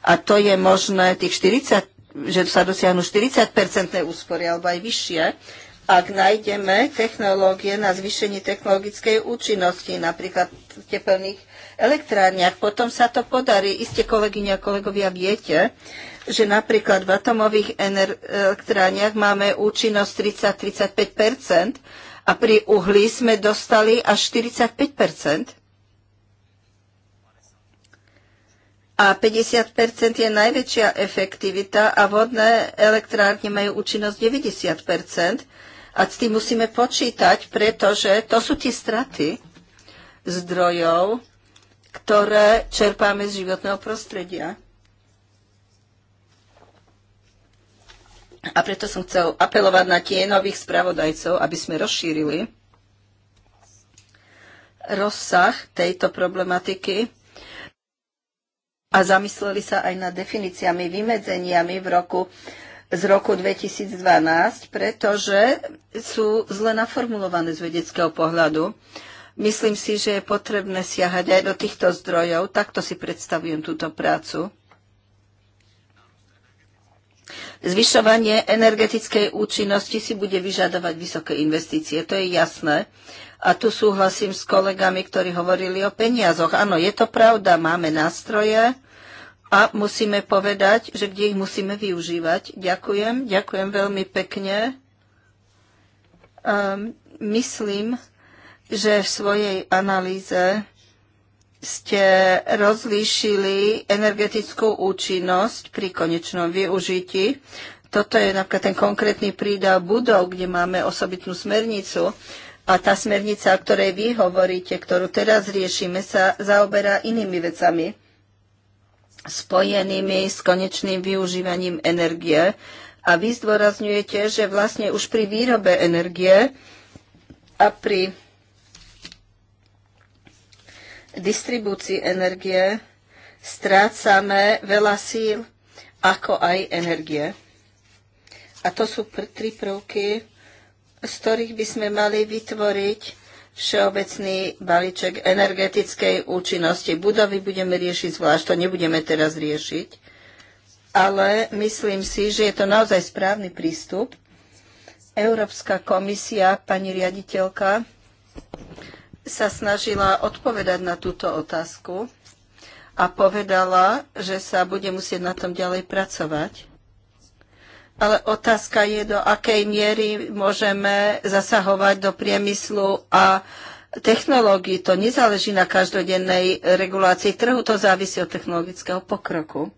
A to je možné tých 40, že sa dosiahnu 40-percentné úspory alebo aj vyššie, ak nájdeme technológie na zvýšenie technologickej účinnosti, napríklad v tepelných elektrárniach. Potom sa to podarí. Iste kolegyne a kolegovia viete, že napríklad v atomových elektrániach máme účinnosť 30-35 a pri uhli sme dostali až 45 a 50 je najväčšia efektivita a vodné elektrárne majú účinnosť 90 a s tým musíme počítať, pretože to sú tie straty zdrojov, ktoré čerpáme z životného prostredia. A preto som chcel apelovať na tie nových spravodajcov, aby sme rozšírili rozsah tejto problematiky a zamysleli sa aj nad definíciami, vymedzeniami v roku, z roku 2012, pretože sú zle naformulované z vedeckého pohľadu. Myslím si, že je potrebné siahať aj do týchto zdrojov. Takto si predstavujem túto prácu. Zvyšovanie energetickej účinnosti si bude vyžadovať vysoké investície, to je jasné. A tu súhlasím s kolegami, ktorí hovorili o peniazoch. Áno, je to pravda, máme nástroje a musíme povedať, že kde ich musíme využívať. Ďakujem, ďakujem veľmi pekne. Um, myslím, že v svojej analýze ste rozlíšili energetickú účinnosť pri konečnom využití. Toto je napríklad ten konkrétny prídav budov, kde máme osobitnú smernicu a tá smernica, o ktorej vy hovoríte, ktorú teraz riešime, sa zaoberá inými vecami spojenými s konečným využívaním energie. A vy zdôrazňujete, že vlastne už pri výrobe energie a pri distribúcii energie strácame veľa síl, ako aj energie. A to sú pr- tri prvky, z ktorých by sme mali vytvoriť všeobecný balíček energetickej účinnosti. Budovy budeme riešiť zvlášť, to nebudeme teraz riešiť. Ale myslím si, že je to naozaj správny prístup. Európska komisia, pani riaditeľka, sa snažila odpovedať na túto otázku a povedala, že sa bude musieť na tom ďalej pracovať. Ale otázka je, do akej miery môžeme zasahovať do priemyslu a technológií. To nezáleží na každodennej regulácii trhu, to závisí od technologického pokroku.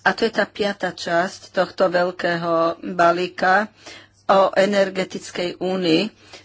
A to je tá piata časť tohto veľkého balíka o energetickej únii.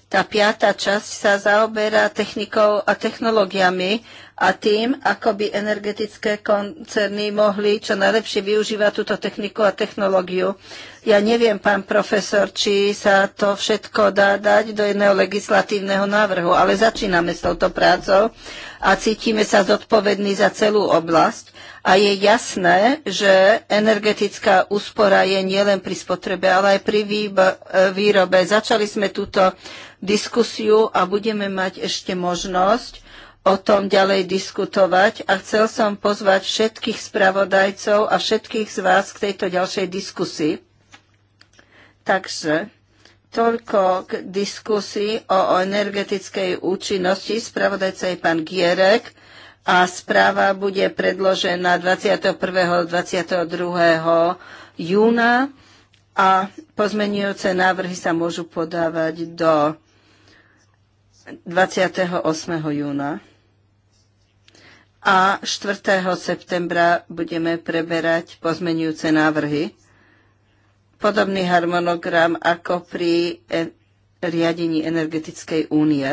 Tá piata časť sa zaoberá technikou a technológiami a tým, ako by energetické koncerny mohli čo najlepšie využívať túto techniku a technológiu. Ja neviem, pán profesor, či sa to všetko dá dať do jedného legislatívneho návrhu, ale začíname s touto prácou a cítime sa zodpovední za celú oblasť a je jasné, že energetická úspora je nielen pri spotrebe, ale aj pri e, výrobe. Začali sme túto diskusiu a budeme mať ešte možnosť o tom ďalej diskutovať a chcel som pozvať všetkých spravodajcov a všetkých z vás k tejto ďalšej diskusii. Takže toľko k diskusii o, o energetickej účinnosti. Spravodajca je pán Gierek a správa bude predložená 21. 22. júna a pozmenujúce návrhy sa môžu podávať do 28. júna a 4. septembra budeme preberať pozmenujúce návrhy. Podobný harmonogram ako pri e- riadení energetickej únie.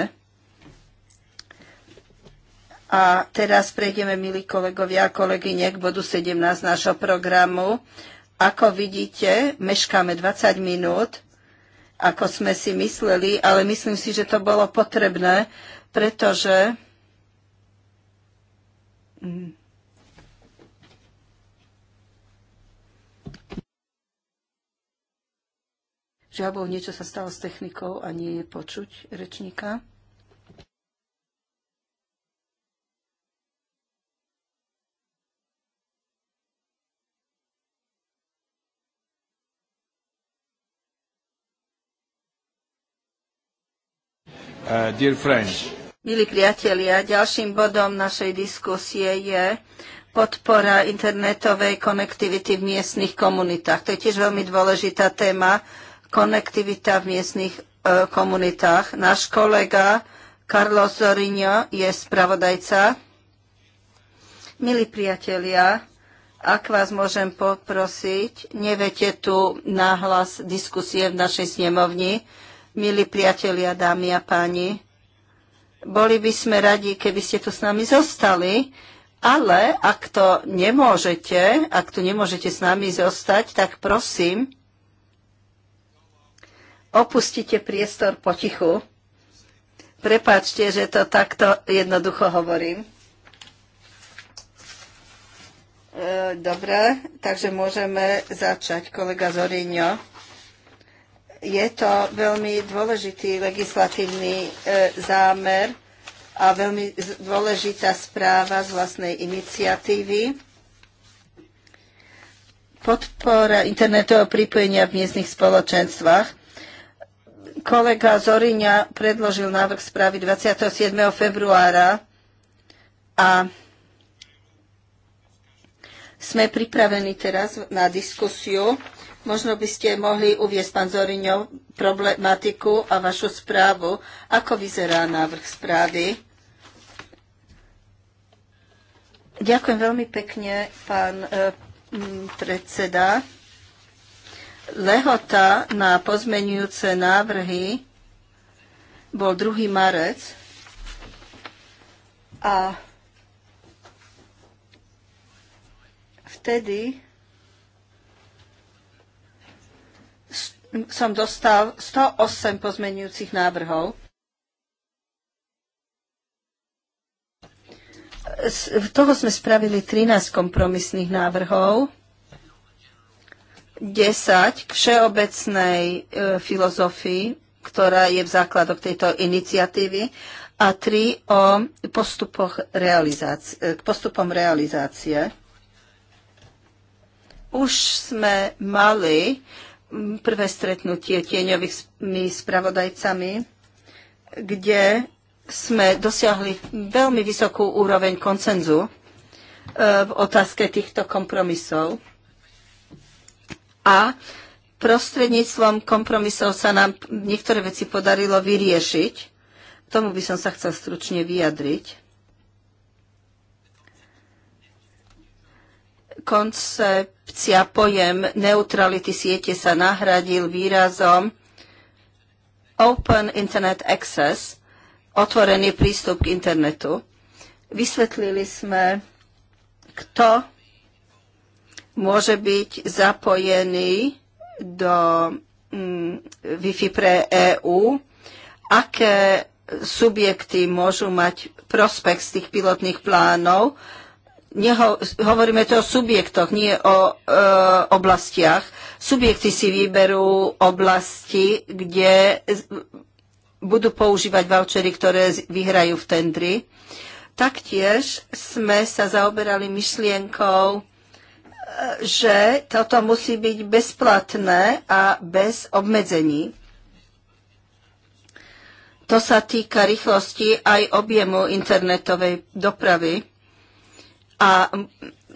A teraz prejdeme, milí kolegovia a kolegyne, k bodu 17 nášho programu. Ako vidíte, meškáme 20 minút, ako sme si mysleli, ale myslím si, že to bolo potrebné, pretože Mm-hmm. Žiaľ Bohu, niečo sa stalo s technikou a nie je počuť rečníka. Uh, dear friends, Milí priatelia, ďalším bodom našej diskusie je podpora internetovej konektivity v miestnych komunitách. To je tiež veľmi dôležitá téma, konektivita v miestnych e, komunitách. Náš kolega Carlos Zorino je spravodajca. Milí priatelia, ak vás môžem poprosiť, nevete tu náhlas diskusie v našej snemovni. Milí priatelia, dámy a páni, boli by sme radi, keby ste tu s nami zostali, ale ak to nemôžete, ak tu nemôžete s nami zostať, tak prosím, opustite priestor potichu. Prepáčte, že to takto jednoducho hovorím. E, dobre, takže môžeme začať, kolega Zoríňo. Je to veľmi dôležitý legislatívny e, zámer a veľmi dôležitá správa z vlastnej iniciatívy. Podpora internetového pripojenia v miestnych spoločenstvách. Kolega Zoriňa predložil návrh správy 27. februára a sme pripravení teraz na diskusiu Možno by ste mohli uviesť, pán Zoriňov, problematiku a vašu správu. Ako vyzerá návrh správy? Ďakujem veľmi pekne, pán e, predseda. Lehota na pozmenujúce návrhy bol 2. marec a vtedy som dostal 108 pozmenujúcich návrhov. Z toho sme spravili 13 kompromisných návrhov, 10 k všeobecnej e, filozofii, ktorá je v základoch tejto iniciatívy a 3 o postupoch realizácie, postupom realizácie. Už sme mali prvé stretnutie tieňovými spravodajcami, kde sme dosiahli veľmi vysokú úroveň koncenzu e, v otázke týchto kompromisov. A prostredníctvom kompromisov sa nám niektoré veci podarilo vyriešiť. K tomu by som sa chcel stručne vyjadriť. koncepcia pojem neutrality siete sa nahradil výrazom Open Internet Access, otvorený prístup k internetu. Vysvetlili sme, kto môže byť zapojený do mm, Wi-Fi pre EÚ, aké subjekty môžu mať prospekt z tých pilotných plánov, Neho, hovoríme to o subjektoch, nie o e, oblastiach. Subjekty si vyberú oblasti, kde budú používať vouchery, ktoré vyhrajú v tendri. Taktiež sme sa zaoberali myšlienkou, e, že toto musí byť bezplatné a bez obmedzení. To sa týka rýchlosti aj objemu internetovej dopravy. A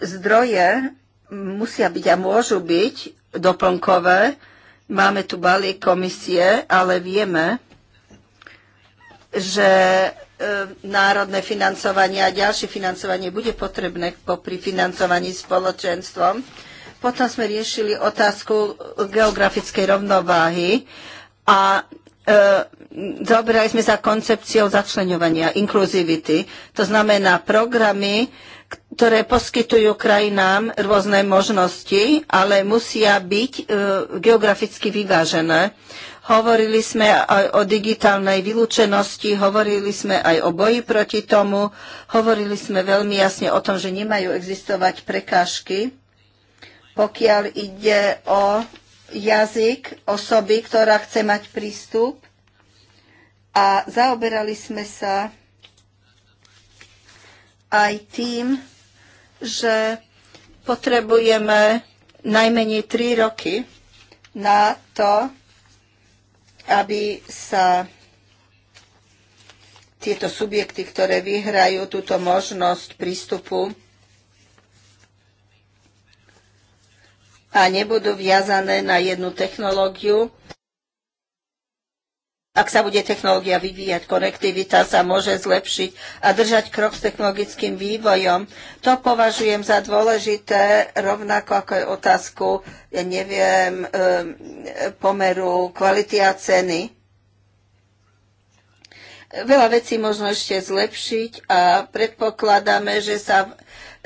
zdroje musia byť a môžu byť doplnkové. Máme tu balie komisie, ale vieme, že e, národné financovanie a ďalšie financovanie bude potrebné pri financovaní spoločenstvom. Potom sme riešili otázku geografickej rovnováhy a e, zaoberali sme sa koncepciou začleňovania, inkluzivity. To znamená programy, ktoré poskytujú krajinám rôzne možnosti, ale musia byť e, geograficky vyvážené. Hovorili sme aj o digitálnej vylúčenosti, hovorili sme aj o boji proti tomu, hovorili sme veľmi jasne o tom, že nemajú existovať prekážky, pokiaľ ide o jazyk osoby, ktorá chce mať prístup. A zaoberali sme sa aj tým, že potrebujeme najmenej 3 roky na to, aby sa tieto subjekty, ktoré vyhrajú túto možnosť prístupu a nebudú viazané na jednu technológiu, ak sa bude technológia vyvíjať, konektivita sa môže zlepšiť a držať krok s technologickým vývojom. To považujem za dôležité, rovnako ako je otázku, ja neviem, e, pomeru kvality a ceny. Veľa vecí možno ešte zlepšiť a predpokladáme, že sa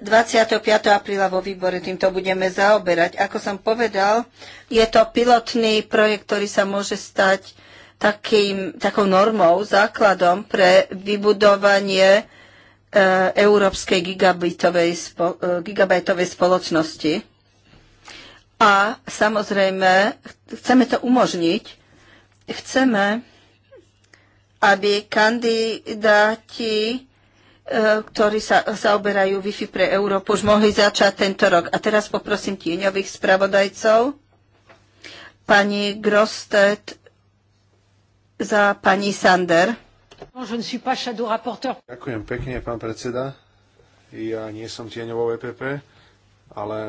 25. apríla vo výbore týmto budeme zaoberať. Ako som povedal, je to pilotný projekt, ktorý sa môže stať takým, takou normou, základom pre vybudovanie e, európskej gigabitovej spo, e, gigabajtovej spoločnosti. A samozrejme, chceme to umožniť. Chceme, aby kandidáti e, ktorí sa zaoberajú Wi-Fi pre Európu, už mohli začať tento rok. A teraz poprosím tieňových spravodajcov. Pani Grostet za pani Sander. Ďakujem pekne, pán predseda. Ja nie som tieňovou EPP, ale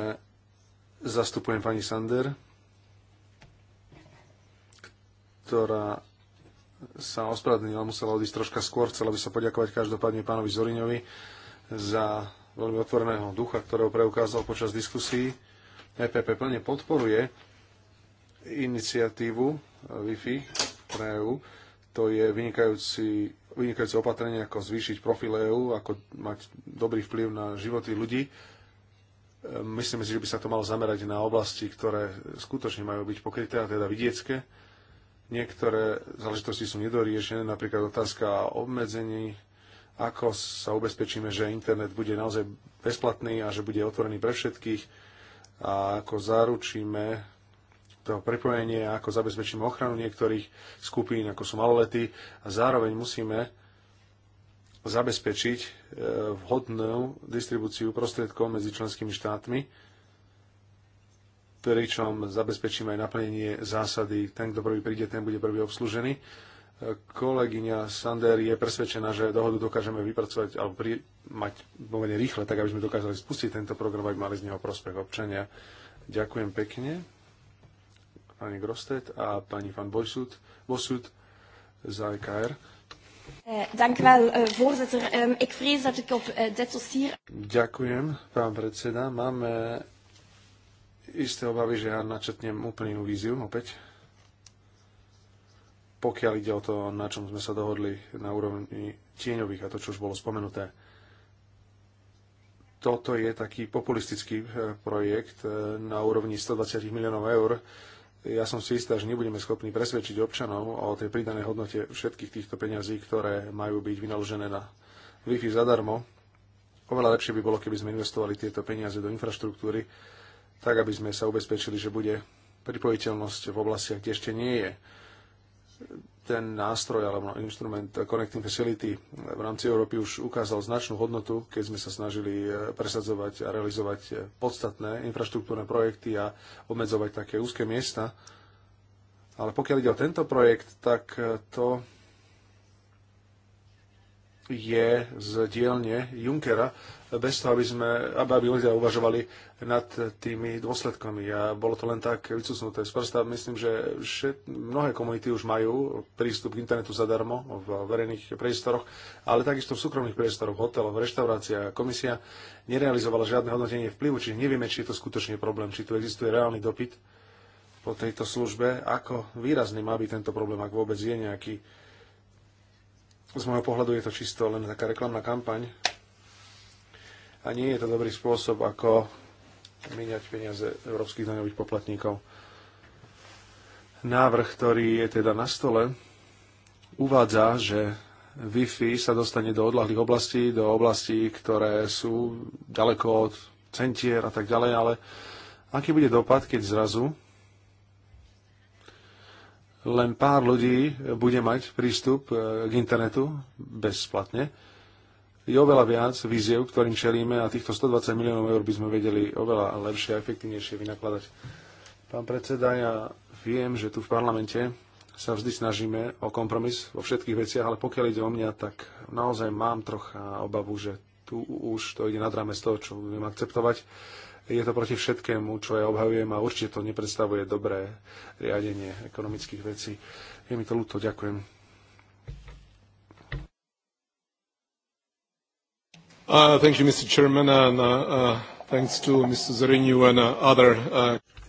zastupujem pani Sander, ktorá sa ospravedlnila, musela odísť troška skôr. Chcela by sa poďakovať každopádne pánovi Zoriňovi za veľmi otvoreného ducha, ktorého preukázal počas diskusí. EPP plne podporuje iniciatívu Wi-Fi pre EÚ. To je vynikajúci, vynikajúce opatrenie, ako zvýšiť profil EÚ, ako mať dobrý vplyv na životy ľudí. E, myslíme si, že by sa to malo zamerať na oblasti, ktoré skutočne majú byť pokryté, a teda vidiecké. Niektoré záležitosti sú nedoriešené, napríklad otázka obmedzení, ako sa ubezpečíme, že internet bude naozaj bezplatný a že bude otvorený pre všetkých a ako zaručíme to prepojenie, ako zabezpečíme ochranu niektorých skupín, ako sú maloletí a zároveň musíme zabezpečiť e, vhodnú distribúciu prostriedkov medzi členskými štátmi, pričom zabezpečíme aj naplnenie zásady ten, kto prvý príde, ten bude prvý obslužený. E, kolegyňa Sander je presvedčená, že dohodu dokážeme vypracovať alebo pri, mať pomerne rýchle, tak aby sme dokázali spustiť tento program, aby mali z neho prospech občania. Ďakujem pekne pani Grostet a pani van bosut Bosut za EKR. Eh, dank u wel, eh, voorzitter. Ehm, ik vrees dat ik op eh, dit dossier... Ďakujem, pán predseda. Máme isté obavy, že ja načetnem úplne inú víziu opäť. Pokiaľ ide o to, na čom sme sa dohodli na úrovni tieňových a to, čo už bolo spomenuté. Toto je taký populistický projekt na úrovni 120 miliónov eur, ja som si istá, že nebudeme schopní presvedčiť občanov o tej pridanej hodnote všetkých týchto peňazí, ktoré majú byť vynaložené na Wi-Fi zadarmo. Oveľa lepšie by bolo, keby sme investovali tieto peniaze do infraštruktúry, tak aby sme sa ubezpečili, že bude pripojiteľnosť v oblastiach, kde ešte nie je ten nástroj alebo no, instrument Connecting Facility v rámci Európy už ukázal značnú hodnotu, keď sme sa snažili e, presadzovať a realizovať e, podstatné infraštruktúrne projekty a obmedzovať také úzke miesta. Ale pokiaľ ide o tento projekt, tak e, to je z dielne Junkera, bez toho, aby, sme, aby ľudia uvažovali nad tými dôsledkami. A bolo to len tak vycusnuté. Skôr sa myslím, že všet, mnohé komunity už majú prístup k internetu zadarmo v verejných priestoroch, ale takisto v súkromných priestoroch, hoteloch, reštaurácia. Komisia nerealizovala žiadne hodnotenie vplyvu, čiže nevieme, či je to skutočne problém, či tu existuje reálny dopyt po tejto službe, ako výrazný má byť tento problém, ak vôbec je nejaký z môjho pohľadu je to čisto len taká reklamná kampaň a nie je to dobrý spôsob, ako míňať peniaze európskych daňových poplatníkov. Návrh, ktorý je teda na stole, uvádza, že Wi-Fi sa dostane do odlahlých oblastí, do oblastí, ktoré sú ďaleko od centier a tak ďalej, ale aký bude dopad, keď zrazu len pár ľudí bude mať prístup e, k internetu bezplatne. Je oveľa viac víziev, ktorým čelíme a týchto 120 miliónov eur by sme vedeli oveľa lepšie a efektívnejšie vynakladať. Pán predseda, ja viem, že tu v parlamente sa vždy snažíme o kompromis vo všetkých veciach, ale pokiaľ ide o mňa, tak naozaj mám trocha obavu, že tu už to ide nad rámec toho, čo budem akceptovať je to proti všetkému, čo ja obhajujem a určite to nepredstavuje dobré riadenie ekonomických vecí. Je mi to ľúto, ďakujem.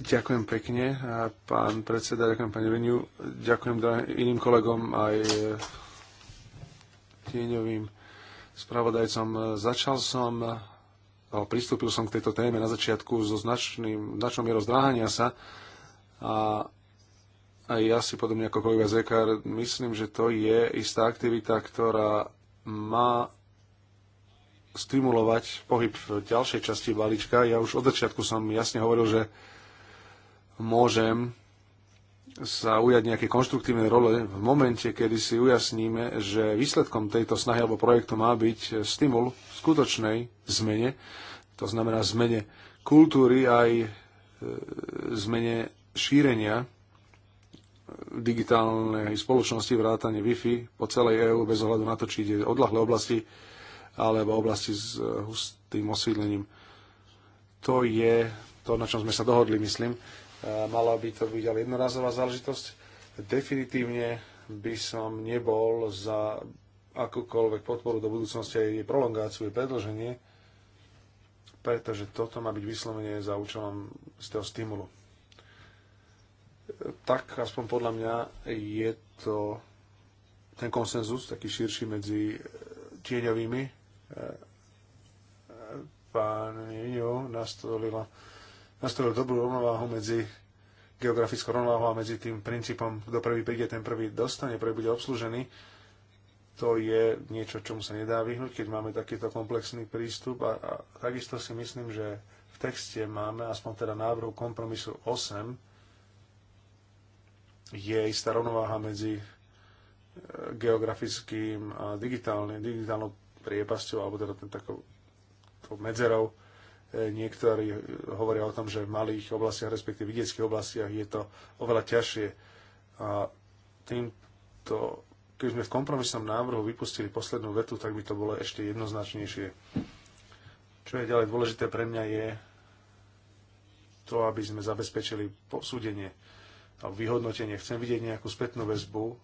Ďakujem pekne, pán predseda, ďakujem pani Reniu, ďakujem iným kolegom aj tieňovým spravodajcom. Začal som pristúpil som k tejto téme na začiatku so značným, značnou mierou zdráhania sa a aj ja si podobne ako kolega Zekár myslím, že to je istá aktivita, ktorá má stimulovať pohyb v ďalšej časti balíčka. Ja už od začiatku som jasne hovoril, že môžem sa ujať nejaké konštruktívne role v momente, kedy si ujasníme, že výsledkom tejto snahy alebo projektu má byť stimul skutočnej zmene, to znamená zmene kultúry aj e, zmene šírenia e, digitálnej spoločnosti vrátane Wi-Fi po celej EÚ bez ohľadu na to, či ide odlahlé oblasti alebo oblasti s e, hustým osídlením. To je to, na čom sme sa dohodli, myslím. Eh, mala by to byť ale jednorazová záležitosť. Definitívne by som nebol za akúkoľvek podporu do budúcnosti aj jej prolongáciu, jej predlženie, pretože toto má byť vyslovene za účelom z toho stimulu. Tak, aspoň podľa mňa, je to ten konsenzus, taký širší medzi eh, tieňovými. Eh, pán Jo nastolila nastavil dobrú rovnováhu medzi geografickou rovnováhu a medzi tým princípom, kto prvý príde, ten prvý dostane, prvý bude obslužený. To je niečo, čomu sa nedá vyhnúť, keď máme takýto komplexný prístup. A, a takisto si myslím, že v texte máme, aspoň teda návrhu kompromisu 8, je istá rovnováha medzi e, geografickým a digitálnym, digitálnou priepasťou, alebo teda ten takou medzerou Niektorí hovoria o tom, že v malých oblastiach, respektíve vidieckých oblastiach je to oveľa ťažšie. A týmto, keď sme v kompromisnom návrhu vypustili poslednú vetu, tak by to bolo ešte jednoznačnejšie. Čo je ďalej dôležité pre mňa je to, aby sme zabezpečili posúdenie a vyhodnotenie. Chcem vidieť nejakú spätnú väzbu, e,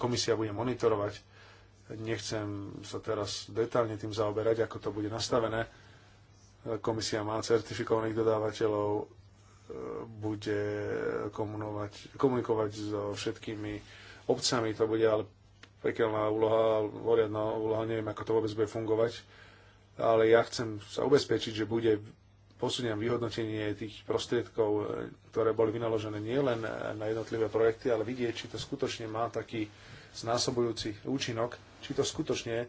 komisia bude monitorovať. Nechcem sa teraz detálne tým zaoberať, ako to bude nastavené Komisia má certifikovaných dodávateľov, e, bude komunikovať so všetkými obcami, to bude ale pekelná úloha, poriadna úloha, neviem, ako to vôbec bude fungovať, ale ja chcem sa ubezpečiť, že bude posuniam vyhodnotenie tých prostriedkov, e, ktoré boli vynaložené nielen na jednotlivé projekty, ale vidieť, či to skutočne má taký znásobujúci účinok, či to skutočne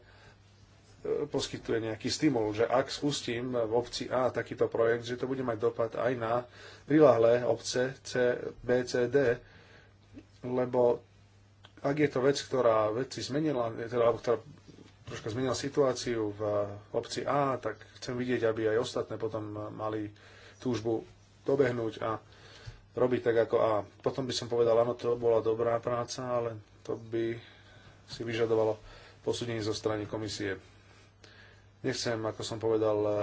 poskytuje nejaký stimul, že ak spustím v obci A takýto projekt, že to bude mať dopad aj na prilahlé obce C, B, C, D, lebo ak je to vec, ktorá veci zmenila, teda, alebo ktorá troška zmenila situáciu v obci A, tak chcem vidieť, aby aj ostatné potom mali túžbu dobehnúť a robiť tak ako A. Potom by som povedal, áno, to bola dobrá práca, ale to by si vyžadovalo posúdenie zo strany komisie. Nechcem, ako som povedal, eh,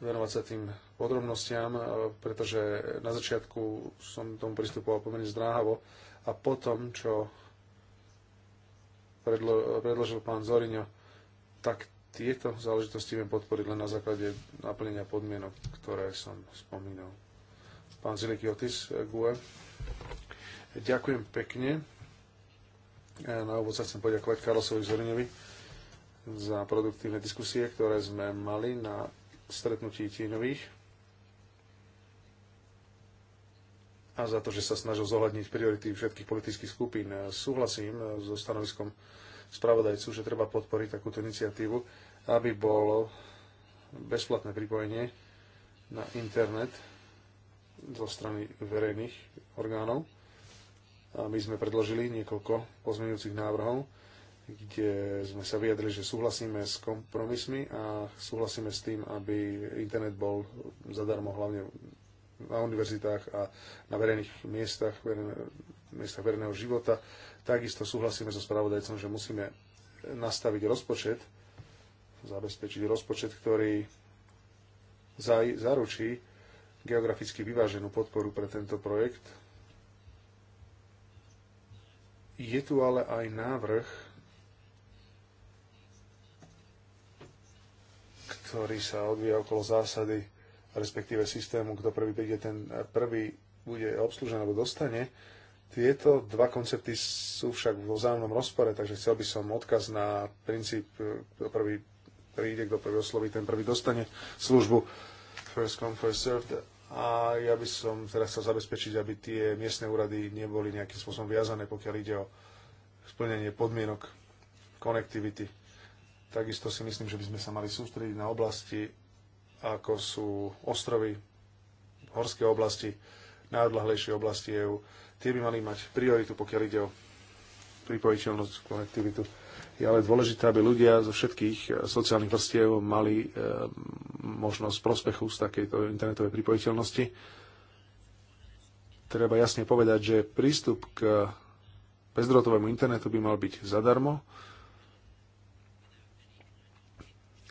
venovať sa tým podrobnostiam, eh, pretože na začiatku som tomu pristupoval pomerne zdráhavo a potom, čo predložil pán Zoriňo, tak tieto záležitosti viem podporiť len na základe naplnenia podmienok, ktoré som spomínal. Pán Ziliky Otis eh, GUE. Ďakujem pekne. Na úvod sa chcem poďakovať Karlosovi Zoriňovi za produktívne diskusie, ktoré sme mali na stretnutí tieňových a za to, že sa snažil zohľadniť priority všetkých politických skupín. Súhlasím so stanoviskom spravodajcu, že treba podporiť takúto iniciatívu, aby bolo bezplatné pripojenie na internet zo strany verejných orgánov. A my sme predložili niekoľko pozmeňujúcich návrhov kde sme sa vyjadrili, že súhlasíme s kompromismi a súhlasíme s tým, aby internet bol zadarmo hlavne na univerzitách a na verejných miestach, verejne, miestach verejného života. Takisto súhlasíme so spravodajcom, že musíme nastaviť rozpočet, zabezpečiť rozpočet, ktorý zaručí geograficky vyváženú podporu pre tento projekt. Je tu ale aj návrh ktorý sa odvíja okolo zásady, respektíve systému, kto prvý príde, ten prvý bude obslužený alebo dostane. Tieto dva koncepty sú však vo vzájomnom rozpore, takže chcel by som odkaz na princíp, e, kto prvý príde, kto prvý osloví, ten prvý dostane službu first come, first served. A ja by som teraz chcel zabezpečiť, aby tie miestne úrady neboli nejakým spôsobom viazané, pokiaľ ide o splnenie podmienok connectivity Takisto si myslím, že by sme sa mali sústrediť na oblasti, ako sú ostrovy, horské oblasti, najodlahlejšie oblasti EÚ. Tie by mali mať prioritu, pokiaľ ide o pripojiteľnosť, konektivitu. Je ale dôležité, aby ľudia zo všetkých eh, sociálnych vrstiev mali e, možnosť prospechu z takejto internetovej pripojiteľnosti. Treba jasne povedať, že prístup k bezdrotovému internetu by mal byť zadarmo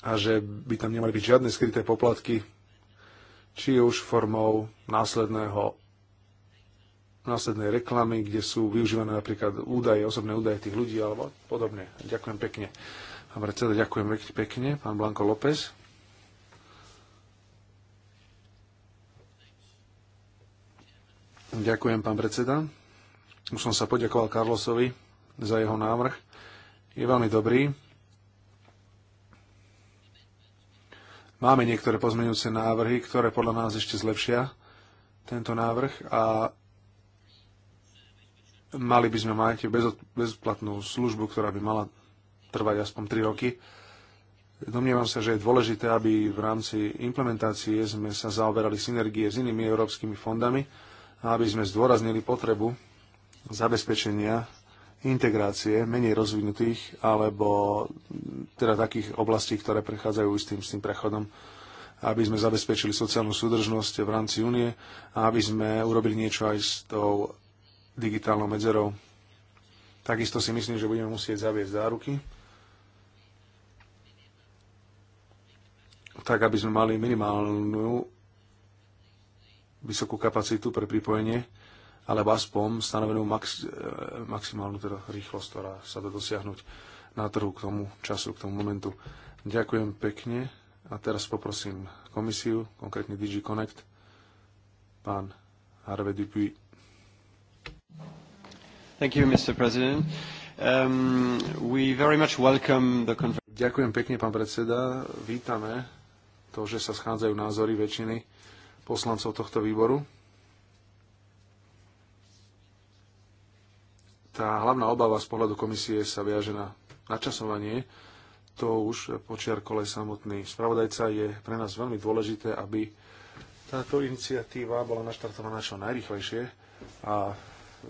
a že by tam nemali byť žiadne skryté poplatky, či už formou následného následnej reklamy, kde sú využívané napríklad údaje, osobné údaje tých ľudí alebo podobne. Ďakujem pekne. Pán predseda, ďakujem pekne. Pán Blanko López. Ďakujem, pán predseda. Už som sa poďakoval Karlosovi za jeho návrh. Je veľmi dobrý. Máme niektoré pozmeňujúce návrhy, ktoré podľa nás ešte zlepšia tento návrh a mali by sme mať bezplatnú službu, ktorá by mala trvať aspoň 3 roky. Domnievam sa, že je dôležité, aby v rámci implementácie sme sa zaoberali synergie s inými európskymi fondami a aby sme zdôraznili potrebu zabezpečenia integrácie menej rozvinutých alebo teda takých oblastí, ktoré prechádzajú s tým, s tým prechodom aby sme zabezpečili sociálnu súdržnosť v rámci únie a aby sme urobili niečo aj s tou digitálnou medzerou. Takisto si myslím, že budeme musieť zaviesť záruky, tak aby sme mali minimálnu vysokú kapacitu pre pripojenie alebo aspoň stanovenú max, e, maximálnu teda rýchlosť, ktorá sa dá dosiahnuť na trhu k tomu času, k tomu momentu. Ďakujem pekne a teraz poprosím komisiu, konkrétne DG Connect, pán Harvey Dupuy. Thank you, Mr. President. Um, we very much welcome the Ďakujem pekne, pán predseda. Vítame to, že sa schádzajú názory väčšiny poslancov tohto výboru tá hlavná obava z pohľadu komisie sa viaže na načasovanie. To už počiarkol aj samotný spravodajca. Je pre nás veľmi dôležité, aby táto iniciatíva bola naštartovaná čo najrychlejšie a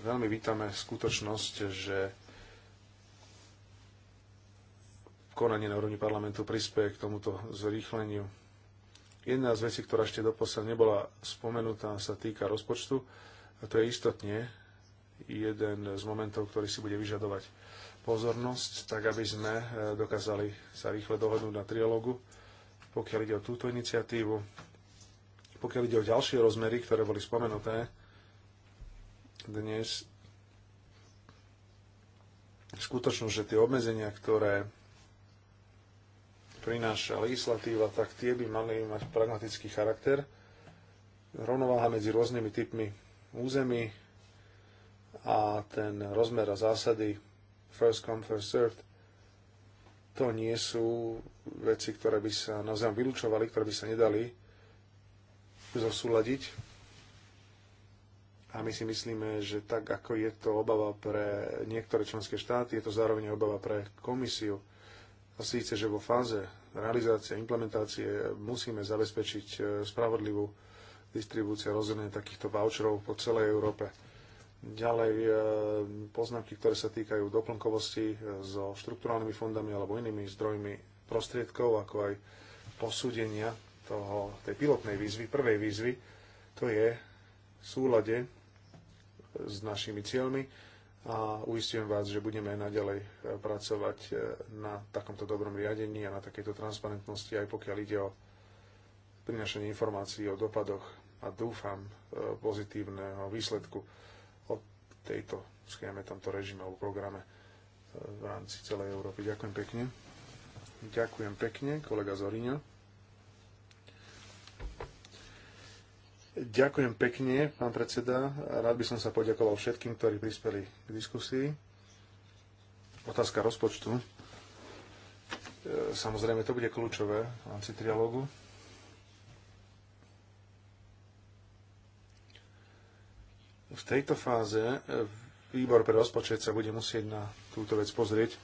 veľmi vítame skutočnosť, že konanie na úrovni parlamentu prispieje k tomuto zrýchleniu. Jedna z vecí, ktorá ešte doposiaľ nebola spomenutá, sa týka rozpočtu. A to je istotne jeden z momentov, ktorý si bude vyžadovať pozornosť, tak aby sme e, dokázali sa rýchle dohodnúť na trialogu, pokiaľ ide o túto iniciatívu. Pokiaľ ide o ďalšie rozmery, ktoré boli spomenuté dnes, skutočnosť, že tie obmedzenia, ktoré prináša legislatíva, tak tie by mali mať pragmatický charakter. Rovnováha medzi rôznymi typmi území, a ten rozmer a zásady first come, first served, to nie sú veci, ktoré by sa naozaj vylúčovali, ktoré by sa nedali zosúľadiť. A my si myslíme, že tak, ako je to obava pre niektoré členské štáty, je to zároveň obava pre komisiu. A síce, že vo fáze realizácie, implementácie musíme zabezpečiť e, spravodlivú distribúciu a takýchto voucherov po celej Európe. Ďalej e, poznámky, ktoré sa týkajú doplnkovosti e, so štruktúrálnymi fondami alebo inými zdrojmi prostriedkov, ako aj posúdenia toho, tej pilotnej výzvy, prvej výzvy, to je v súlade s našimi cieľmi a uistím vás, že budeme naďalej e, pracovať na takomto dobrom riadení a na takejto transparentnosti, aj pokiaľ ide o prinašanie informácií o dopadoch a dúfam pozitívneho výsledku tejto schéme, tomto režime alebo programe e, v rámci celej Európy. Ďakujem pekne. Ďakujem pekne, kolega Zoriňo. Ďakujem pekne, pán predseda. Rád by som sa poďakoval všetkým, ktorí prispeli k diskusii. Otázka rozpočtu. E, samozrejme, to bude kľúčové v rámci trialógu. V tejto fáze e, výbor pre rozpočet sa bude musieť na túto vec pozrieť.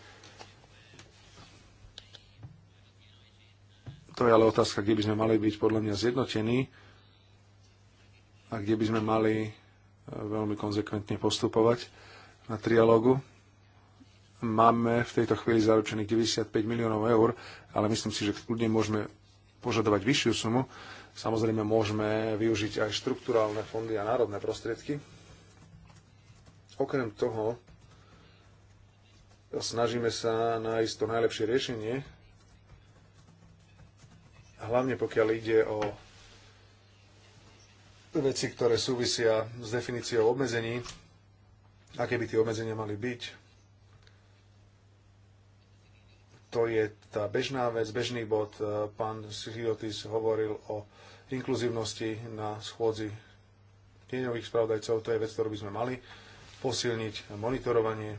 To je ale otázka, kde by sme mali byť podľa mňa zjednotení a kde by sme mali e, veľmi konzekventne postupovať na trialógu. Máme v tejto chvíli zaručených 95 miliónov eur, ale myslím si, že kľudne môžeme požadovať vyššiu sumu. Samozrejme môžeme využiť aj štruktúrálne fondy a národné prostriedky. Okrem toho, snažíme sa nájsť to najlepšie riešenie, hlavne pokiaľ ide o veci, ktoré súvisia s definíciou obmedzení, aké by tie obmedzenia mali byť. To je tá bežná vec, bežný bod. Pán Sichiotis hovoril o inkluzívnosti na schôdzi tieňových spravodajcov, to je vec, ktorú by sme mali posilniť monitorovanie.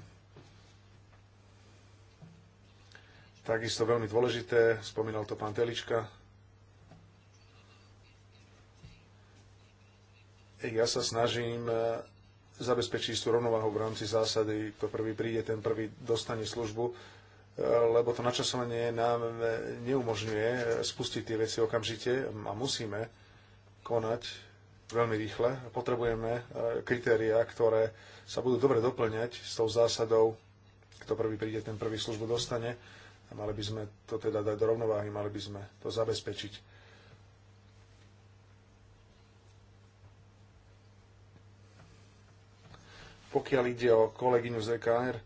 Takisto veľmi dôležité, spomínal to pán Telička, ja sa snažím e, zabezpečiť tú rovnováhu v rámci zásady, kto prvý príde, ten prvý dostane službu, e, lebo to načasovanie nám e, neumožňuje spustiť tie veci okamžite a musíme konať veľmi rýchle. Potrebujeme e, kritériá, ktoré sa budú dobre doplňať s tou zásadou, kto prvý príde, ten prvý službu dostane. A mali by sme to teda dať do rovnováhy, mali by sme to zabezpečiť. Pokiaľ ide o kolegyňu z EKR,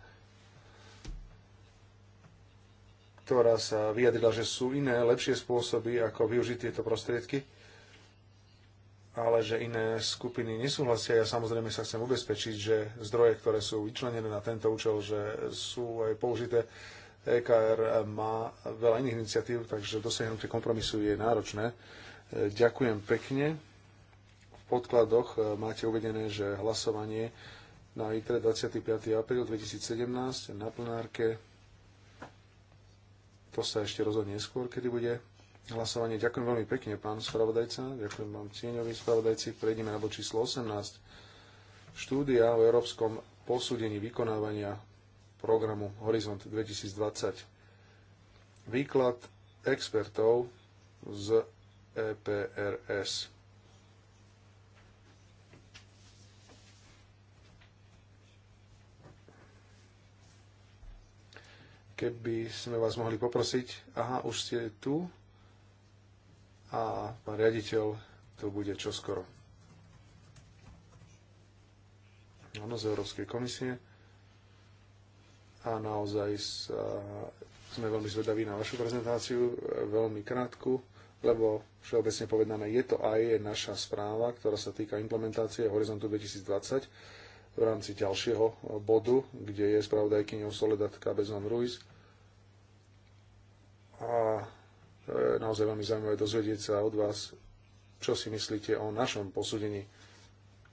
ktorá sa vyjadrila, že sú iné, lepšie spôsoby, ako využiť tieto prostriedky, ale že iné skupiny nesúhlasia. Ja samozrejme sa chcem ubezpečiť, že zdroje, ktoré sú vyčlenené na tento účel, že sú aj použité. EKR má veľa iných iniciatív, takže dosiahnutie kompromisu je náročné. E, ďakujem pekne. V podkladoch e, máte uvedené, že hlasovanie na ITRE 25. apríl 2017 na plenárke. To sa ešte rozhodne neskôr, kedy bude hlasovanie. Ďakujem veľmi pekne, pán spravodajca. Ďakujem vám, cieňovi spravodajci. Prejdeme na bod číslo 18. Štúdia o európskom posúdení vykonávania programu Horizont 2020. Výklad expertov z EPRS. Keby sme vás mohli poprosiť, aha, už ste tu, a pán riaditeľ to bude čoskoro. Áno, z Európskej komisie. A naozaj sa, sme veľmi zvedaví na vašu prezentáciu, e, veľmi krátku, lebo všeobecne povedané je to aj naša správa, ktorá sa týka implementácie Horizontu 2020 v rámci ďalšieho e, bodu, kde je spravodajkyňou Soledad Cabezon Ruiz. A E, naozaj veľmi zaujímavé dozvedieť sa od vás, čo si myslíte o našom posúdení.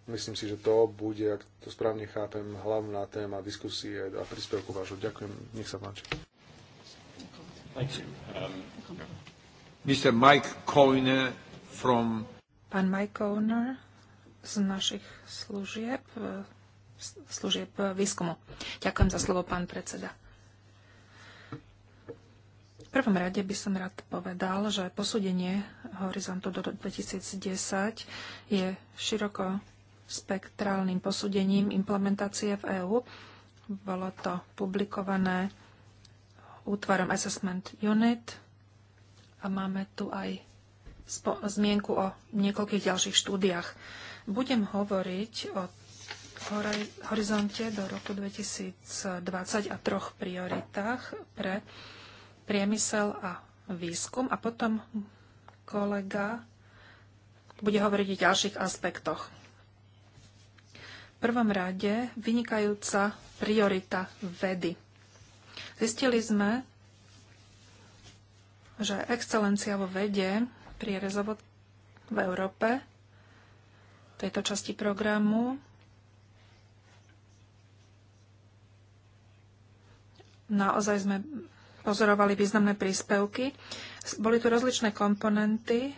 Myslím si, že to bude, ak to správne chápem, hlavná téma diskusie a príspevku vášho. Ďakujem, nech sa páči. Mr. Um, Mike Koiner from... Pán Mike Koiner z našich služieb, e, služieb výskumu. Ďakujem za slovo, pán predseda prvom rade by som rád povedal, že posúdenie horizontu do 2010 je široko spektrálnym posúdením implementácie v EÚ. Bolo to publikované útvarom Assessment Unit a máme tu aj zmienku o niekoľkých ďalších štúdiách. Budem hovoriť o horizonte do roku 2020 a troch prioritách pre priemysel a výskum a potom kolega bude hovoriť o ďalších aspektoch. V prvom rade vynikajúca priorita vedy. Zistili sme, že excelencia vo vede prierezovo v Európe tejto časti programu naozaj sme pozorovali významné príspevky. Boli tu rozličné komponenty.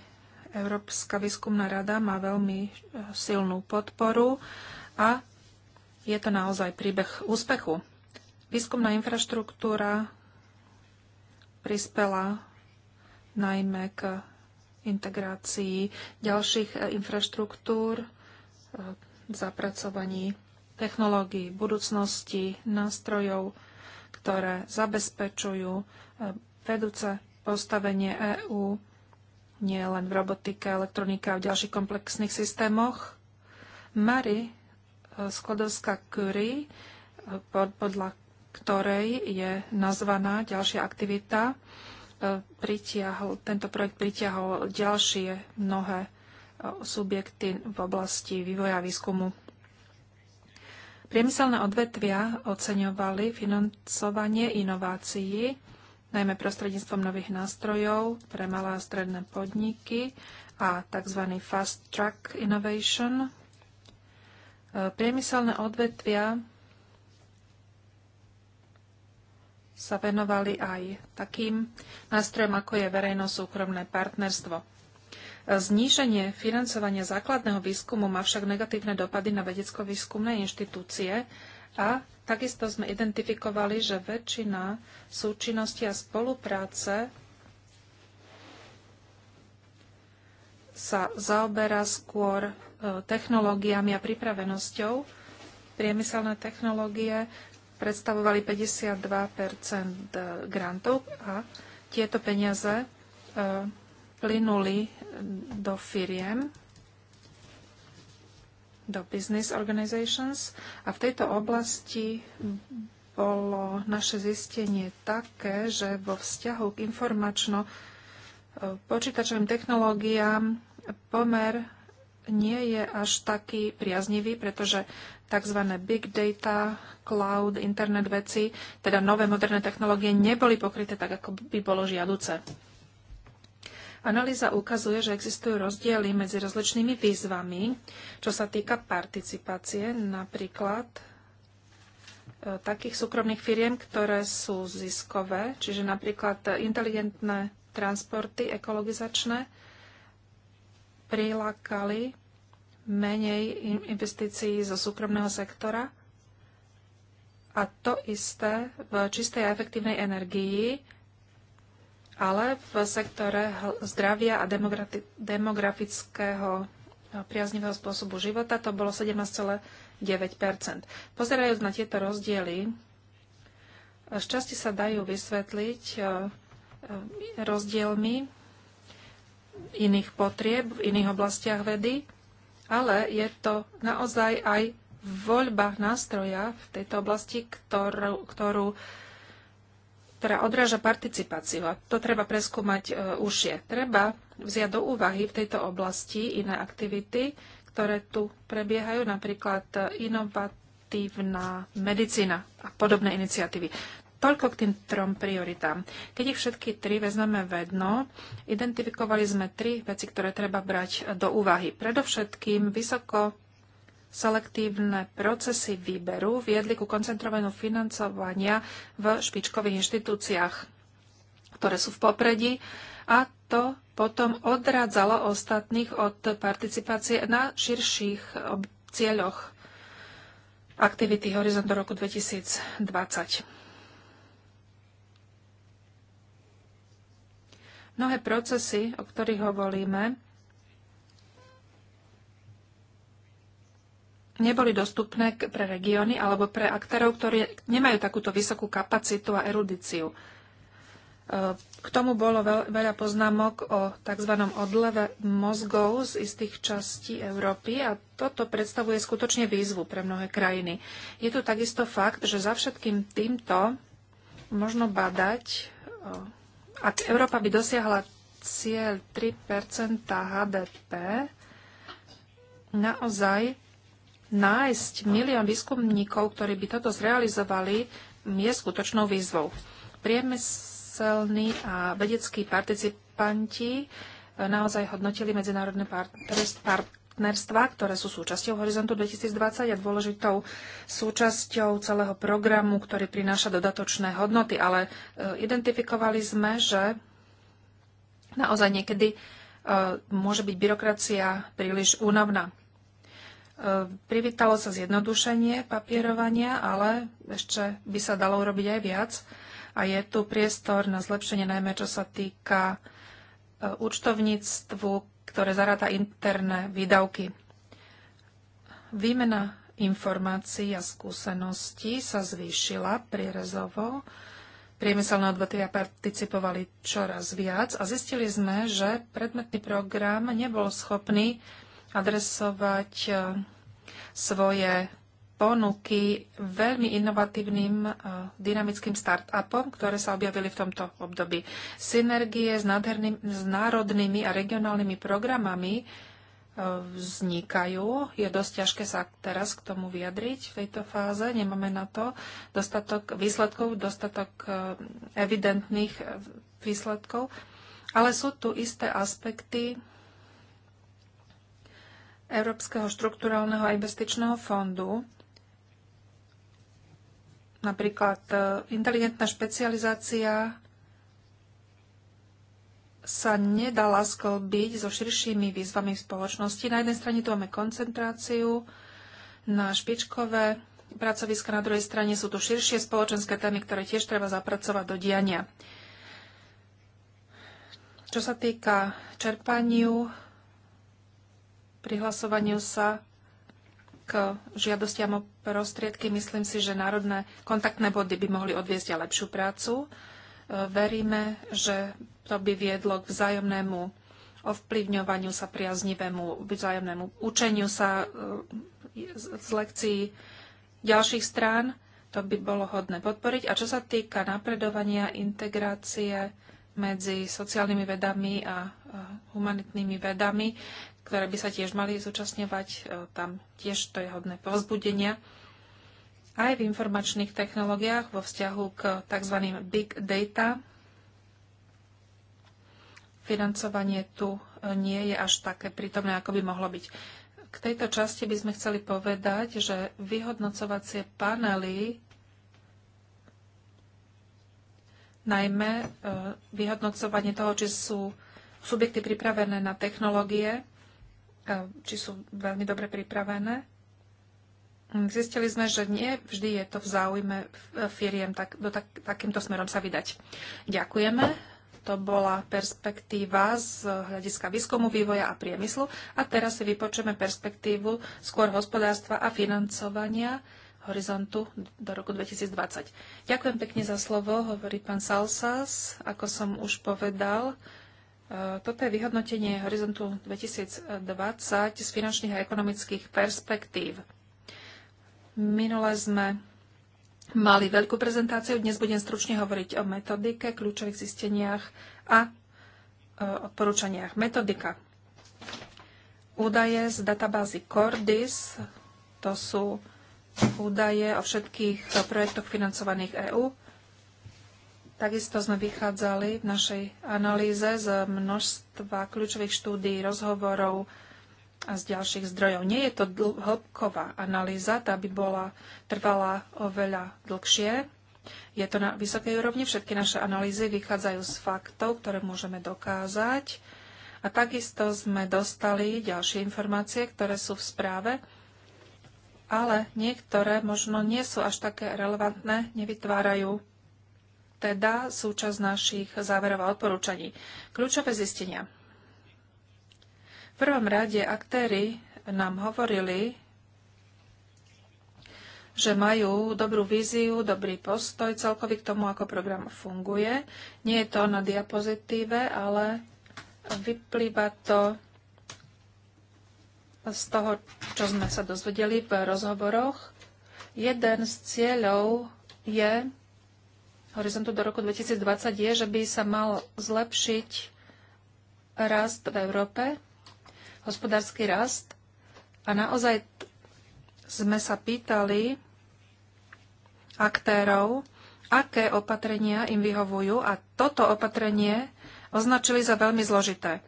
Európska výskumná rada má veľmi e, silnú podporu a je to naozaj príbeh úspechu. Výskumná infraštruktúra prispela najmä k integrácii ďalších e, infraštruktúr, e, zapracovaní technológií, budúcnosti, nástrojov, ktoré zabezpečujú e, vedúce postavenie EÚ nie len v robotike, elektronike a v ďalších komplexných systémoch. Mary e, Sklodovská-Curie, e, podľa ktorej je nazvaná ďalšia aktivita, pritiahol, tento projekt pritiahol ďalšie mnohé subjekty v oblasti vývoja výskumu. Priemyselné odvetvia oceňovali financovanie inovácií, najmä prostredníctvom nových nástrojov pre malé a stredné podniky a tzv. Fast Track Innovation. E, priemyselné odvetvia sa venovali aj takým nástrojom, ako je verejno-súkromné partnerstvo. Zníženie financovania základného výskumu má však negatívne dopady na vedecko-výskumné inštitúcie a takisto sme identifikovali, že väčšina súčinnosti a spolupráce sa zaoberá skôr e, technológiami a pripravenosťou. Priemyselné technológie predstavovali 52 e, grantov a tieto peniaze e, plynuli do firiem, do business organizations. A v tejto oblasti bolo naše zistenie také, že vo vzťahu k informačno e, počítačovým technológiám pomer nie je až taký priaznivý, pretože tzv. big data, cloud, internet veci, teda nové moderné technológie neboli pokryté tak, ako by bolo žiaduce. Analýza ukazuje, že existujú rozdiely medzi rozličnými výzvami, čo sa týka participácie, napríklad e, takých súkromných firiem, ktoré sú ziskové, čiže napríklad inteligentné transporty ekologizačné prilákali menej investícií zo súkromného sektora a to isté v čistej a efektívnej energii ale v sektore zdravia a demografického eh, priaznivého spôsobu života to bolo 17,9 Pozerajúc na tieto rozdiely, eh, z časti sa dajú vysvetliť eh, rozdielmi iných potrieb v iných oblastiach vedy, ale je to naozaj aj voľba nástroja v tejto oblasti, ktorú, ktorú ktorá odráža participáciu. A to treba preskúmať e, už je. Treba vziať do úvahy v tejto oblasti iné aktivity, ktoré tu prebiehajú, napríklad e, inovatívna medicína a podobné iniciatívy. Toľko k tým trom prioritám. Keď ich všetky tri vezmeme vedno, identifikovali sme tri veci, ktoré treba brať do úvahy. Predovšetkým vysoko selektívne procesy výberu viedli ku koncentrovanú financovania v špičkových inštitúciách, ktoré sú v popredí a to potom odradzalo ostatných od participácie na širších cieľoch aktivity Horizon do roku 2020. Mnohé procesy, o ktorých hovoríme, neboli dostupné pre regióny alebo pre aktérov, ktorí nemajú takúto vysokú kapacitu a erudíciu. E, k tomu bolo veľa poznámok o tzv. odleve mozgov z istých častí Európy a toto predstavuje skutočne výzvu pre mnohé krajiny. Je tu takisto fakt, že za všetkým týmto možno badať, e, ak Európa by dosiahla cieľ 3 HDP, naozaj nájsť milión výskumníkov, ktorí by toto zrealizovali, je skutočnou výzvou. Priemyselní a vedeckí participanti eh, naozaj hodnotili medzinárodné partnerstva, ktoré sú súčasťou Horizontu 2020 a dôležitou súčasťou celého programu, ktorý prináša dodatočné hodnoty. Ale eh, identifikovali sme, že naozaj niekedy eh, môže byť byrokracia príliš únavná. E, privítalo sa zjednodušenie papierovania, ale ešte by sa dalo urobiť aj viac. A je tu priestor na zlepšenie, najmä čo sa týka e, účtovníctvu, ktoré zaráta interné výdavky. Výmena informácií a skúseností sa zvýšila prierezovo. Priemyselné odvetvia participovali čoraz viac a zistili sme, že predmetný program nebol schopný adresovať eh, svoje ponuky veľmi inovatívnym eh, dynamickým startupom, ktoré sa objavili v tomto období. Synergie s, nádherným, s národnými a regionálnymi programami eh, vznikajú. Je dosť ťažké sa teraz k tomu vyjadriť v tejto fáze. Nemáme na to dostatok výsledkov, dostatok evidentných výsledkov. Ale sú tu isté aspekty Európskeho štrukturálneho a investičného fondu, napríklad e, inteligentná špecializácia sa nedala sklbiť so širšími výzvami v spoločnosti. Na jednej strane tu máme koncentráciu na špičkové pracoviska, na druhej strane sú tu širšie spoločenské témy, ktoré tiež treba zapracovať do diania. Čo sa týka čerpaniu prihlasovaniu sa k žiadostiam o prostriedky. Myslím si, že národné kontaktné body by mohli odviesť a lepšiu prácu. E, veríme, že to by viedlo k vzájomnému ovplyvňovaniu sa priaznivému, vzájomnému učeniu sa e, z lekcií ďalších strán. To by bolo hodné podporiť. A čo sa týka napredovania, integrácie medzi sociálnymi vedami a humanitnými vedami, ktoré by sa tiež mali zúčastňovať. E, tam tiež to je hodné povzbudenia. Aj v informačných technológiách vo vzťahu k tzv. big data financovanie tu e, nie je až také prítomné, ako by mohlo byť. K tejto časti by sme chceli povedať, že vyhodnocovacie panely najmä e, vyhodnocovanie toho, či sú subjekty pripravené na technológie, či sú veľmi dobre pripravené. Mm, Zistili sme, že nie vždy je to v záujme firiem, tak, do tak, takýmto smerom sa vydať. Ďakujeme. To bola perspektíva z hľadiska výskumu, vývoja a priemyslu. A teraz si vypočujeme perspektívu skôr hospodárstva a financovania horizontu do roku 2020. Ďakujem pekne za slovo, hovorí pán Salsas. Ako som už povedal, toto je vyhodnotenie Horizontu 2020 z finančných a ekonomických perspektív. Minule sme mali veľkú prezentáciu, dnes budem stručne hovoriť o metodike, kľúčových zisteniach a e, odporúčaniach. Metodika. Údaje z databázy Cordis, to sú údaje o všetkých projektoch financovaných EÚ Takisto sme vychádzali v našej analýze z množstva kľúčových štúdí, rozhovorov a z ďalších zdrojov. Nie je to hĺbková analýza, tá by bola, trvala oveľa dlhšie. Je to na vysokej úrovni, všetky naše analýzy vychádzajú z faktov, ktoré môžeme dokázať. A takisto sme dostali ďalšie informácie, ktoré sú v správe, ale niektoré možno nie sú až také relevantné, nevytvárajú teda súčasť našich záverov a odporúčaní. Kľúčové zistenia. V prvom rade aktéry nám hovorili, že majú dobrú víziu, dobrý postoj celkový k tomu, ako program funguje. Nie je to na diapozitíve, ale vyplýva to z toho, čo sme sa dozvedeli v rozhovoroch. Jeden z cieľov je horizontu do roku 2020 je, že by sa mal zlepšiť rast v Európe, hospodársky rast. A naozaj sme sa pýtali aktérov, aké opatrenia im vyhovujú a toto opatrenie označili za veľmi zložité.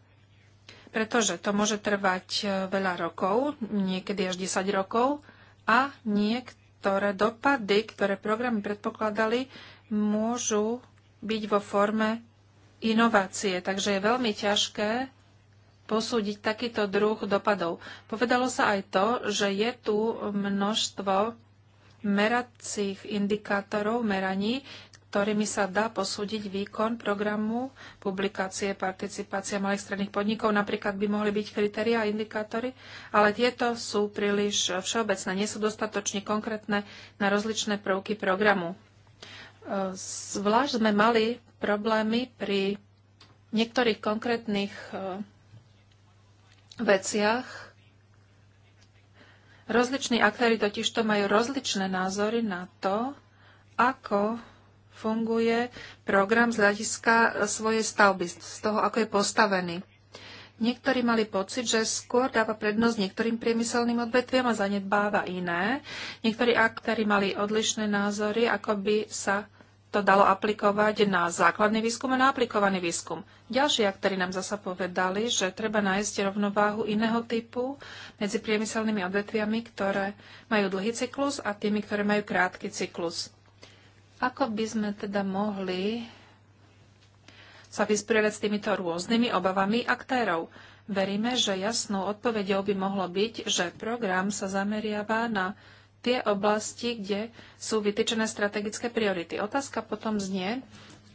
Pretože to môže trvať e, veľa rokov, niekedy až 10 rokov a niektoré dopady, ktoré programy predpokladali, môžu byť vo forme inovácie, takže je veľmi ťažké posúdiť takýto druh dopadov. Povedalo sa aj to, že je tu množstvo meracích indikátorov meraní, ktorými sa dá posúdiť výkon programu publikácie participácia malých stredných podnikov. Napríklad by mohli byť kritéria a indikátory, ale tieto sú príliš všeobecné, nie sú dostatočne konkrétne na rozličné prvky programu. Zvlášť sme mali problémy pri niektorých konkrétnych e, veciach. Rozliční aktéry totižto majú rozličné názory na to, ako funguje program z hľadiska e, svojej stavby, z toho, ako je postavený. Niektorí mali pocit, že skôr dáva prednosť niektorým priemyselným odvetviam a zanedbáva iné. Niektorí aktéry mali odlišné názory, ako by sa to dalo aplikovať na základný výskum a na aplikovaný výskum. Ďalší aktéry nám zasa povedali, že treba nájsť rovnováhu iného typu medzi priemyselnými odvetviami, ktoré majú dlhý cyklus a tými, ktoré majú krátky cyklus. Ako by sme teda mohli sa vysporiadať s týmito rôznymi obavami aktérov? Veríme, že jasnou odpovedou by mohlo byť, že program sa zameriava na tie oblasti, kde sú vytýčené strategické priority. Otázka potom znie,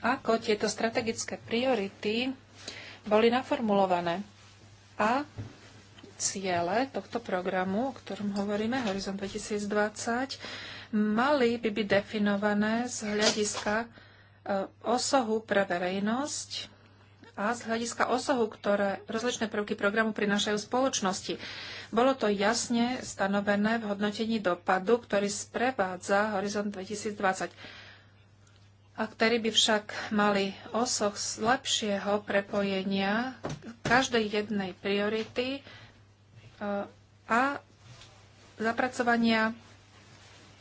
ako tieto strategické priority boli naformulované a ciele tohto programu, o ktorom hovoríme, Horizon 2020, mali by byť definované z hľadiska e, osohu pre verejnosť, a z hľadiska osohu, ktoré rozličné prvky programu prinášajú spoločnosti. Bolo to jasne stanovené v hodnotení dopadu, ktorý sprevádza Horizont 2020. a ktorý by však mali osoch z lepšieho prepojenia každej jednej priority e, a zapracovania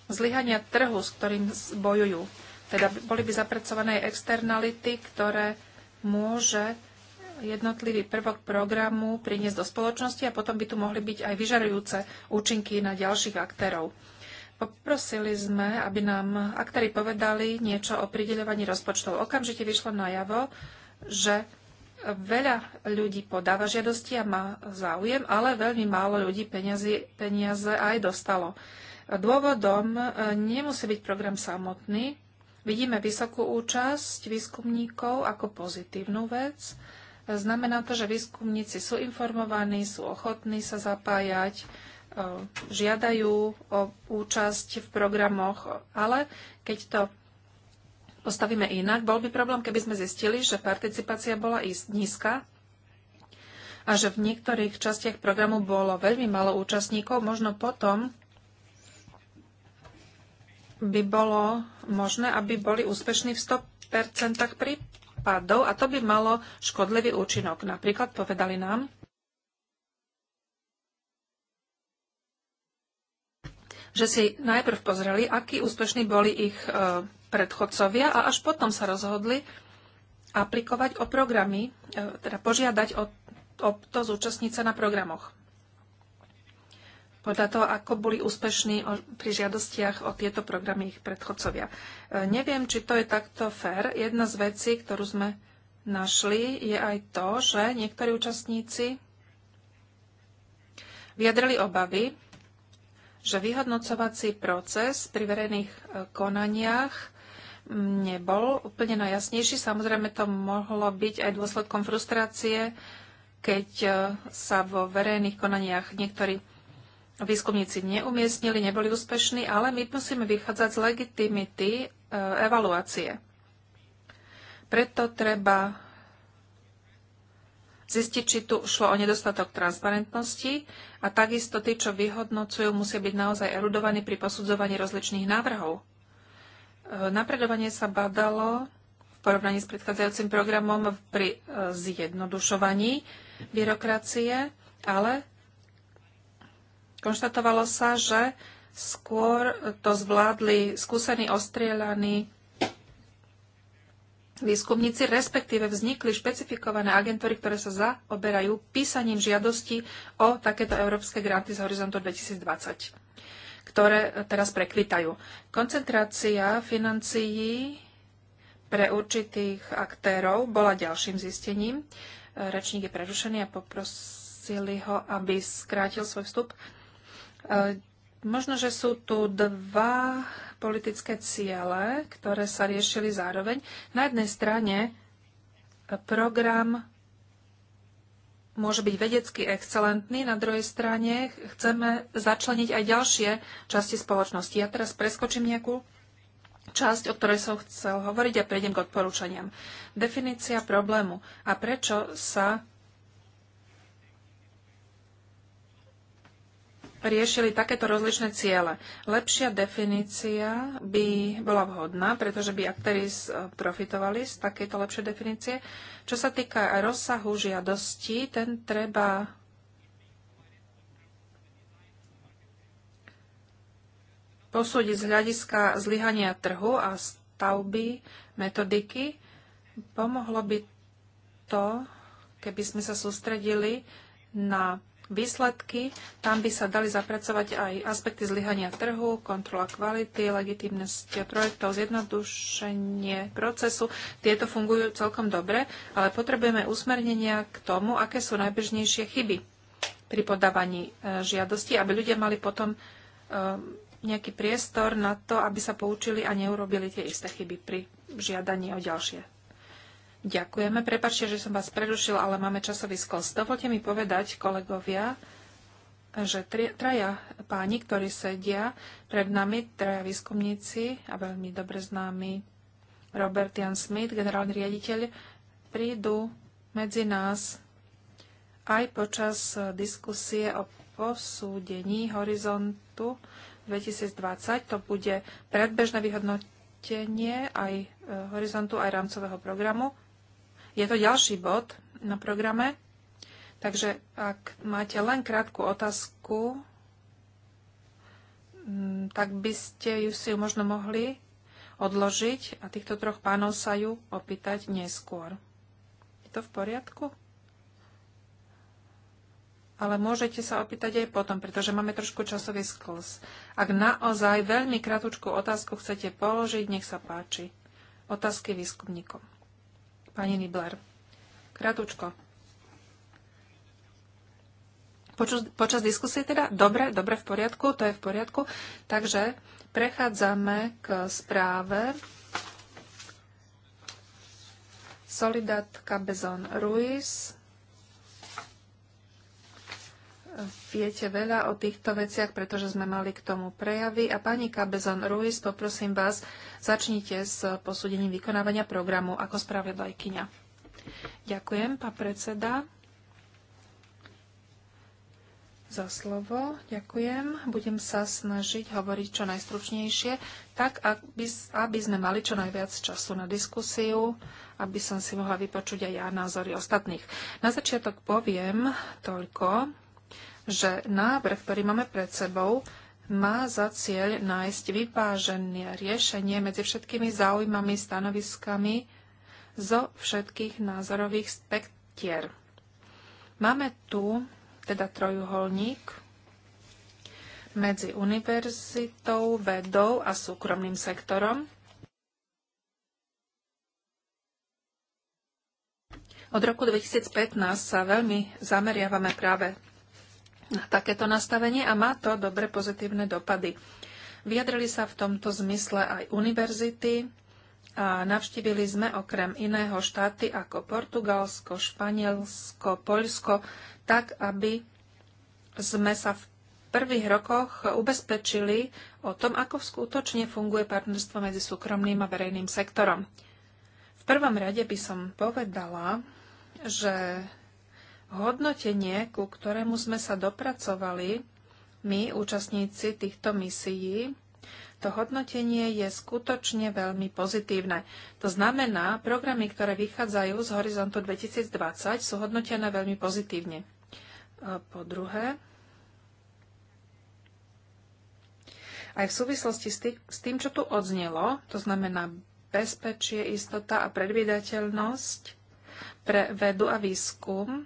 zlyhania trhu, s ktorým bojujú. Teda boli by zapracované externality, ktoré môže jednotlivý prvok programu priniesť do spoločnosti a potom by tu mohli byť aj vyžarujúce účinky na ďalších aktérov. Poprosili sme, aby nám aktéri povedali niečo o prideľovaní rozpočtov. Okamžite vyšlo najavo, že veľa ľudí podáva žiadosti a má záujem, ale veľmi málo ľudí peniaze, peniaze aj dostalo. Dôvodom e, nemusí byť program samotný, Vidíme vysokú účasť výskumníkov ako pozitívnu vec. Znamená to, že výskumníci sú informovaní, sú ochotní sa zapájať, e, žiadajú o účasť v programoch, ale keď to postavíme inak, bol by problém, keby sme zistili, že participácia bola nízka a že v niektorých častiach programu bolo veľmi malo účastníkov, možno potom by bolo možné, aby boli úspešní v 100% prípadov a to by malo škodlivý účinok. Napríklad povedali nám, že si najprv pozreli, akí úspešní boli ich e, predchodcovia a až potom sa rozhodli aplikovať o programy, e, teda požiadať o, o to zúčastniť sa na programoch podľa toho, ako boli úspešní pri žiadostiach o tieto programy ich predchodcovia. E, neviem, či to je takto fér. Jedna z vecí, ktorú sme našli, je aj to, že niektorí účastníci vyjadrili obavy, že vyhodnocovací proces pri verejných e, konaniach nebol úplne najjasnejší. Samozrejme, to mohlo byť aj dôsledkom frustrácie, keď e, sa vo verejných konaniach niektorí výskumníci neumiestnili, neboli úspešní, ale my musíme vychádzať z legitimity e, evaluácie. Preto treba zistiť, či tu šlo o nedostatok transparentnosti a takisto tí, čo vyhodnocujú, musia byť naozaj erudovaní pri posudzovaní rozličných návrhov. E, napredovanie sa badalo v porovnaní s predchádzajúcim programom pri e, zjednodušovaní byrokracie, ale Konštatovalo sa, že skôr to zvládli skúsení ostrieľaní výskumníci, respektíve vznikli špecifikované agentúry, ktoré sa zaoberajú písaním žiadosti o takéto európske granty z horizontu 2020, ktoré teraz prekvitajú. Koncentrácia financií pre určitých aktérov bola ďalším zistením. Rečník je prerušený a poprosili ho, aby skrátil svoj vstup. E, možno, že sú tu dva politické ciele, ktoré sa riešili zároveň. Na jednej strane program môže byť vedecky excelentný, na druhej strane chceme začleniť aj ďalšie časti spoločnosti. Ja teraz preskočím nejakú časť, o ktorej som chcel hovoriť a prejdem k odporúčaniam. Definícia problému a prečo sa riešili takéto rozličné ciele. Lepšia definícia by bola vhodná, pretože by aktéry e, profitovali z takéto lepšej definície. Čo sa týka rozsahu žiadosti, ten treba posúdiť z hľadiska zlyhania trhu a stavby metodiky. Pomohlo by to, keby sme sa sústredili na výsledky. Tam by sa dali zapracovať aj aspekty zlyhania trhu, kontrola kvality, legitimnosť projektov, zjednodušenie procesu. Tieto fungujú celkom dobre, ale potrebujeme usmernenia k tomu, aké sú najbežnejšie chyby pri podávaní e, žiadosti, aby ľudia mali potom e, nejaký priestor na to, aby sa poučili a neurobili tie isté chyby pri žiadaní o ďalšie Ďakujeme. Prepačte, že som vás prerušil, ale máme časový skos. Dovolte mi povedať, kolegovia, že tri, traja páni, ktorí sedia pred nami, traja výskumníci a veľmi dobre známi Robert Jan Smith, generálny riaditeľ, prídu medzi nás aj počas diskusie o posúdení horizontu 2020. To bude predbežné vyhodnotenie aj eh, horizontu, aj rámcového programu je to ďalší bod na programe, takže ak máte len krátku otázku, mm, tak by ste ju si možno mohli odložiť a týchto troch pánov sa ju opýtať neskôr. Je to v poriadku? ale môžete sa opýtať aj potom, pretože máme trošku časový skls. Ak naozaj veľmi kratučkú otázku chcete položiť, nech sa páči. Otázky výskumníkom. Pani Nibler. Kratučko. Počas, počas diskusie teda? Dobre, dobre, v poriadku, to je v poriadku. Takže prechádzame k správe Solidatka Cabezon Ruiz viete veľa o týchto veciach, pretože sme mali k tomu prejavy. A pani Kabezon Ruiz, poprosím vás, začnite s posúdením vykonávania programu ako spravodajkyňa. Ďakujem, pán predseda, za slovo. Ďakujem. Budem sa snažiť hovoriť čo najstručnejšie, tak aby, aby sme mali čo najviac času na diskusiu, aby som si mohla vypočuť aj ja názory ostatných. Na začiatok poviem toľko, že návrh, ktorý máme pred sebou, má za cieľ nájsť vyvážené riešenie medzi všetkými záujmami, stanoviskami zo všetkých názorových spektier. Máme tu teda trojuholník medzi univerzitou, vedou a súkromným sektorom. Od roku 2015 sa veľmi zameriavame práve na takéto nastavenie a má to dobre pozitívne dopady. Vyjadrili sa v tomto zmysle aj univerzity a navštívili sme okrem iného štáty ako Portugalsko, Španielsko, Poľsko, tak aby sme sa v prvých rokoch ubezpečili o tom, ako skutočne funguje partnerstvo medzi súkromným a verejným sektorom. V prvom rade by som povedala, že hodnotenie, ku ktorému sme sa dopracovali, my, účastníci týchto misií, to hodnotenie je skutočne veľmi pozitívne. To znamená, programy, ktoré vychádzajú z horizontu 2020, sú hodnotené veľmi pozitívne. A po druhé, aj v súvislosti s tým, čo tu odznelo, to znamená bezpečie, istota a predvídateľnosť pre vedu a výskum,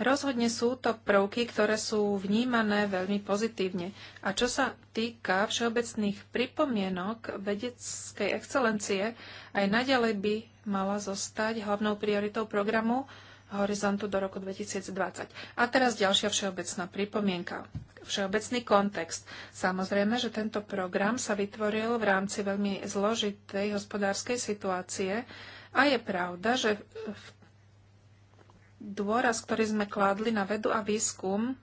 Rozhodne sú to prvky, ktoré sú vnímané veľmi pozitívne. A čo sa týka všeobecných pripomienok vedeckej excelencie, aj naďalej by mala zostať hlavnou prioritou programu Horizontu do roku 2020. A teraz ďalšia všeobecná pripomienka. Všeobecný kontext. Samozrejme, že tento program sa vytvoril v rámci veľmi zložitej hospodárskej situácie a je pravda, že v Dôraz, ktorý sme kládli na vedu a výskum,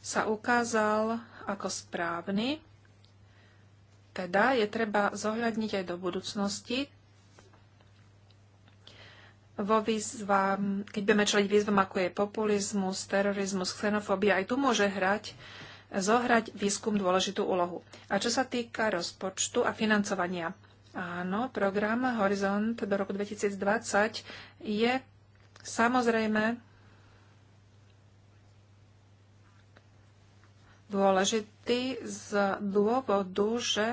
sa ukázal ako správny. Teda je treba zohľadniť aj do budúcnosti vo výzvam, keď budeme čeliť výzvam, ako je populizmus, terorizmus, xenofóbia, aj tu môže hrať, zohrať výskum dôležitú úlohu. A čo sa týka rozpočtu a financovania? Áno, program Horizont do roku 2020 je Samozrejme, dôležitý z dôvodu, že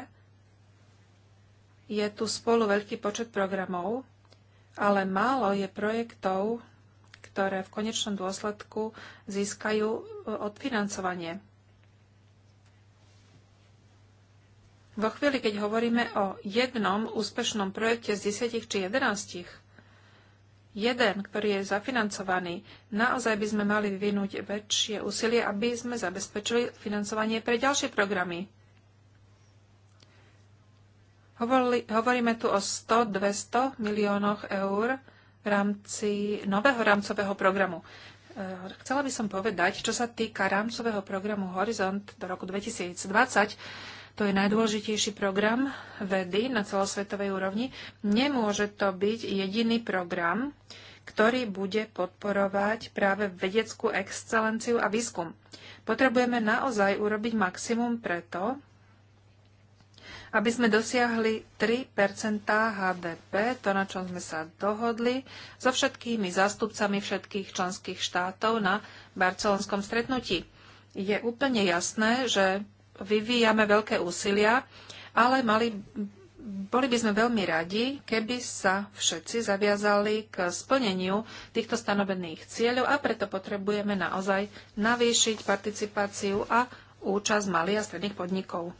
je tu spolu veľký počet programov, ale málo je projektov, ktoré v konečnom dôsledku získajú e, odfinancovanie. Vo chvíli, keď hovoríme o jednom úspešnom projekte z 10 či 11, jeden, ktorý je zafinancovaný. Naozaj by sme mali vyvinúť väčšie úsilie, aby sme zabezpečili financovanie pre ďalšie programy. Hovorili, hovoríme tu o 100-200 miliónoch eur v rámci nového rámcového programu. Eh, chcela by som povedať, čo sa týka rámcového programu Horizont do roku 2020, to je najdôležitejší program vedy na celosvetovej úrovni. Nemôže to byť jediný program, ktorý bude podporovať práve vedeckú excelenciu a výskum. Potrebujeme naozaj urobiť maximum preto, aby sme dosiahli 3 HDP, to na čom sme sa dohodli, so všetkými zástupcami všetkých členských štátov na barcelonskom stretnutí. Je úplne jasné, že vyvíjame veľké úsilia, ale mali, boli by sme veľmi radi, keby sa všetci zaviazali k splneniu týchto stanovených cieľov a preto potrebujeme naozaj navýšiť participáciu a účasť malých a stredných podnikov.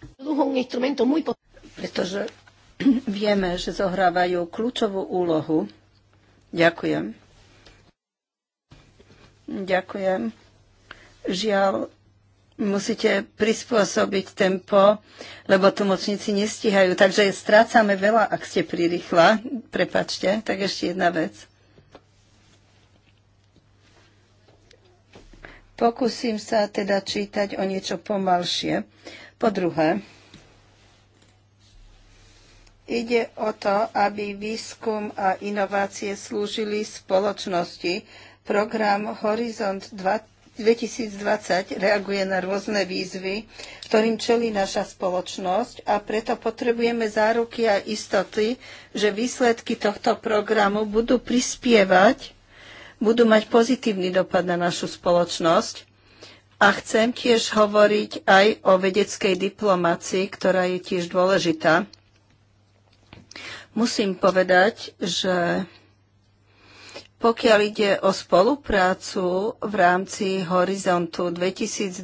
Pretože vieme, že zohrávajú kľúčovú úlohu. Ďakujem. Ďakujem. Žiaľ, musíte prispôsobiť tempo, lebo tlmočníci nestíhajú. Takže strácame veľa, ak ste prirýchla. Prepačte, tak ešte jedna vec. Pokúsim sa teda čítať o niečo pomalšie. Po druhé, ide o to, aby výskum a inovácie slúžili spoločnosti. Program Horizont 20 2020 reaguje na rôzne výzvy, ktorým čelí naša spoločnosť a preto potrebujeme záruky a istoty, že výsledky tohto programu budú prispievať, budú mať pozitívny dopad na našu spoločnosť. A chcem tiež hovoriť aj o vedeckej diplomácii, ktorá je tiež dôležitá. Musím povedať, že pokiaľ ide o spoluprácu v rámci Horizontu 2020,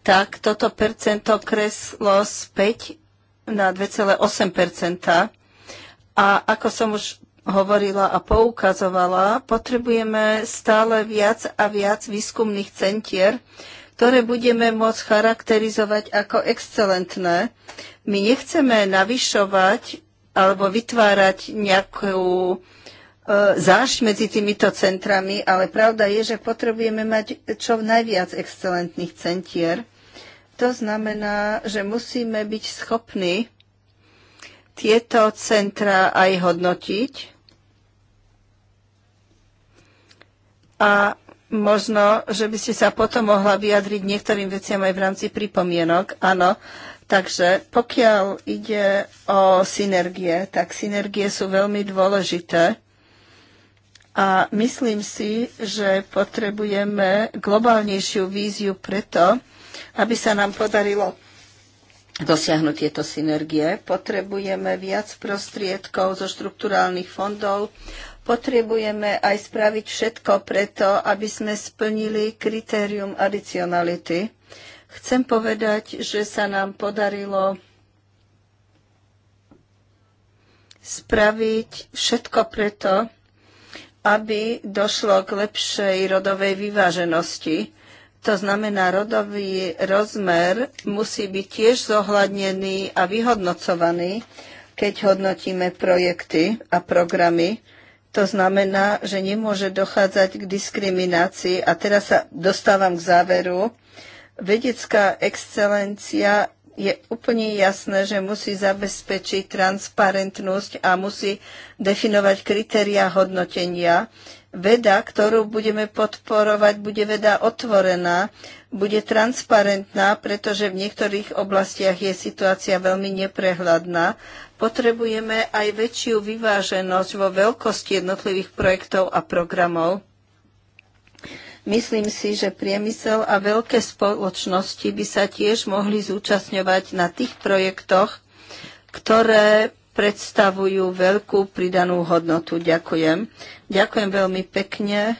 tak toto percento kreslo späť na 2,8 A ako som už hovorila a poukazovala, potrebujeme stále viac a viac výskumných centier, ktoré budeme môcť charakterizovať ako excelentné. My nechceme navyšovať alebo vytvárať nejakú E, zášť medzi týmito centrami, ale pravda je, že potrebujeme mať čo najviac excelentných centier. To znamená, že musíme byť schopní tieto centra aj hodnotiť a možno, že by ste sa potom mohla vyjadriť niektorým veciam aj v rámci pripomienok. Áno, takže pokiaľ ide o synergie, tak synergie sú veľmi dôležité a myslím si, že potrebujeme globálnejšiu víziu preto, aby sa nám podarilo dosiahnuť tieto synergie. Potrebujeme viac prostriedkov zo štrukturálnych fondov, potrebujeme aj spraviť všetko preto, aby sme splnili kritérium adicionality. Chcem povedať, že sa nám podarilo spraviť všetko preto, aby došlo k lepšej rodovej vyváženosti. To znamená, rodový rozmer musí byť tiež zohľadnený a vyhodnocovaný, keď hodnotíme projekty a programy. To znamená, že nemôže dochádzať k diskriminácii. A teraz sa dostávam k záveru. Vedecká excelencia je úplne jasné, že musí zabezpečiť transparentnosť a musí definovať kritéria hodnotenia. Veda, ktorú budeme podporovať, bude veda otvorená, bude transparentná, pretože v niektorých oblastiach je situácia veľmi neprehľadná. Potrebujeme aj väčšiu vyváženosť vo veľkosti jednotlivých projektov a programov Myslím si, že priemysel a veľké spoločnosti by sa tiež mohli zúčastňovať na tých projektoch, ktoré predstavujú veľkú pridanú hodnotu. Ďakujem. Ďakujem veľmi pekne.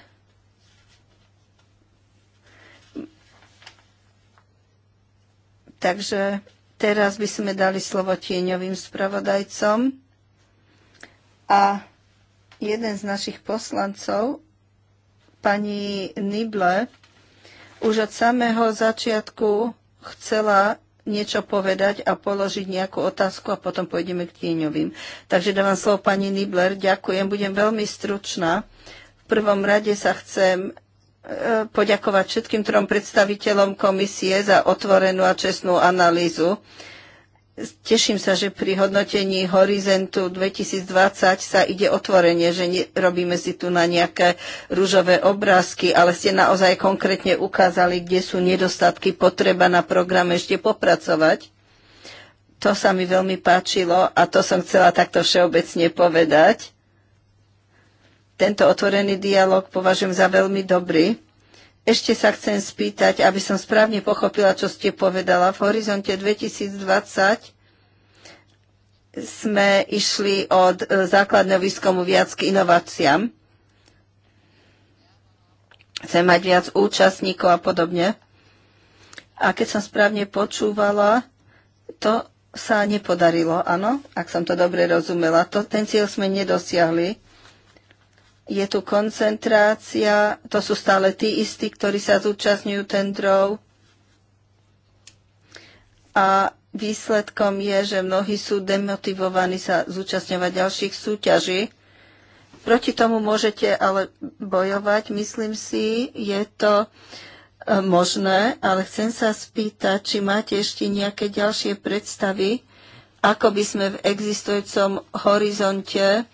Takže teraz by sme dali slovo tieňovým spravodajcom. A jeden z našich poslancov, pani Nible už od samého začiatku chcela niečo povedať a položiť nejakú otázku a potom pôjdeme k tieňovým. Takže dávam slovo pani Nibler. Ďakujem, budem veľmi stručná. V prvom rade sa chcem e, poďakovať všetkým trom predstaviteľom komisie za otvorenú a čestnú analýzu. Teším sa, že pri hodnotení Horizontu 2020 sa ide otvorenie, že robíme si tu na nejaké rúžové obrázky, ale ste naozaj konkrétne ukázali, kde sú nedostatky, potreba na programe ešte popracovať. To sa mi veľmi páčilo a to som chcela takto všeobecne povedať. Tento otvorený dialog považujem za veľmi dobrý ešte sa chcem spýtať, aby som správne pochopila, čo ste povedala. V horizonte 2020 sme išli od e, základného výskumu viac k inováciám. Chcem mať viac účastníkov a podobne. A keď som správne počúvala, to sa nepodarilo, áno? Ak som to dobre rozumela, to, ten cieľ sme nedosiahli je tu koncentrácia, to sú stále tí istí, ktorí sa zúčastňujú tendrov. A výsledkom je, že mnohí sú demotivovaní sa zúčastňovať ďalších súťaží. Proti tomu môžete ale bojovať, myslím si, je to e, možné, ale chcem sa spýtať, či máte ešte nejaké ďalšie predstavy, ako by sme v existujúcom horizonte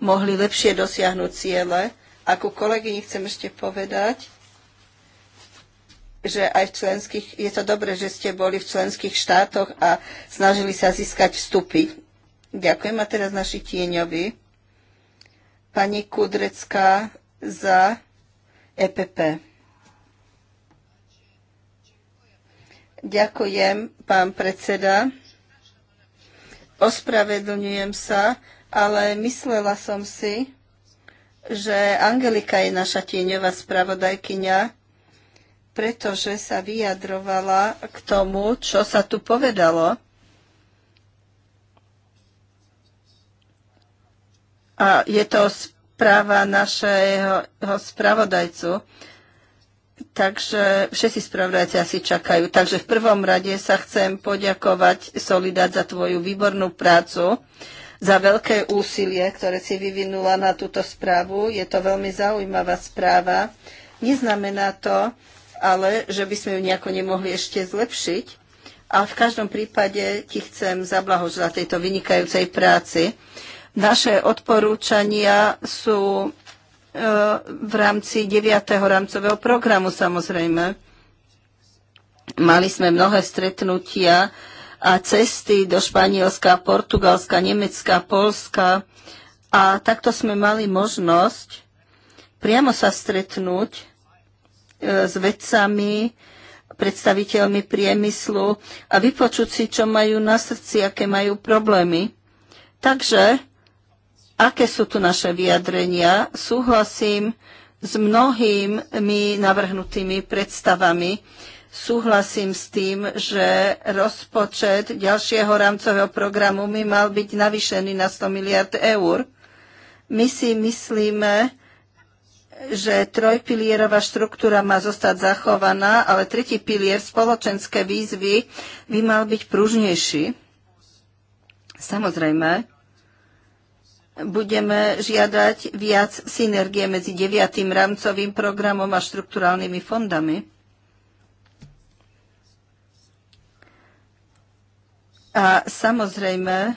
mohli lepšie dosiahnuť ciele. Ako kolegyni chcem ešte povedať, že aj v členských, je to dobré, že ste boli v členských štátoch a snažili sa získať vstupy. Ďakujem a teraz naši tieňovi. Pani Kudrecká za EPP. Ďakujem, pán predseda. Ospravedlňujem sa, ale myslela som si, že Angelika je naša tieňová spravodajkyňa, pretože sa vyjadrovala k tomu, čo sa tu povedalo. A je to správa našeho spravodajcu. Takže všetci spravodajci asi čakajú. Takže v prvom rade sa chcem poďakovať Solidat za tvoju výbornú prácu za veľké úsilie, ktoré si vyvinula na túto správu. Je to veľmi zaujímavá správa. Neznamená to, ale že by sme ju nejako nemohli ešte zlepšiť. A v každom prípade ti chcem zablahoželať tejto vynikajúcej práci. Naše odporúčania sú e, v rámci 9. rámcového programu samozrejme. Mali sme mnohé stretnutia a cesty do Španielska, Portugalska, Nemecka, Polska. A takto sme mali možnosť priamo sa stretnúť e, s vedcami, predstaviteľmi priemyslu a vypočuť si, čo majú na srdci, aké majú problémy. Takže, aké sú tu naše vyjadrenia? Súhlasím s mnohými navrhnutými predstavami súhlasím s tým, že rozpočet ďalšieho rámcového programu by mal byť navýšený na 100 miliard eur. My si myslíme, že trojpilierová štruktúra má zostať zachovaná, ale tretí pilier, spoločenské výzvy, by mal byť pružnejší. Samozrejme, budeme žiadať viac synergie medzi deviatým rámcovým programom a štrukturálnymi fondami A samozrejme,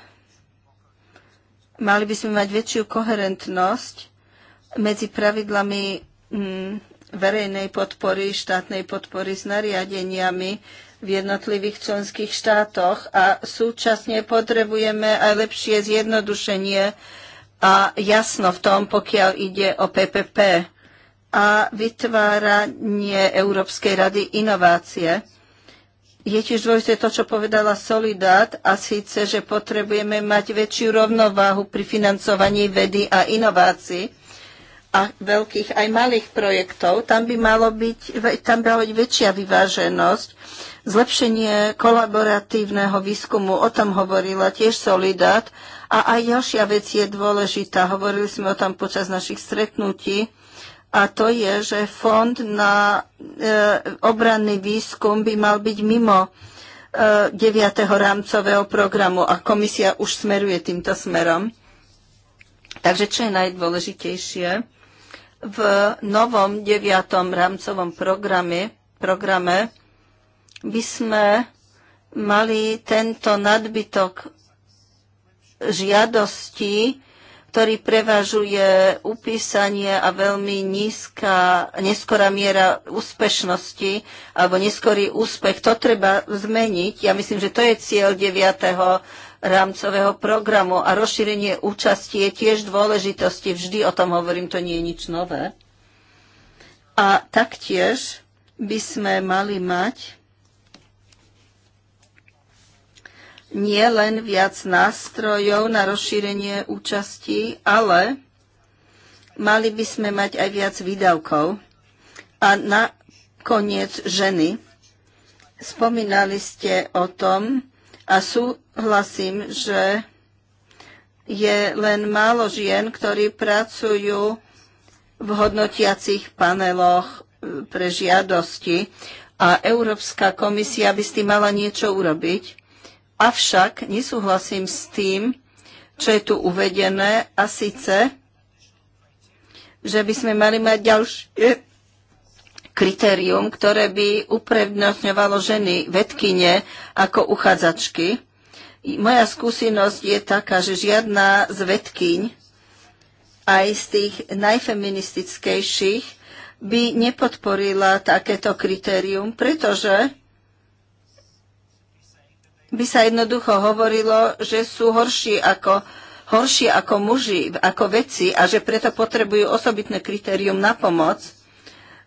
mali by sme mať väčšiu koherentnosť medzi pravidlami mm, verejnej podpory, štátnej podpory s nariadeniami v jednotlivých členských štátoch a súčasne potrebujeme aj lepšie zjednodušenie a jasno v tom, pokiaľ ide o PPP a vytváranie Európskej rady inovácie je tiež dôležité to, čo povedala Solidát, a síce, že potrebujeme mať väčšiu rovnováhu pri financovaní vedy a inovácií a veľkých aj malých projektov. Tam by malo byť, tam by malo byť väčšia vyváženosť. Zlepšenie kolaboratívneho výskumu, o tom hovorila tiež Solidát. A aj ďalšia vec je dôležitá. Hovorili sme o tom počas našich stretnutí a to je, že fond na e, obranný výskum by mal byť mimo 9. E, rámcového programu a komisia už smeruje týmto smerom. Takže čo je najdôležitejšie? V novom 9. rámcovom programe, programe by sme mali tento nadbytok žiadosti ktorý prevažuje upísanie a veľmi nízka, neskorá miera úspešnosti alebo neskorý úspech. To treba zmeniť. Ja myslím, že to je cieľ 9 rámcového programu a rozšírenie účasti je tiež dôležitosti. Vždy o tom hovorím, to nie je nič nové. A taktiež by sme mali mať nie len viac nástrojov na rozšírenie účasti, ale mali by sme mať aj viac výdavkov. A nakoniec ženy. Spomínali ste o tom a súhlasím, že je len málo žien, ktorí pracujú v hodnotiacich paneloch e, pre žiadosti a Európska komisia by s tým mala niečo urobiť. Avšak nesúhlasím s tým, čo je tu uvedené, a síce, že by sme mali mať ďalšie kritérium, ktoré by uprednostňovalo ženy vedkine ako uchádzačky. Moja skúsenosť je taká, že žiadna z vedkyň, aj z tých najfeministickejších, by nepodporila takéto kritérium, pretože by sa jednoducho hovorilo, že sú horší ako, horší ako muži, ako veci a že preto potrebujú osobitné kritérium na pomoc.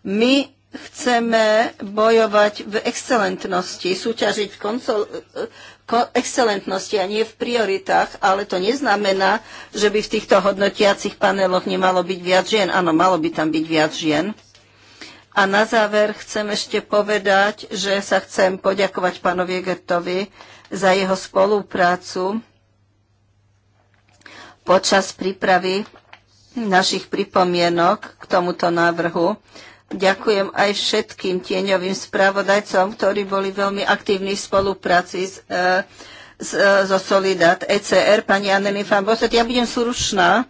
My chceme bojovať v excelentnosti, súťažiť v konsol, ko, excelentnosti a nie v prioritách, ale to neznamená, že by v týchto hodnotiacich paneloch nemalo byť viac žien. Áno, malo by tam byť viac žien. A na záver chcem ešte povedať, že sa chcem poďakovať pánovi Gertovi, za jeho spoluprácu počas prípravy našich pripomienok k tomuto návrhu. Ďakujem aj všetkým tieňovým spravodajcom, ktorí boli veľmi aktívni v spolupráci s, e, s, e, zo Solidat ECR, pani Anneli Fambosot. Ja budem slušná.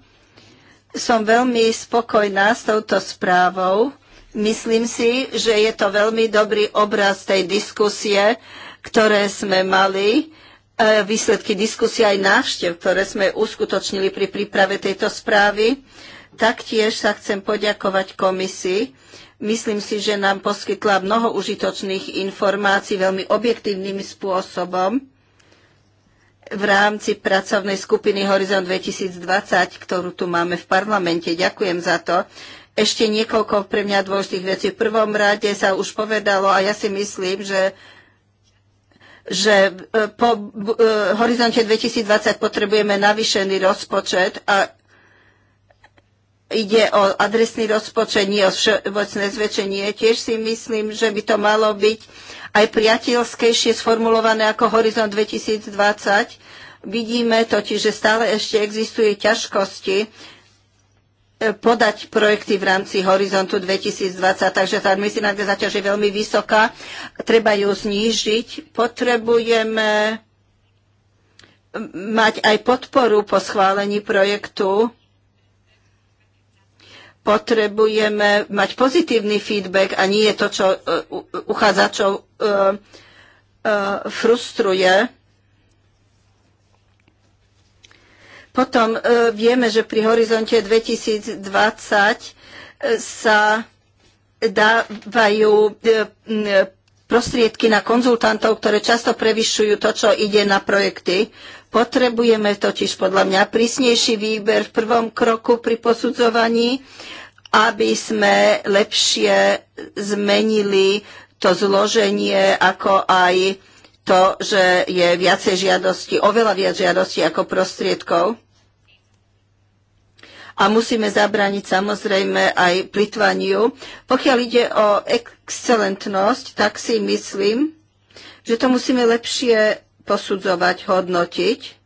Som veľmi spokojná s touto správou. Myslím si, že je to veľmi dobrý obraz tej diskusie, ktoré sme mali, e, výsledky diskusie aj návštev, ktoré sme uskutočnili pri príprave tejto správy. Taktiež sa chcem poďakovať komisii. Myslím si, že nám poskytla mnoho užitočných informácií veľmi objektívnym spôsobom v rámci pracovnej skupiny Horizon 2020, ktorú tu máme v parlamente. Ďakujem za to. Ešte niekoľko pre mňa dôležitých vecí. V prvom rade sa už povedalo a ja si myslím, že že e, po e, horizonte 2020 potrebujeme navýšený rozpočet a ide o adresný rozpočet, nie o všeobecné zväčšenie. Tiež si myslím, že by to malo byť aj priateľskejšie sformulované ako Horizont 2020. Vidíme totiž, že stále ešte existujú ťažkosti, podať projekty v rámci Horizontu 2020, takže tá administratívna zaťaž je veľmi vysoká, treba ju znížiť. Potrebujeme mať aj podporu po schválení projektu. Potrebujeme mať pozitívny feedback a nie je to, čo e, uchádzačov e, e, frustruje. Potom e, vieme, že pri horizonte 2020 e, sa dávajú e, prostriedky na konzultantov, ktoré často prevyšujú to, čo ide na projekty. Potrebujeme totiž podľa mňa prísnejší výber v prvom kroku pri posudzovaní, aby sme lepšie zmenili to zloženie, ako aj to, že je viacej žiadosti, oveľa viac žiadosti ako prostriedkov a musíme zabrániť samozrejme aj plitvaniu. Pokiaľ ide o excelentnosť, tak si myslím, že to musíme lepšie posudzovať, hodnotiť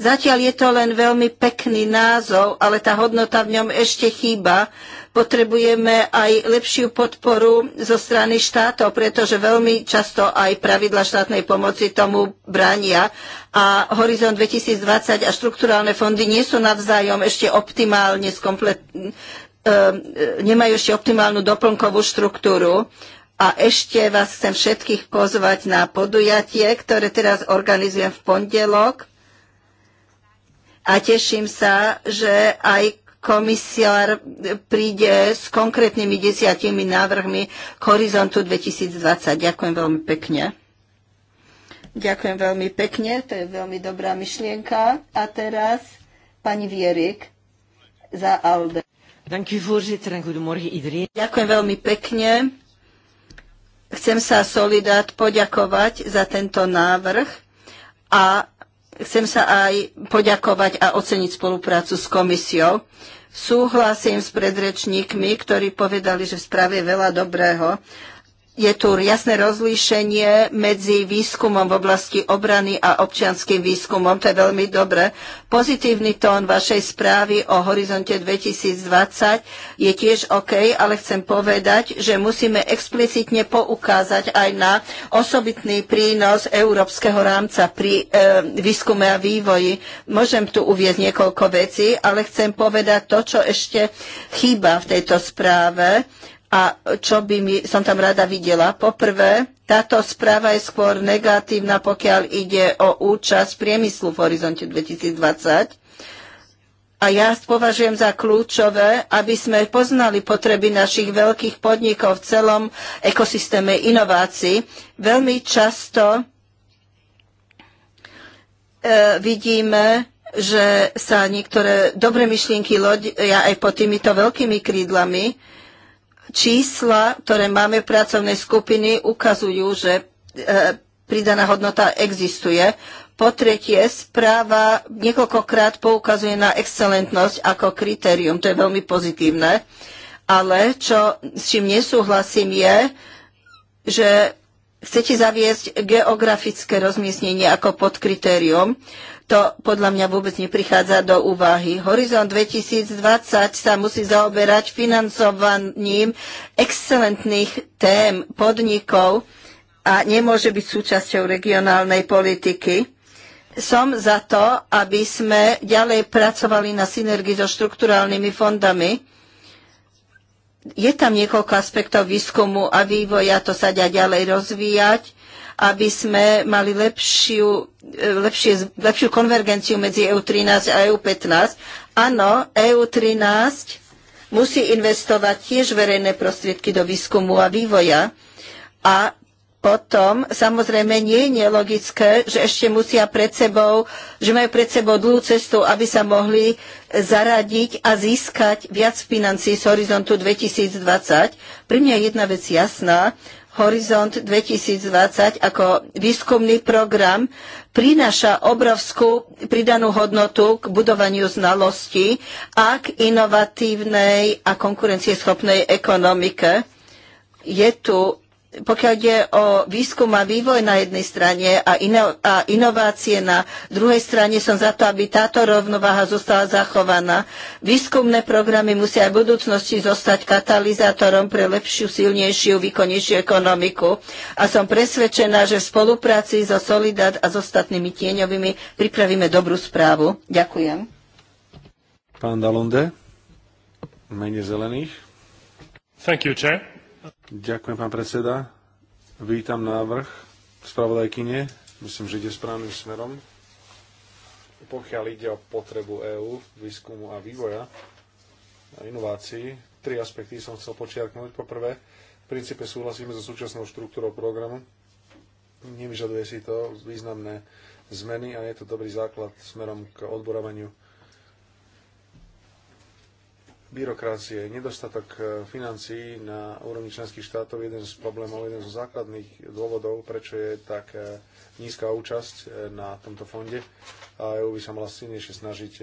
Zatiaľ je to len veľmi pekný názov, ale tá hodnota v ňom ešte chýba. Potrebujeme aj lepšiu podporu zo strany štátov, pretože veľmi často aj pravidla štátnej pomoci tomu bránia a Horizont 2020 a štrukturálne fondy nie sú navzájom ešte optimálne skomplet... Ehm, e, nemajú ešte optimálnu doplnkovú štruktúru. A ešte vás chcem všetkých pozvať na podujatie, ktoré teraz organizujem v pondelok a teším sa, že aj komisiár príde s konkrétnymi desiatimi návrhmi k horizontu 2020. Ďakujem veľmi pekne. Ďakujem veľmi pekne, to je veľmi dobrá myšlienka. A teraz pani Vierik za ALDE. Ďakujem veľmi pekne. Chcem sa Solidát poďakovať za tento návrh a Chcem sa aj poďakovať a oceniť spoluprácu s komisiou. Súhlasím s predrečníkmi, ktorí povedali, že v správe je veľa dobrého, je tu jasné rozlíšenie medzi výskumom v oblasti obrany a občianským výskumom. To je veľmi dobré. Pozitívny tón vašej správy o horizonte 2020 je tiež OK, ale chcem povedať, že musíme explicitne poukázať aj na osobitný prínos európskeho rámca pri e, výskume a vývoji. Môžem tu uvieť niekoľko vecí, ale chcem povedať to, čo ešte chýba v tejto správe a čo by mi, som tam rada videla. Poprvé, táto správa je skôr negatívna, pokiaľ ide o účasť priemyslu v horizonte 2020. A ja považujem za kľúčové, aby sme poznali potreby našich veľkých podnikov v celom ekosystéme inovácií. Veľmi často e, vidíme, že sa niektoré dobre myšlienky lodia aj pod týmito veľkými krídlami čísla, ktoré máme v pracovnej skupiny, ukazujú, že e, pridaná hodnota existuje. Po tretie, správa niekoľkokrát poukazuje na excelentnosť ako kritérium. To je veľmi pozitívne. Ale čo, s čím nesúhlasím je, že chcete zaviesť geografické rozmiestnenie ako podkritérium. kritérium to podľa mňa vôbec neprichádza do úvahy. Horizont 2020 sa musí zaoberať financovaním excelentných tém podnikov a nemôže byť súčasťou regionálnej politiky. Som za to, aby sme ďalej pracovali na synergii so štrukturálnymi fondami. Je tam niekoľko aspektov výskumu a vývoja, to sa dá ďalej rozvíjať aby sme mali lepšiu, e, lepšie, lepšiu konvergenciu medzi EU13 a EU15. Áno, EU13 musí investovať tiež verejné prostriedky do výskumu a vývoja. A potom samozrejme nie je nelogické, že ešte musia pred sebou, že majú pred sebou dlhú cestu, aby sa mohli zaradiť a získať viac financí z horizontu 2020. Pre mňa je jedna vec jasná, Horizont 2020 ako výskumný program prináša obrovskú pridanú hodnotu k budovaniu znalostí a k inovatívnej a konkurencieschopnej ekonomike. Je tu pokiaľ ide o výskum a vývoj na jednej strane a, ino, a inovácie na druhej strane, som za to, aby táto rovnováha zostala zachovaná. Výskumné programy musia aj v budúcnosti zostať katalizátorom pre lepšiu, silnejšiu, výkonnejšiu ekonomiku. A som presvedčená, že v spolupráci so Solidat a s so ostatnými tieňovými pripravíme dobrú správu. Ďakujem. Pán mene zelených. Thank you, Chair. Ďakujem, pán predseda. Vítam návrh spravodajkyne. Myslím, že ide správnym smerom. Pokiaľ ide o potrebu EÚ, výskumu a vývoja a inovácií, tri aspekty som chcel počiarknúť. Poprvé, v princípe súhlasíme so súčasnou štruktúrou programu. Nevyžaduje si to významné zmeny a je to dobrý základ smerom k odborovaniu byrokracie, nedostatok e, financií na úrovni členských štátov jeden z problémov, jeden zo základných dôvodov, prečo je tak e, nízka účasť e, na tomto fonde a EU by sa mala silnejšie snažiť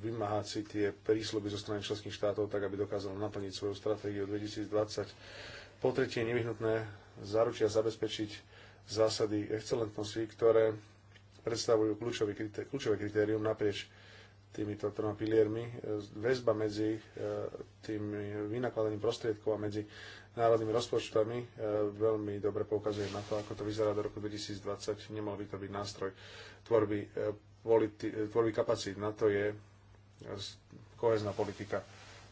vymáhať si tie prísľuby zo strany členských štátov, tak aby dokázala naplniť svoju stratégiu 2020. Po tretie, nevyhnutné zaručia zabezpečiť zásady excelentnosti, ktoré predstavujú kľúčové, kritérium naprieč týmito troma piliermi, e, väzba medzi e, tým vynakladaním prostriedkov a medzi národnými rozpočtami e, veľmi dobre poukazuje na to, ako to vyzerá do roku 2020. Nemal by to byť nástroj tvorby, tvorby kapacít. Na to je kohezná politika.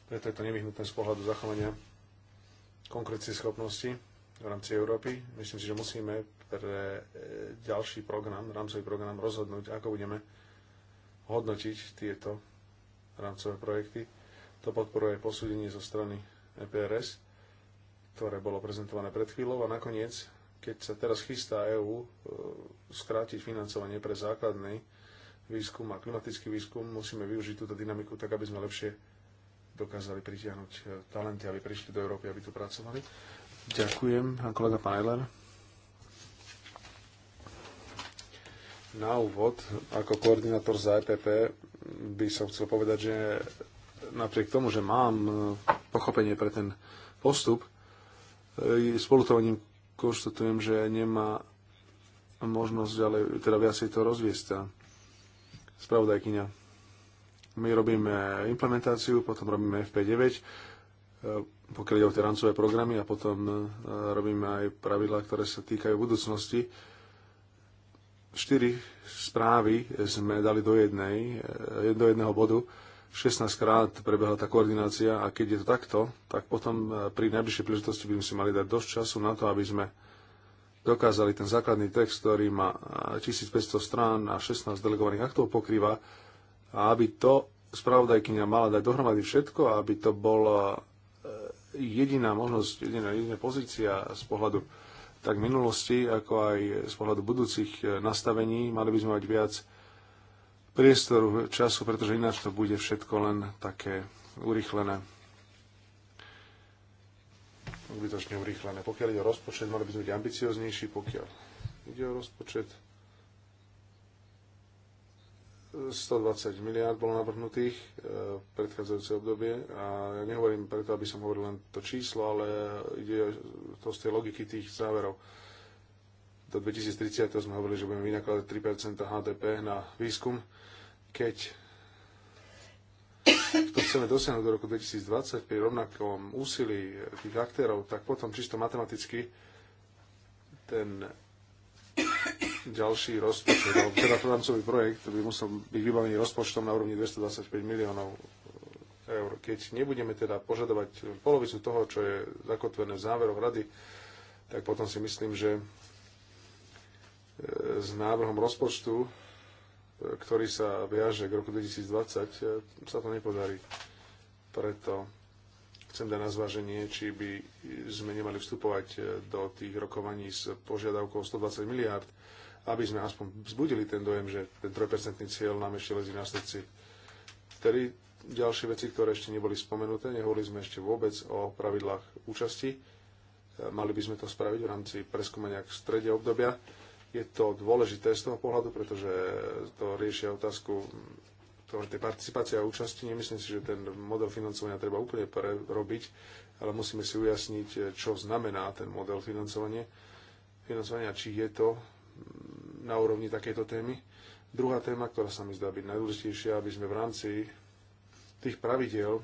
Preto je to nevyhnutné z pohľadu zachovania konkrétnej schopnosti v rámci Európy. Myslím si, že musíme pre ďalší program, rámcový program rozhodnúť, ako budeme hodnotiť tieto rámcové projekty. To podporuje posúdenie zo strany EPRS, ktoré bolo prezentované pred chvíľou a nakoniec, keď sa teraz chystá EÚ e, skrátiť financovanie pre základný výskum a klimatický výskum, musíme využiť túto dynamiku tak, aby sme lepšie dokázali pritiahnuť e, talenty, aby prišli do Európy, aby tu pracovali. Ďakujem, pán kolega Pajler. Na úvod, ako koordinátor za EPP, by som chcel povedať, že napriek tomu, že mám e, pochopenie pre ten postup, e, spolutovaním konštatujem, že nemá možnosť ďalej, teda viac si to rozviesť. Spravodajkyňa. My robíme implementáciu, potom robíme FP9, e, pokiaľ ide o tie rancové programy a potom robíme aj pravidlá, ktoré sa týkajú budúcnosti 4 správy sme dali do, jednej, eh, do jedného bodu. 16 krát prebehla tá koordinácia a keď je to takto, tak potom eh, pri najbližšej príležitosti by sme si mali dať dosť času na to, aby sme dokázali ten základný text, ktorý má 1500 eh, strán a 16 delegovaných aktov pokrýva, a aby to spravodajkynia mala dať dohromady všetko, aby to bola jediná možnosť, jediná, jediná pozícia z pohľadu tak v minulosti, ako aj z pohľadu budúcich e, nastavení, mali by sme mať viac priestoru, času, pretože ináč to bude všetko len také urychlené. Ubytočne urychlené. Pokiaľ ide o rozpočet, mali by sme byť ambicioznejší, pokiaľ ide o rozpočet 120 miliard bolo navrhnutých v e, predchádzajúce obdobie a ja nehovorím preto, aby som hovoril len to číslo, ale ide to z tej logiky tých záverov. Do 2030 sme hovorili, že budeme vynakladať 3 HDP na výskum. Keď to chceme dosiahnuť do roku 2020 pri rovnakom úsilí tých aktérov, tak potom čisto matematicky ten ďalší rozpočet, teda programcový projekt by musel byť vybavený rozpočtom na úrovni 225 miliónov eh, eur. Keď nebudeme teda požadovať polovicu toho, čo je zakotvené v záveroch rady, tak potom si myslím, že eh, s návrhom rozpočtu, eh, ktorý sa viaže k roku 2020, sa to nepodarí. Preto chcem dať na zváženie, či by sme nemali vstupovať do tých rokovaní s požiadavkou 120 miliárd aby sme aspoň vzbudili ten dojem, že ten 3% cieľ nám ešte lezí na srdci. Vtedy ďalšie veci, ktoré ešte neboli spomenuté, nehovorili sme ešte vôbec o pravidlách účasti. Mali by sme to spraviť v rámci preskúmania k strede obdobia. Je to dôležité z toho pohľadu, pretože to riešia otázku toho, že tie participácie a účasti, nemyslím si, že ten model financovania treba úplne prerobiť, ale musíme si ujasniť, čo znamená ten model financovania, financovania či je to na úrovni takejto témy. Druhá téma, ktorá sa mi zdá byť najdôležitejšia, aby sme v rámci tých pravidel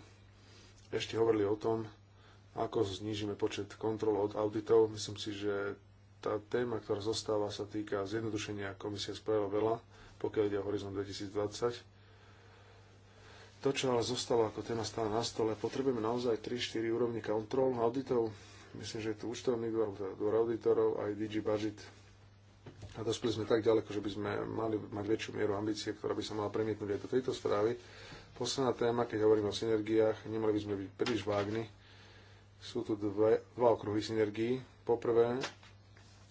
ešte hovorili o tom, ako znížime počet kontrol od auditov. Myslím si, že tá téma, ktorá zostáva, sa týka zjednodušenia. Komisie spravila veľa, pokiaľ ide o Horizon 2020. To, čo ale zostáva ako téma stále na stole, potrebujeme naozaj 3-4 úrovne kontrol auditov. Myslím, že je tu účtovný dvor, teda dvor auditorov, aj DG Budget, a dospeli sme tak ďaleko, že by sme mali mať väčšiu mieru ambície, ktorá by sa mala premietnúť aj do tejto správy. Posledná téma, keď hovoríme o synergiách, nemali by sme byť príliš vágni. Sú tu dve, dva okruhy synergií. Poprvé,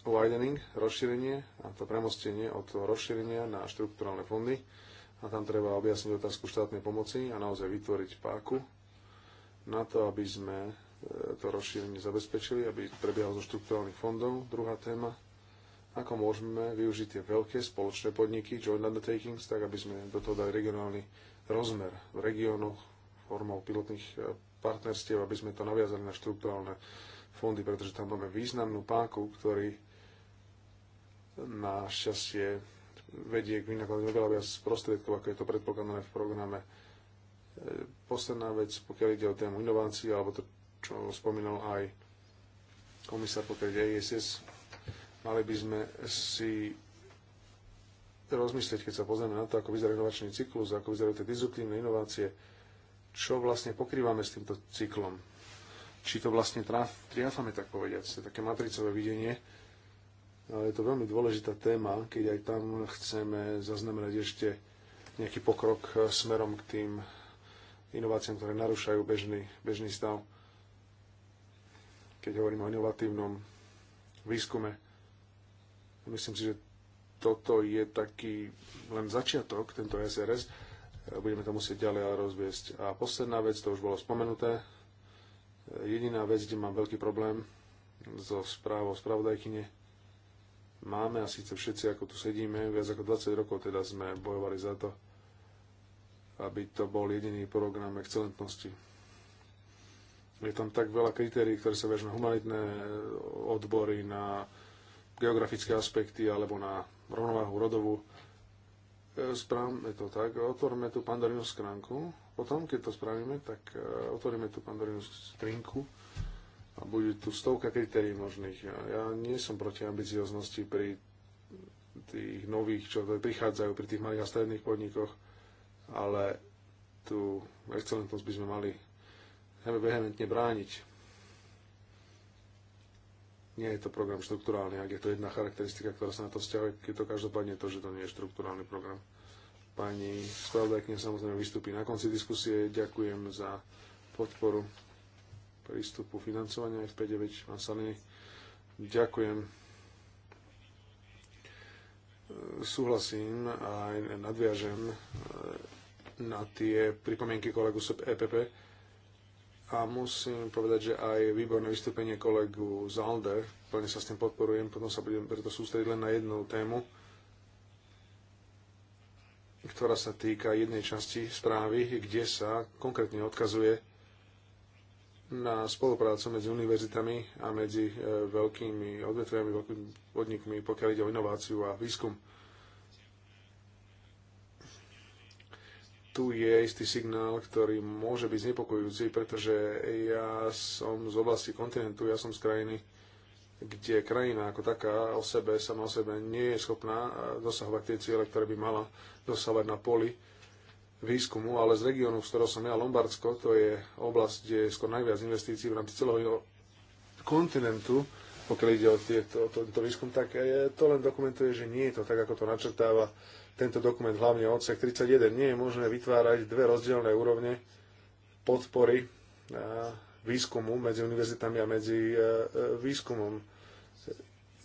widening, rozšírenie a to premostenie od rozšírenia na štrukturálne fondy. A tam treba objasniť otázku štátnej pomoci a naozaj vytvoriť páku na to, aby sme e, to rozšírenie zabezpečili, aby prebiehalo zo štrukturálnych fondov. Druhá téma, ako môžeme využiť tie veľké spoločné podniky, joint undertakings, tak aby sme do toho dali regionálny rozmer v regiónoch formou pilotných e, partnerstiev, aby sme to naviazali na štruktúrálne fondy, pretože tam máme významnú páku, ktorý na šťastie vedie k vynakladaniu veľa viac prostriedkov, ako je to predpokladané v programe. E, posledná vec, pokiaľ ide o tému inovácií, alebo to, čo spomínal aj komisár pokiaľ ide ISS, Mali by sme si rozmyslieť, keď sa pozrieme na to, ako vyzerá inovačný cyklus, ako vyzerajú tie disruptívne inovácie, čo vlastne pokrývame s týmto cyklom. Či to vlastne triafame, tak povediať, to je také matricové videnie, ale je to veľmi dôležitá téma, keď aj tam chceme zaznamenať ešte nejaký pokrok eh, smerom k tým inováciám, ktoré narúšajú bežný, bežný stav. Keď hovorím o inovatívnom výskume, Myslím si, že toto je taký len začiatok, tento SRS. Budeme to musieť ďalej rozviesť. A posledná vec, to už bolo spomenuté. Jediná vec, kde mám veľký problém so správou spravodajkyne, máme a síce všetci, ako tu sedíme, viac ako 20 rokov teda sme bojovali za to, aby to bol jediný program excelentnosti. Je tam tak veľa kritérií, ktoré sa vežú na humanitné odbory, na geografické aspekty alebo na rovnováhu rodovú. E, Správame to tak, otvoríme tú pandorinu skránku, potom, keď to spravíme, tak e, otvoríme tú pandorinu skrinku a bude tu stovka kritérií možných. Ja nie som proti ambicioznosti pri tých nových, čo prichádzajú pri tých malých a stredných podnikoch, ale tú excelentnosť by sme mali vehementne brániť. Nie je to program štruktúrálny, ak je to jedna charakteristika, ktorá sa na to vzťahuje, je to každopádne to, že to nie je štruktúrálny program. Pani spravodajkne samozrejme vystúpi na konci diskusie. Ďakujem za podporu prístupu financovania FP9, pán Ďakujem. Súhlasím a aj nadviažem na tie pripomienky kolegu EPP a musím povedať, že aj výborné vystúpenie kolegu Zalde, plne sa s tým podporujem, potom sa budem preto sústrediť len na jednu tému, ktorá sa týka jednej časti správy, kde sa konkrétne odkazuje na spoluprácu medzi univerzitami a medzi e, veľkými odvetviami, veľkými podnikmi, pokiaľ ide o inováciu a výskum tu je istý signál, ktorý môže byť znepokojujúci, pretože ja som z oblasti kontinentu, ja som z krajiny, kde krajina ako taká o sebe, sama o sebe nie je schopná dosahovať tie ciele, ktoré by mala dosahovať na poli výskumu, ale z regiónu, z ktorého som ja, Lombardsko, to je oblasť, kde je skôr najviac investícií v rámci celého kontinentu, pokiaľ ide o tieto, to, tento výskum, tak eh, to len dokumentuje, že nie je to tak, ako to načrtáva tento dokument, hlavne odsek 31. Nie je možné vytvárať dve rozdielne úrovne podpory e, výskumu medzi univerzitami a medzi e, e, výskumom.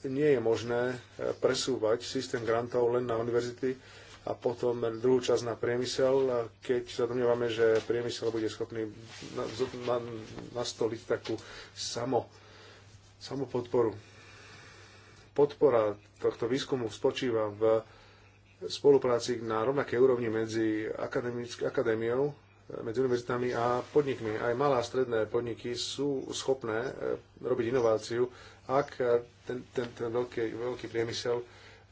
Nie je možné presúvať systém grantov len na univerzity a potom druhú časť na priemysel, keď sa domnievame, že priemysel bude schopný nastoliť takú samo, samopodporu. Podpora tohto výskumu spočíva v spolupráci na rovnakej úrovni medzi akadémiou, medzi univerzitami a podnikmi. Aj malé a stredné podniky sú schopné eh, robiť inováciu, ak eh, ten, ten, ten veľký, veľký priemysel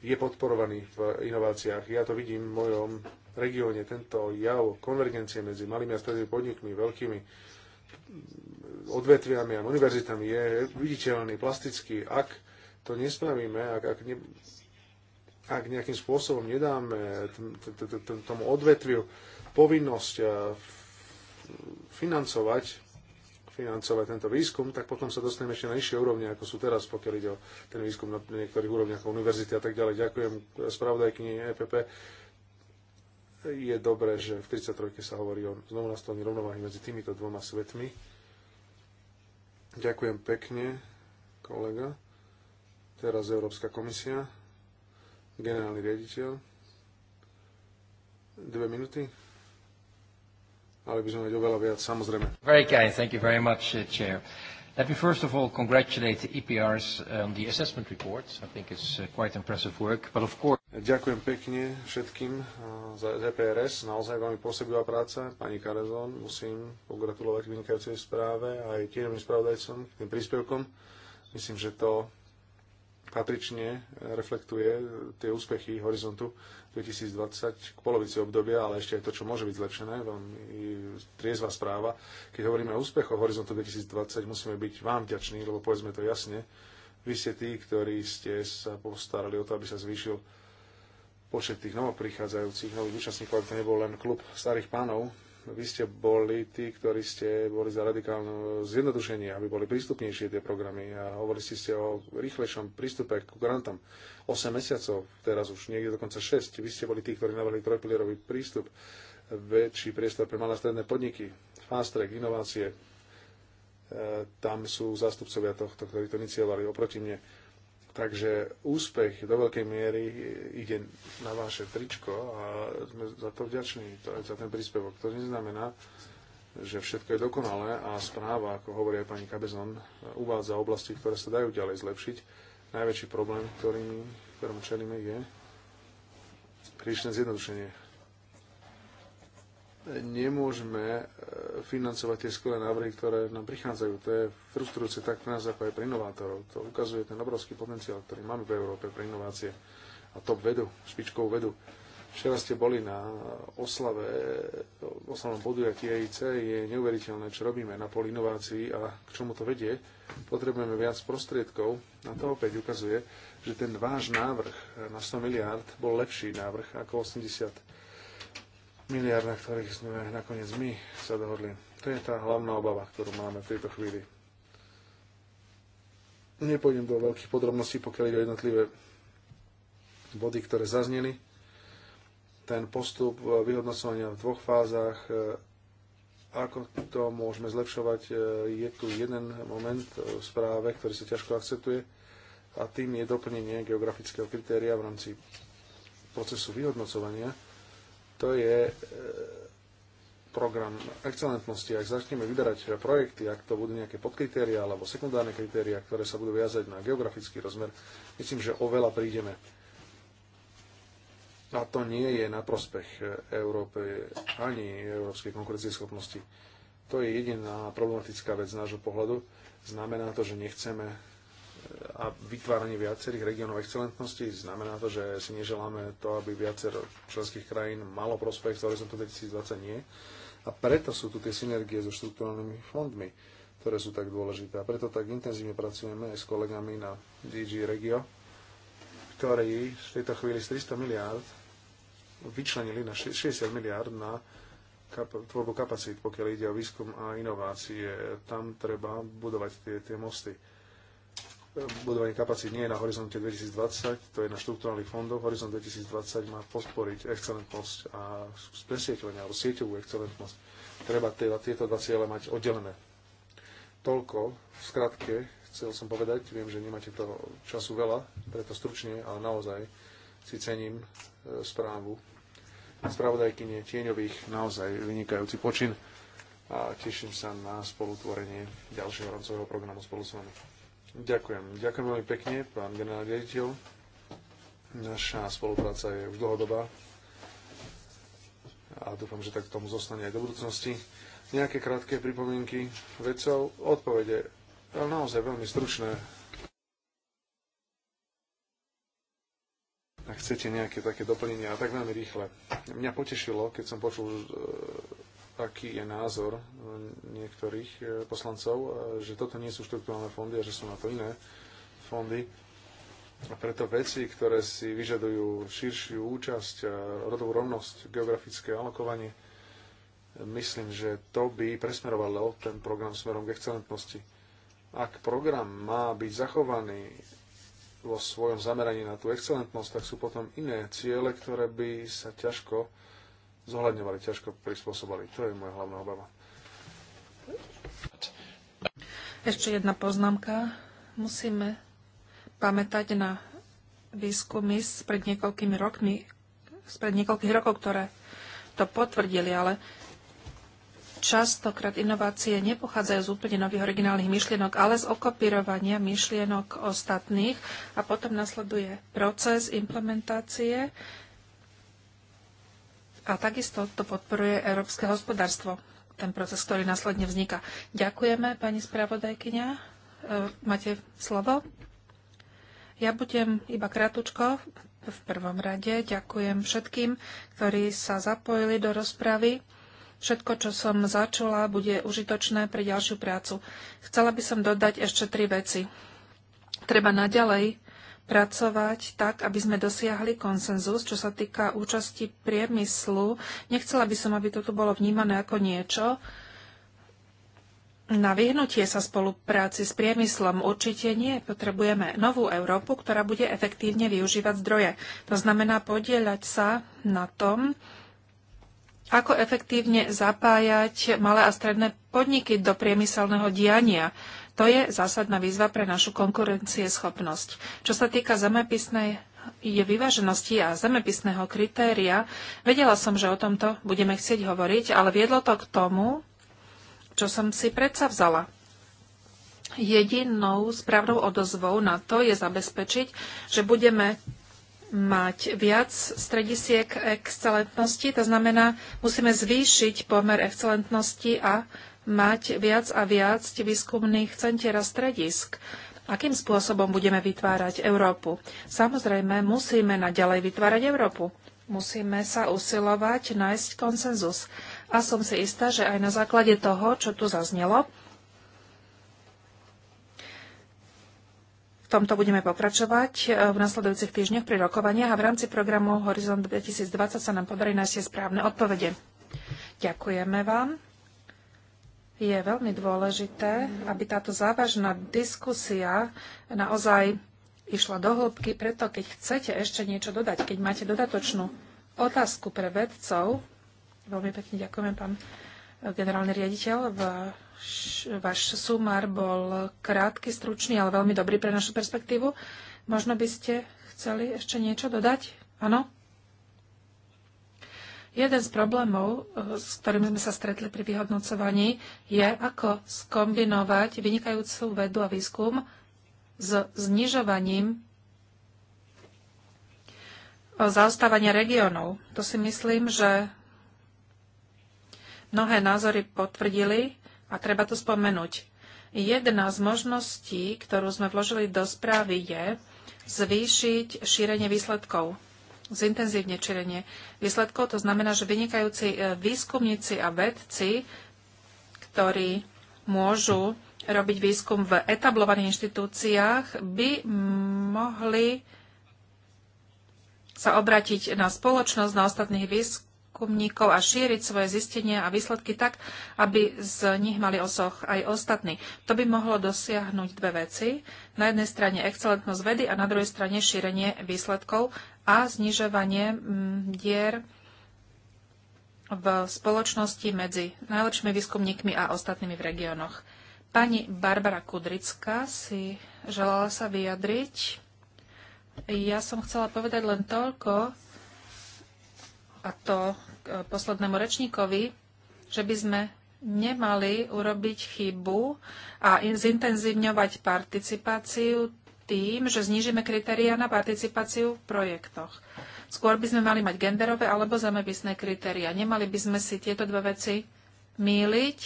je podporovaný v inováciách. Ja to vidím v mojom regióne, tento jav konvergencie medzi malými a strednými podnikmi, veľkými mm, odvetviami a univerzitami je viditeľný, plastický. Ak to nespravíme, ak, ak ne, ak nejakým spôsobom nedáme tomu odvetviu povinnosť eh, financovať, financovať tento výskum, tak potom sa dostaneme ešte na nižšie úrovne, ako sú teraz, pokiaľ ide o ten výskum na niektorých úrovniach, ako univerzity a tak ďalej. Ďakujem spravodajkyni EPP. Je dobré, že v 33. sa hovorí o znovu nastavení rovnováhy medzi týmito dvoma svetmi. Ďakujem pekne, kolega. Teraz Európska komisia generálny riaditeľ. Dve minúty. Ale by sme mať oveľa viac, samozrejme. Very kind, thank you very much, uh, Chair. Let me first of all congratulate the EPRs on the assessment report. I think it's uh, quite impressive work, but of course... Ďakujem pekne všetkým uh, za EPRS. Naozaj veľmi pôsobivá práca. Pani Karezon, musím pogratulovať k vynikajúcej správe aj tieňovým spravodajcom, tým príspevkom. Myslím, že to patrične reflektuje tie úspechy Horizontu 2020 k polovici obdobia, ale ešte aj to, čo môže byť zlepšené, veľmi triezva správa. Keď hovoríme o úspechoch Horizontu 2020, musíme byť vám vďační, lebo povedzme to jasne, vy ste tí, ktorí ste sa postarali o to, aby sa zvýšil počet tých novoprichádzajúcich, nových účastníkov, aby to nebol len klub starých pánov, vy ste boli tí, ktorí ste boli za radikálne zjednodušenie, aby boli prístupnejšie tie programy a hovorili ste, o rýchlejšom prístupe k grantom. 8 mesiacov, teraz už niekde dokonca 6. Vy ste boli tí, ktorí navrhli trojpilierový prístup, väčší priestor pre malé stredné podniky, fast track, inovácie. E, tam sú zástupcovia tohto, ktorí to iniciovali oproti mne Takže úspech do veľkej miery ide na vaše tričko a sme za to vďační, to, za ten príspevok. To neznamená, že všetko je dokonalé a správa, ako hovorí aj pani Kabezon, uvádza oblasti, ktoré sa dajú ďalej zlepšiť. Najväčší problém, ktorým, ktorým čelíme, je prílišné zjednodušenie nemôžeme e, financovať tie skvelé návrhy, ktoré nám prichádzajú. To je frustrujúce tak pre nás, ako aj pre inovátorov. To ukazuje ten obrovský potenciál, ktorý máme v Európe pre inovácie a top vedu, špičkovú vedu. Včera ste boli na oslave, oslavnom podujatí EIC, je neuveriteľné, čo robíme na poli inovácií a k čomu to vedie. Potrebujeme viac prostriedkov a to opäť ukazuje, že ten váš návrh na 100 miliárd bol lepší návrh ako 80 miliard, na ktorých sme nakoniec my sa dohodli. To je tá hlavná obava, ktorú máme v tejto chvíli. Nepôjdem do veľkých podrobností, pokiaľ ide o jednotlivé body, ktoré zazneli. Ten postup vyhodnocovania v dvoch fázach, e, ako to môžeme zlepšovať, e, je tu jeden moment v správe, ktorý sa ťažko akceptuje a tým je doplnenie geografického kritéria v rámci procesu vyhodnocovania to je e, program excelentnosti, ak začneme vyberať e, projekty, ak to budú nejaké podkritéria alebo sekundárne kritéria, ktoré sa budú viazať na geografický rozmer, myslím, že oveľa prídeme. A to nie je na prospech e, Európe ani európskej konkurencieschopnosti. To je jediná problematická vec z nášho pohľadu. Znamená to, že nechceme a vytváranie viacerých regiónov excelentnosti. Znamená to, že si neželáme to, aby viacero členských krajín malo prospech z horizontu 2020 nie. A preto sú tu tie synergie so štruktúrnymi fondmi, ktoré sú tak dôležité. A preto tak intenzívne pracujeme aj s kolegami na DG Regio, ktorí v tejto chvíli z 300 miliárd vyčlenili na 60 miliárd na kap- tvorbu kapacít, pokiaľ ide o výskum a inovácie. Tam treba budovať tie, tie mosty budovanie kapacít nie je na horizonte 2020, to je na štruktúrnych fondoch. Horizont 2020 má podporiť excelentnosť a presieťovanie alebo sieťovú excelentnosť. Treba teda tieto dva ciele mať oddelené. Toľko, v skratke, chcel som povedať, viem, že nemáte to času veľa, preto stručne, ale naozaj si cením e, správu spravodajkyne Tieňových, naozaj vynikajúci počin a teším sa na spolutvorenie ďalšieho rámcového programu spolu s vami. Ďakujem. Ďakujem veľmi pekne, pán generál riaditeľ. Naša spolupráca je už dlhodobá a dúfam, že tak tomu zostane aj do budúcnosti. Nejaké krátke pripomienky vedcov, odpovede, ale naozaj veľmi stručné. Ak chcete nejaké také doplnenia, tak veľmi rýchle. Mňa potešilo, keď som počul aký je názor e, niektorých e, poslancov, e, že toto nie sú štruktúrálne fondy a že sú na to iné fondy. A preto veci, ktoré si vyžadujú širšiu účasť, rodovú rovnosť, geografické alokovanie, myslím, že to by presmerovalo ten program smerom k excelentnosti. Ak program má byť zachovaný vo svojom zameraní na tú excelentnosť, tak sú potom iné ciele, ktoré by sa ťažko zohľadňovali, ťažko prispôsobili. To je moja hlavná obava. Ešte jedna poznámka. Musíme pamätať na výskumy spred niekoľkými rokmi, spred niekoľkých rokov, ktoré to potvrdili, ale častokrát inovácie nepochádzajú z úplne nových originálnych myšlienok, ale z okopírovania myšlienok ostatných a potom nasleduje proces implementácie a takisto to podporuje európske hospodárstvo, ten proces, ktorý následne vzniká. Ďakujeme, pani spravodajkyňa. E, máte slovo? Ja budem iba krátko v prvom rade. Ďakujem všetkým, ktorí sa zapojili do rozpravy. Všetko, čo som začala, bude užitočné pre ďalšiu prácu. Chcela by som dodať ešte tri veci. Treba naďalej pracovať tak, aby sme dosiahli konsenzus, čo sa týka účasti priemyslu. Nechcela by som, aby toto bolo vnímané ako niečo na vyhnutie sa spolupráci s priemyslom. Určite nie. Potrebujeme novú Európu, ktorá bude efektívne využívať zdroje. To znamená podieľať sa na tom, ako efektívne zapájať malé a stredné podniky do priemyselného diania to je zásadná výzva pre našu konkurencieschopnosť. Čo sa týka zemepisnej je vyváženosti a zemepisného kritéria. Vedela som, že o tomto budeme chcieť hovoriť, ale viedlo to k tomu, čo som si predsa vzala. Jedinou správnou odozvou na to je zabezpečiť, že budeme mať viac stredisiek excelentnosti, to znamená, musíme zvýšiť pomer excelentnosti a mať viac a viac výskumných centier a stredisk. Akým spôsobom budeme vytvárať Európu? Samozrejme, musíme naďalej vytvárať Európu. Musíme sa usilovať nájsť konsenzus. A som si istá, že aj na základe toho, čo tu zaznelo, v tomto budeme pokračovať e, v nasledujúcich týždňoch pri rokovaniach a v rámci programu Horizont 2020 sa nám podarí nájsť správne odpovede. Ďakujeme vám je veľmi dôležité, aby táto závažná diskusia naozaj išla do hĺbky, preto keď chcete ešte niečo dodať, keď máte dodatočnú otázku pre vedcov, veľmi pekne ďakujem, pán generálny riaditeľ, váš, váš sumár bol krátky, stručný, ale veľmi dobrý pre našu perspektívu. Možno by ste chceli ešte niečo dodať? Áno? Jeden z problémov, eh, s ktorými sme sa stretli pri vyhodnocovaní, je, ako skombinovať vynikajúcu vedu a výskum s znižovaním eh, zaostávania regiónov. To si myslím, že mnohé názory potvrdili a treba to spomenúť. Jedna z možností, ktorú sme vložili do správy, je zvýšiť šírenie výsledkov zintenzívne čerenie výsledkov. To znamená, že vynikajúci e, výskumníci a vedci, ktorí môžu robiť výskum v etablovaných inštitúciách, by mohli sa obrátiť na spoločnosť, na ostatných výskumníkov výskumníkov a šíriť svoje zistenia a výsledky tak, aby z nich mali osoch aj ostatní. To by mohlo dosiahnuť dve veci. Na jednej strane excelentnosť vedy a na druhej strane šírenie výsledkov a znižovanie mm, dier v spoločnosti medzi najlepšími výskumníkmi a ostatnými v regiónoch. Pani Barbara Kudrická si želala sa vyjadriť. Ja som chcela povedať len toľko, a to k e, poslednému rečníkovi, že by sme nemali urobiť chybu a zintenzívňovať participáciu tým, že znížime kritéria na participáciu v projektoch. Skôr by sme mali mať genderové alebo zemepisné kritéria. Nemali by sme si tieto dve veci míliť.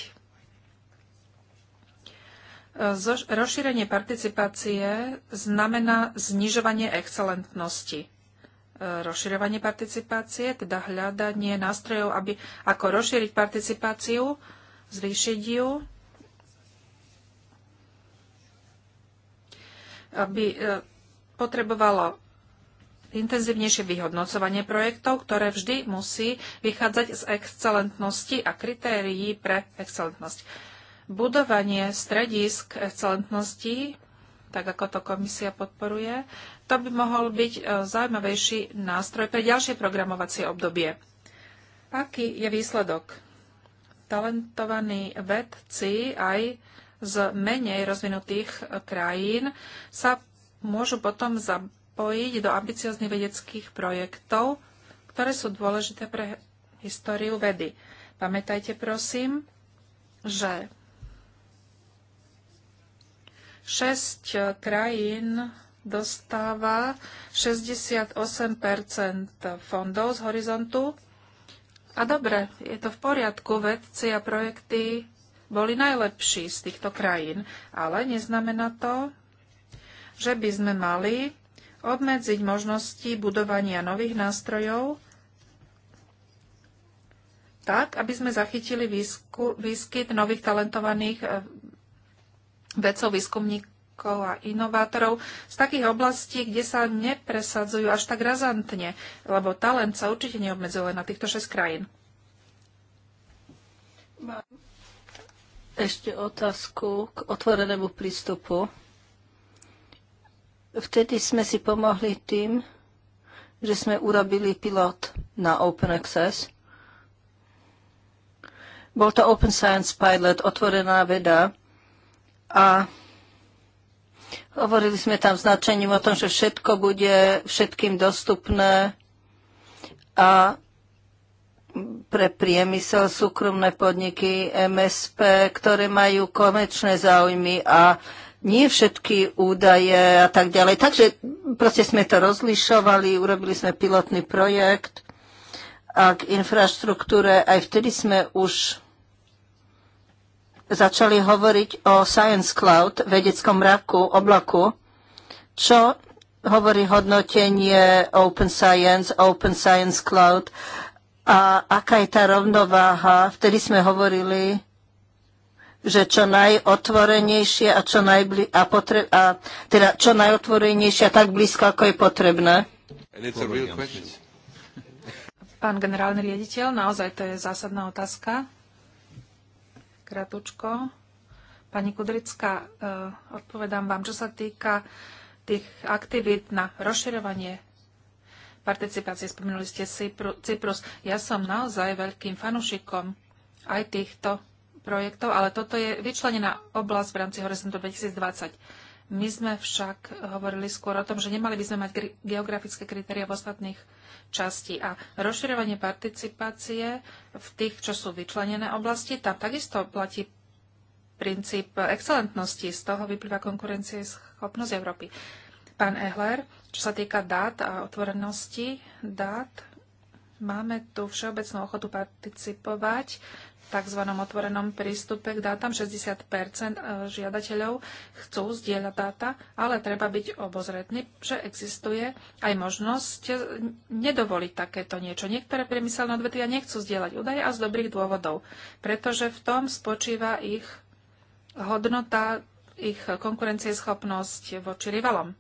E, rozšírenie participácie znamená znižovanie excelentnosti rozširovanie participácie, teda hľadanie nástrojov, aby, ako rozšíriť participáciu, zvýšiť ju, aby e, potrebovalo intenzívnejšie vyhodnocovanie projektov, ktoré vždy musí vychádzať z excelentnosti a kritérií pre excelentnosť. Budovanie stredisk excelentnosti tak ako to komisia podporuje. To by mohol byť e, zaujímavejší nástroj pre ďalšie programovacie obdobie. Aký je výsledok? Talentovaní vedci aj z menej rozvinutých e, krajín sa môžu potom zapojiť do ambicioznych vedeckých projektov, ktoré sú dôležité pre históriu vedy. Pamätajte prosím, že 6 eh, krajín dostáva 68 fondov z horizontu. A dobre, je to v poriadku, vedci a projekty boli najlepší z týchto krajín, ale neznamená to, že by sme mali obmedziť možnosti budovania nových nástrojov tak, aby sme zachytili výskyt nových talentovaných eh, vedcov, výskumníkov a inovátorov z takých oblastí, kde sa nepresadzujú až tak razantne, lebo talent sa určite neobmedzuje na týchto šest krajín. Mám ešte otázku k otvorenému prístupu. Vtedy sme si pomohli tým, že sme urobili pilot na Open Access. Bol to Open Science Pilot, otvorená veda, a hovorili sme tam značením o tom, že všetko bude všetkým dostupné a pre priemysel, súkromné podniky, MSP, ktoré majú komerčné záujmy a nie všetky údaje a tak ďalej. Takže proste sme to rozlišovali, urobili sme pilotný projekt a k infraštruktúre aj vtedy sme už začali hovoriť o Science Cloud, vedeckom raku, oblaku, čo hovorí hodnotenie Open Science, Open Science Cloud a aká je tá rovnováha. Vtedy sme hovorili, že čo najotvorenejšie a čo, najbli- a potre- a teda čo najotvorenejšie a tak blízko, ako je potrebné. Pán generálny riaditeľ, naozaj to je zásadná otázka kratučko. Pani Kudrická, e, odpovedám vám, čo sa týka tých aktivít na rozširovanie participácie. Spomenuli ste Cyprus. Ja som naozaj veľkým fanušikom aj týchto projektov, ale toto je vyčlenená oblasť v rámci Horizontu 2020. My sme však hovorili skôr o tom, že nemali by sme mať geografické kritéria v ostatných časti. A rozširovanie participácie v tých, čo sú vyčlenené oblasti, tam takisto platí princíp excelentnosti. Z toho vyplýva konkurencie schopnosť Európy. Pán Ehler, čo sa týka dát a otvorenosti dát, máme tu všeobecnú ochotu participovať tzv. otvorenom prístupe k dátam. 60 e, žiadateľov chcú zdieľať dáta, ale treba byť obozretný, že existuje aj možnosť e, nedovoliť takéto niečo. Niektoré priemyselné odvetvia nechcú zdieľať údaje a z dobrých dôvodov, pretože v tom spočíva ich hodnota, ich konkurencieschopnosť voči rivalom.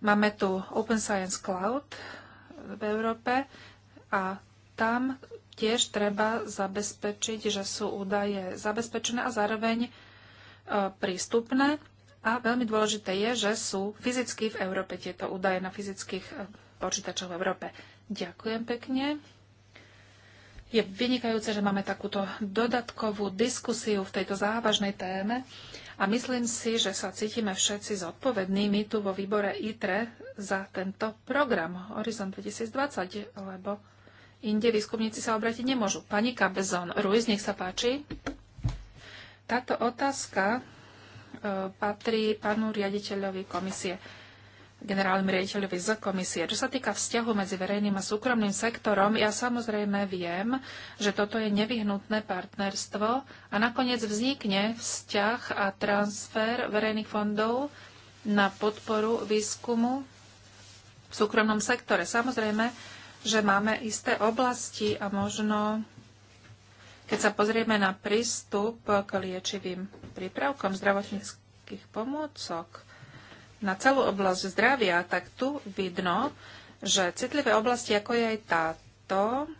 Máme tu Open Science Cloud v Európe a tam tiež treba zabezpečiť, že sú údaje zabezpečené a zároveň e, prístupné. A veľmi dôležité je, že sú fyzicky v Európe tieto údaje na fyzických e, počítačoch v Európe. Ďakujem pekne. Je vynikajúce, že máme takúto dodatkovú diskusiu v tejto závažnej téme a myslím si, že sa cítime všetci zodpovednými tu vo výbore ITRE za tento program Horizon 2020, lebo inde výskumníci sa obrátiť nemôžu. Pani Kabezon, Ruiz, nech sa páči. Táto otázka e, patrí panu riaditeľovi komisie, generálnym riaditeľovi z komisie. Čo sa týka vzťahu medzi verejným a súkromným sektorom, ja samozrejme viem, že toto je nevyhnutné partnerstvo a nakoniec vznikne vzťah a transfer verejných fondov na podporu výskumu v súkromnom sektore. Samozrejme, že máme isté oblasti a možno, keď sa pozrieme na prístup k liečivým prípravkom zdravotníckých pomôcok na celú oblasť zdravia, tak tu vidno, že citlivé oblasti, ako je aj táto,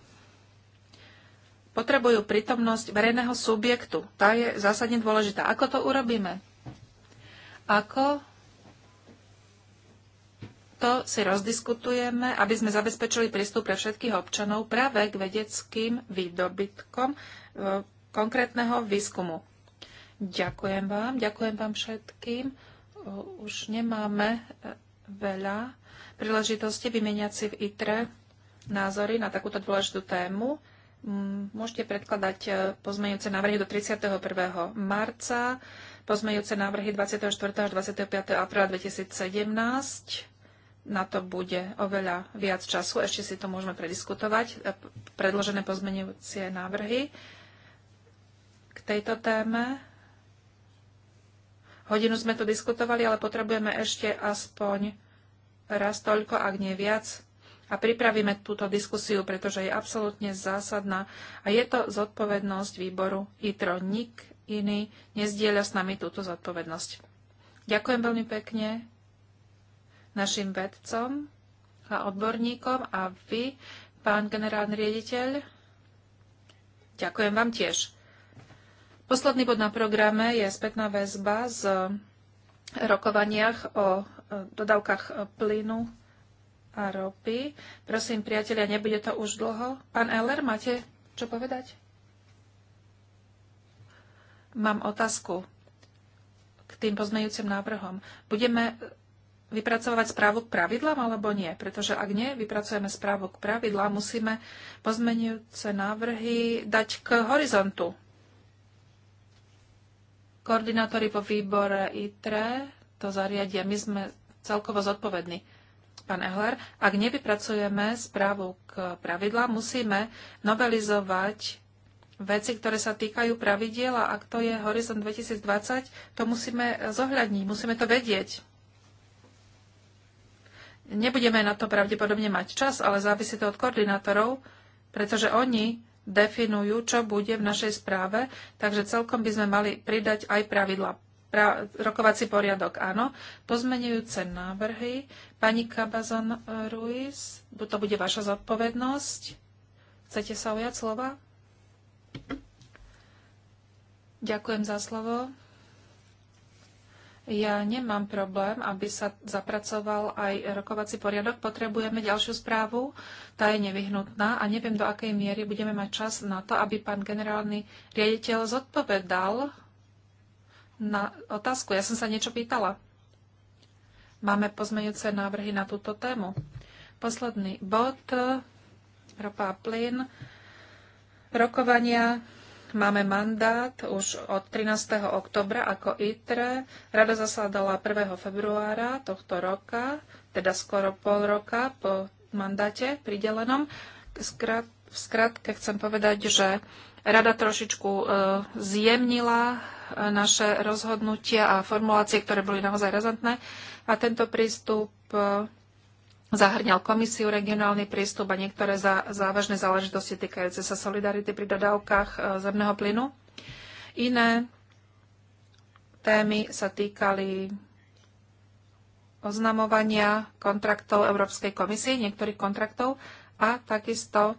potrebujú prítomnosť verejného subjektu. Tá je zásadne dôležitá. Ako to urobíme? Ako to si rozdiskutujeme, aby sme zabezpečili prístup pre všetkých občanov práve k vedeckým výdobytkom e, konkrétneho výskumu. Ďakujem vám, ďakujem vám všetkým. E, už nemáme e, veľa príležitosti vymeniať si v ITRE názory na takúto dôležitú tému. Môžete predkladať pozmeňujúce návrhy do 31. marca, pozmeňujúce návrhy 24. až 25. apríla 2017 na to bude oveľa viac času. Ešte si to môžeme prediskutovať. E, predložené pozmenujúcie návrhy k tejto téme. Hodinu sme tu diskutovali, ale potrebujeme ešte aspoň raz toľko, ak nie viac. A pripravíme túto diskusiu, pretože je absolútne zásadná. A je to zodpovednosť výboru ITRO. Nik iný nezdieľa s nami túto zodpovednosť. Ďakujem veľmi pekne našim vedcom a odborníkom a vy, pán generálny riediteľ? ďakujem vám tiež. Posledný bod na programe je spätná väzba z rokovaniach o e, dodávkach e, plynu a ropy. Prosím, priatelia, nebude to už dlho. Pán Eller, máte čo povedať? Mám otázku k tým pozmejúcim návrhom. Budeme vypracovať správu k pravidlám alebo nie? Pretože ak nie, vypracujeme správu k pravidlám, musíme pozmenujúce návrhy dať k horizontu. Koordinátori po výbore ITRE to zariadia. My sme celkovo zodpovední. Pán Ehler, ak nevypracujeme správu k pravidlám, musíme novelizovať veci, ktoré sa týkajú pravidiel a ak to je Horizon 2020, to musíme zohľadniť, musíme to vedieť. Nebudeme na to pravdepodobne mať čas, ale závisí to od koordinátorov, pretože oni definujú, čo bude v našej správe, takže celkom by sme mali pridať aj pravidla. Pra, rokovací poriadok, áno. Pozmenujúce návrhy. Pani Kabazon Ruiz, to bude vaša zodpovednosť. Chcete sa ujať slova? Ďakujem za slovo. Ja nemám problém, aby sa zapracoval aj rokovací poriadok. Potrebujeme ďalšiu správu, tá je nevyhnutná a neviem, do akej miery budeme mať čas na to, aby pán generálny riaditeľ zodpovedal na otázku. Ja som sa niečo pýtala. Máme pozmeňujúce návrhy na túto tému. Posledný bod, ropa a plyn, rokovania Máme mandát už od 13. oktobra ako ITRE. Rada zasadala 1. februára tohto roka, teda skoro pol roka po mandáte pridelenom. V skratke chcem povedať, že rada trošičku e, zjemnila e, naše rozhodnutia a formulácie, ktoré boli naozaj razantné. A tento prístup e, zahrňal komisiu, regionálny prístup a niektoré za, závažné záležitosti týkajúce sa solidarity pri dodávkach e, zemného plynu. Iné témy sa týkali oznamovania kontraktov Európskej komisie, niektorých kontraktov a takisto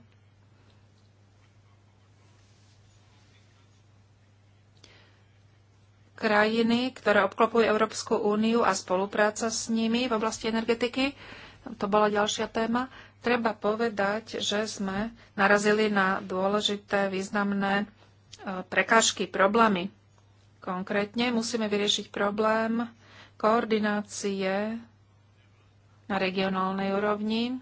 krajiny, ktoré obklopujú Európsku úniu a spolupráca s nimi v oblasti energetiky to bola ďalšia téma. Treba povedať, že sme narazili na dôležité, významné e, prekážky, problémy. Konkrétne musíme vyriešiť problém koordinácie na regionálnej úrovni,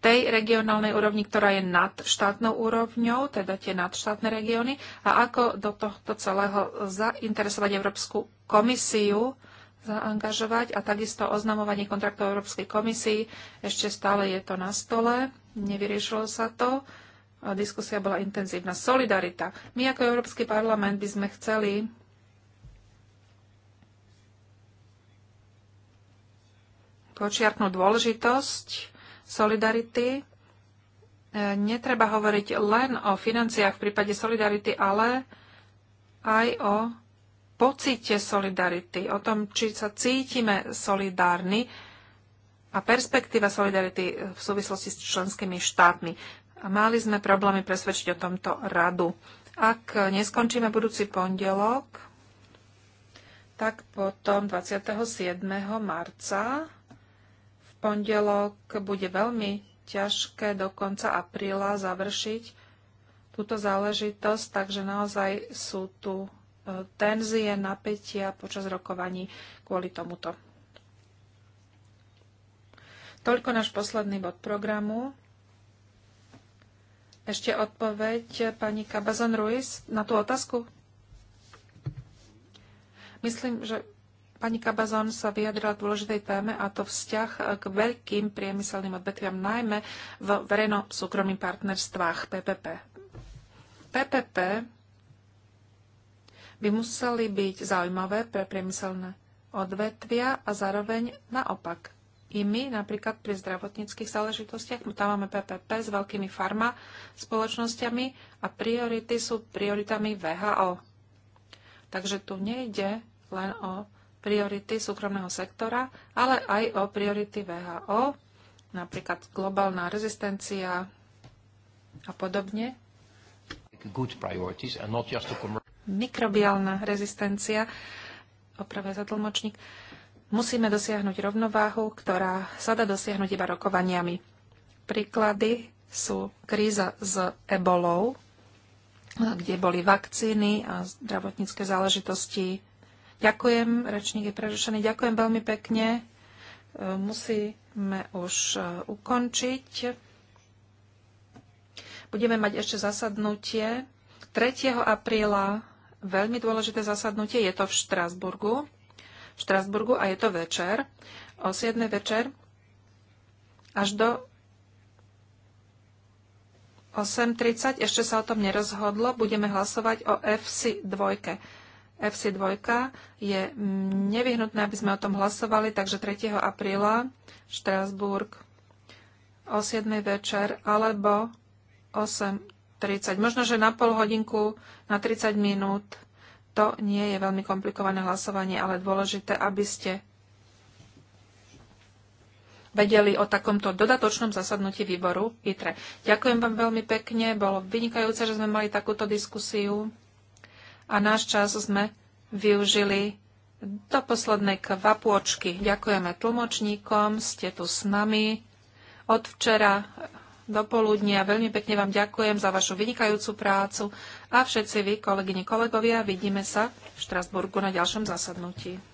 tej regionálnej úrovni, ktorá je nad štátnou úrovňou, teda tie nadštátne regióny, a ako do tohto celého zainteresovať Európsku komisiu, zaangažovať a takisto oznamovanie kontraktov Európskej komisii. Ešte stále je to na stole, nevyriešilo sa to. Diskusia bola intenzívna. Solidarita. My ako Európsky parlament by sme chceli počiarknúť dôležitosť solidarity. E, netreba hovoriť len o financiách v prípade solidarity, ale aj o pocite solidarity, o tom, či sa cítime solidárni a perspektíva solidarity v súvislosti s členskými štátmi. A mali sme problémy presvedčiť o tomto radu. Ak neskončíme budúci pondelok, tak potom 27. marca v pondelok bude veľmi ťažké do konca apríla završiť túto záležitosť, takže naozaj sú tu tenzie, napätia počas rokovaní kvôli tomuto. Toľko náš posledný bod programu. Ešte odpoveď pani Kabazon Ruiz na tú otázku. Myslím, že pani Kabazon sa vyjadrila k dôležitej téme a to vzťah k veľkým priemyselným odvetviam, najmä v verejno-súkromných partnerstvách PPP. PPP by museli byť zaujímavé pre priemyselné odvetvia a zároveň naopak. I my napríklad pri zdravotníckých záležitostiach, tam máme PPP s veľkými farma spoločnosťami a priority sú prioritami VHO. Takže tu nejde len o priority súkromného sektora, ale aj o priority VHO, napríklad globálna rezistencia a podobne mikrobiálna rezistencia, opravia za tlmočník, musíme dosiahnuť rovnováhu, ktorá sa dá dosiahnuť iba rokovaniami. Príklady sú kríza s ebolou, kde boli vakcíny a zdravotnícke záležitosti. Ďakujem, rečník je prerušený. Ďakujem veľmi pekne. Musíme už e, ukončiť. Budeme mať ešte zasadnutie 3. apríla veľmi dôležité zasadnutie. Je to v Štrasburgu. V Štrasburgu a je to večer. O 7. večer až do 8.30. Ešte sa o tom nerozhodlo. Budeme hlasovať o FC2. FC2 je nevyhnutné, aby sme o tom hlasovali, takže 3. apríla Štrasburg o 7. večer alebo 8 30. Možno, že na pol hodinku, na 30 minút. To nie je veľmi komplikované hlasovanie, ale dôležité, aby ste vedeli o takomto dodatočnom zasadnutí výboru ITRE. Ďakujem vám veľmi pekne, bolo vynikajúce, že sme mali takúto diskusiu a náš čas sme využili do poslednej kvapôčky. Ďakujeme tlmočníkom, ste tu s nami od včera do poludnia. Veľmi pekne vám ďakujem za vašu vynikajúcu prácu a všetci vy, kolegyne, kolegovia, vidíme sa v Štrasburgu na ďalšom zasadnutí.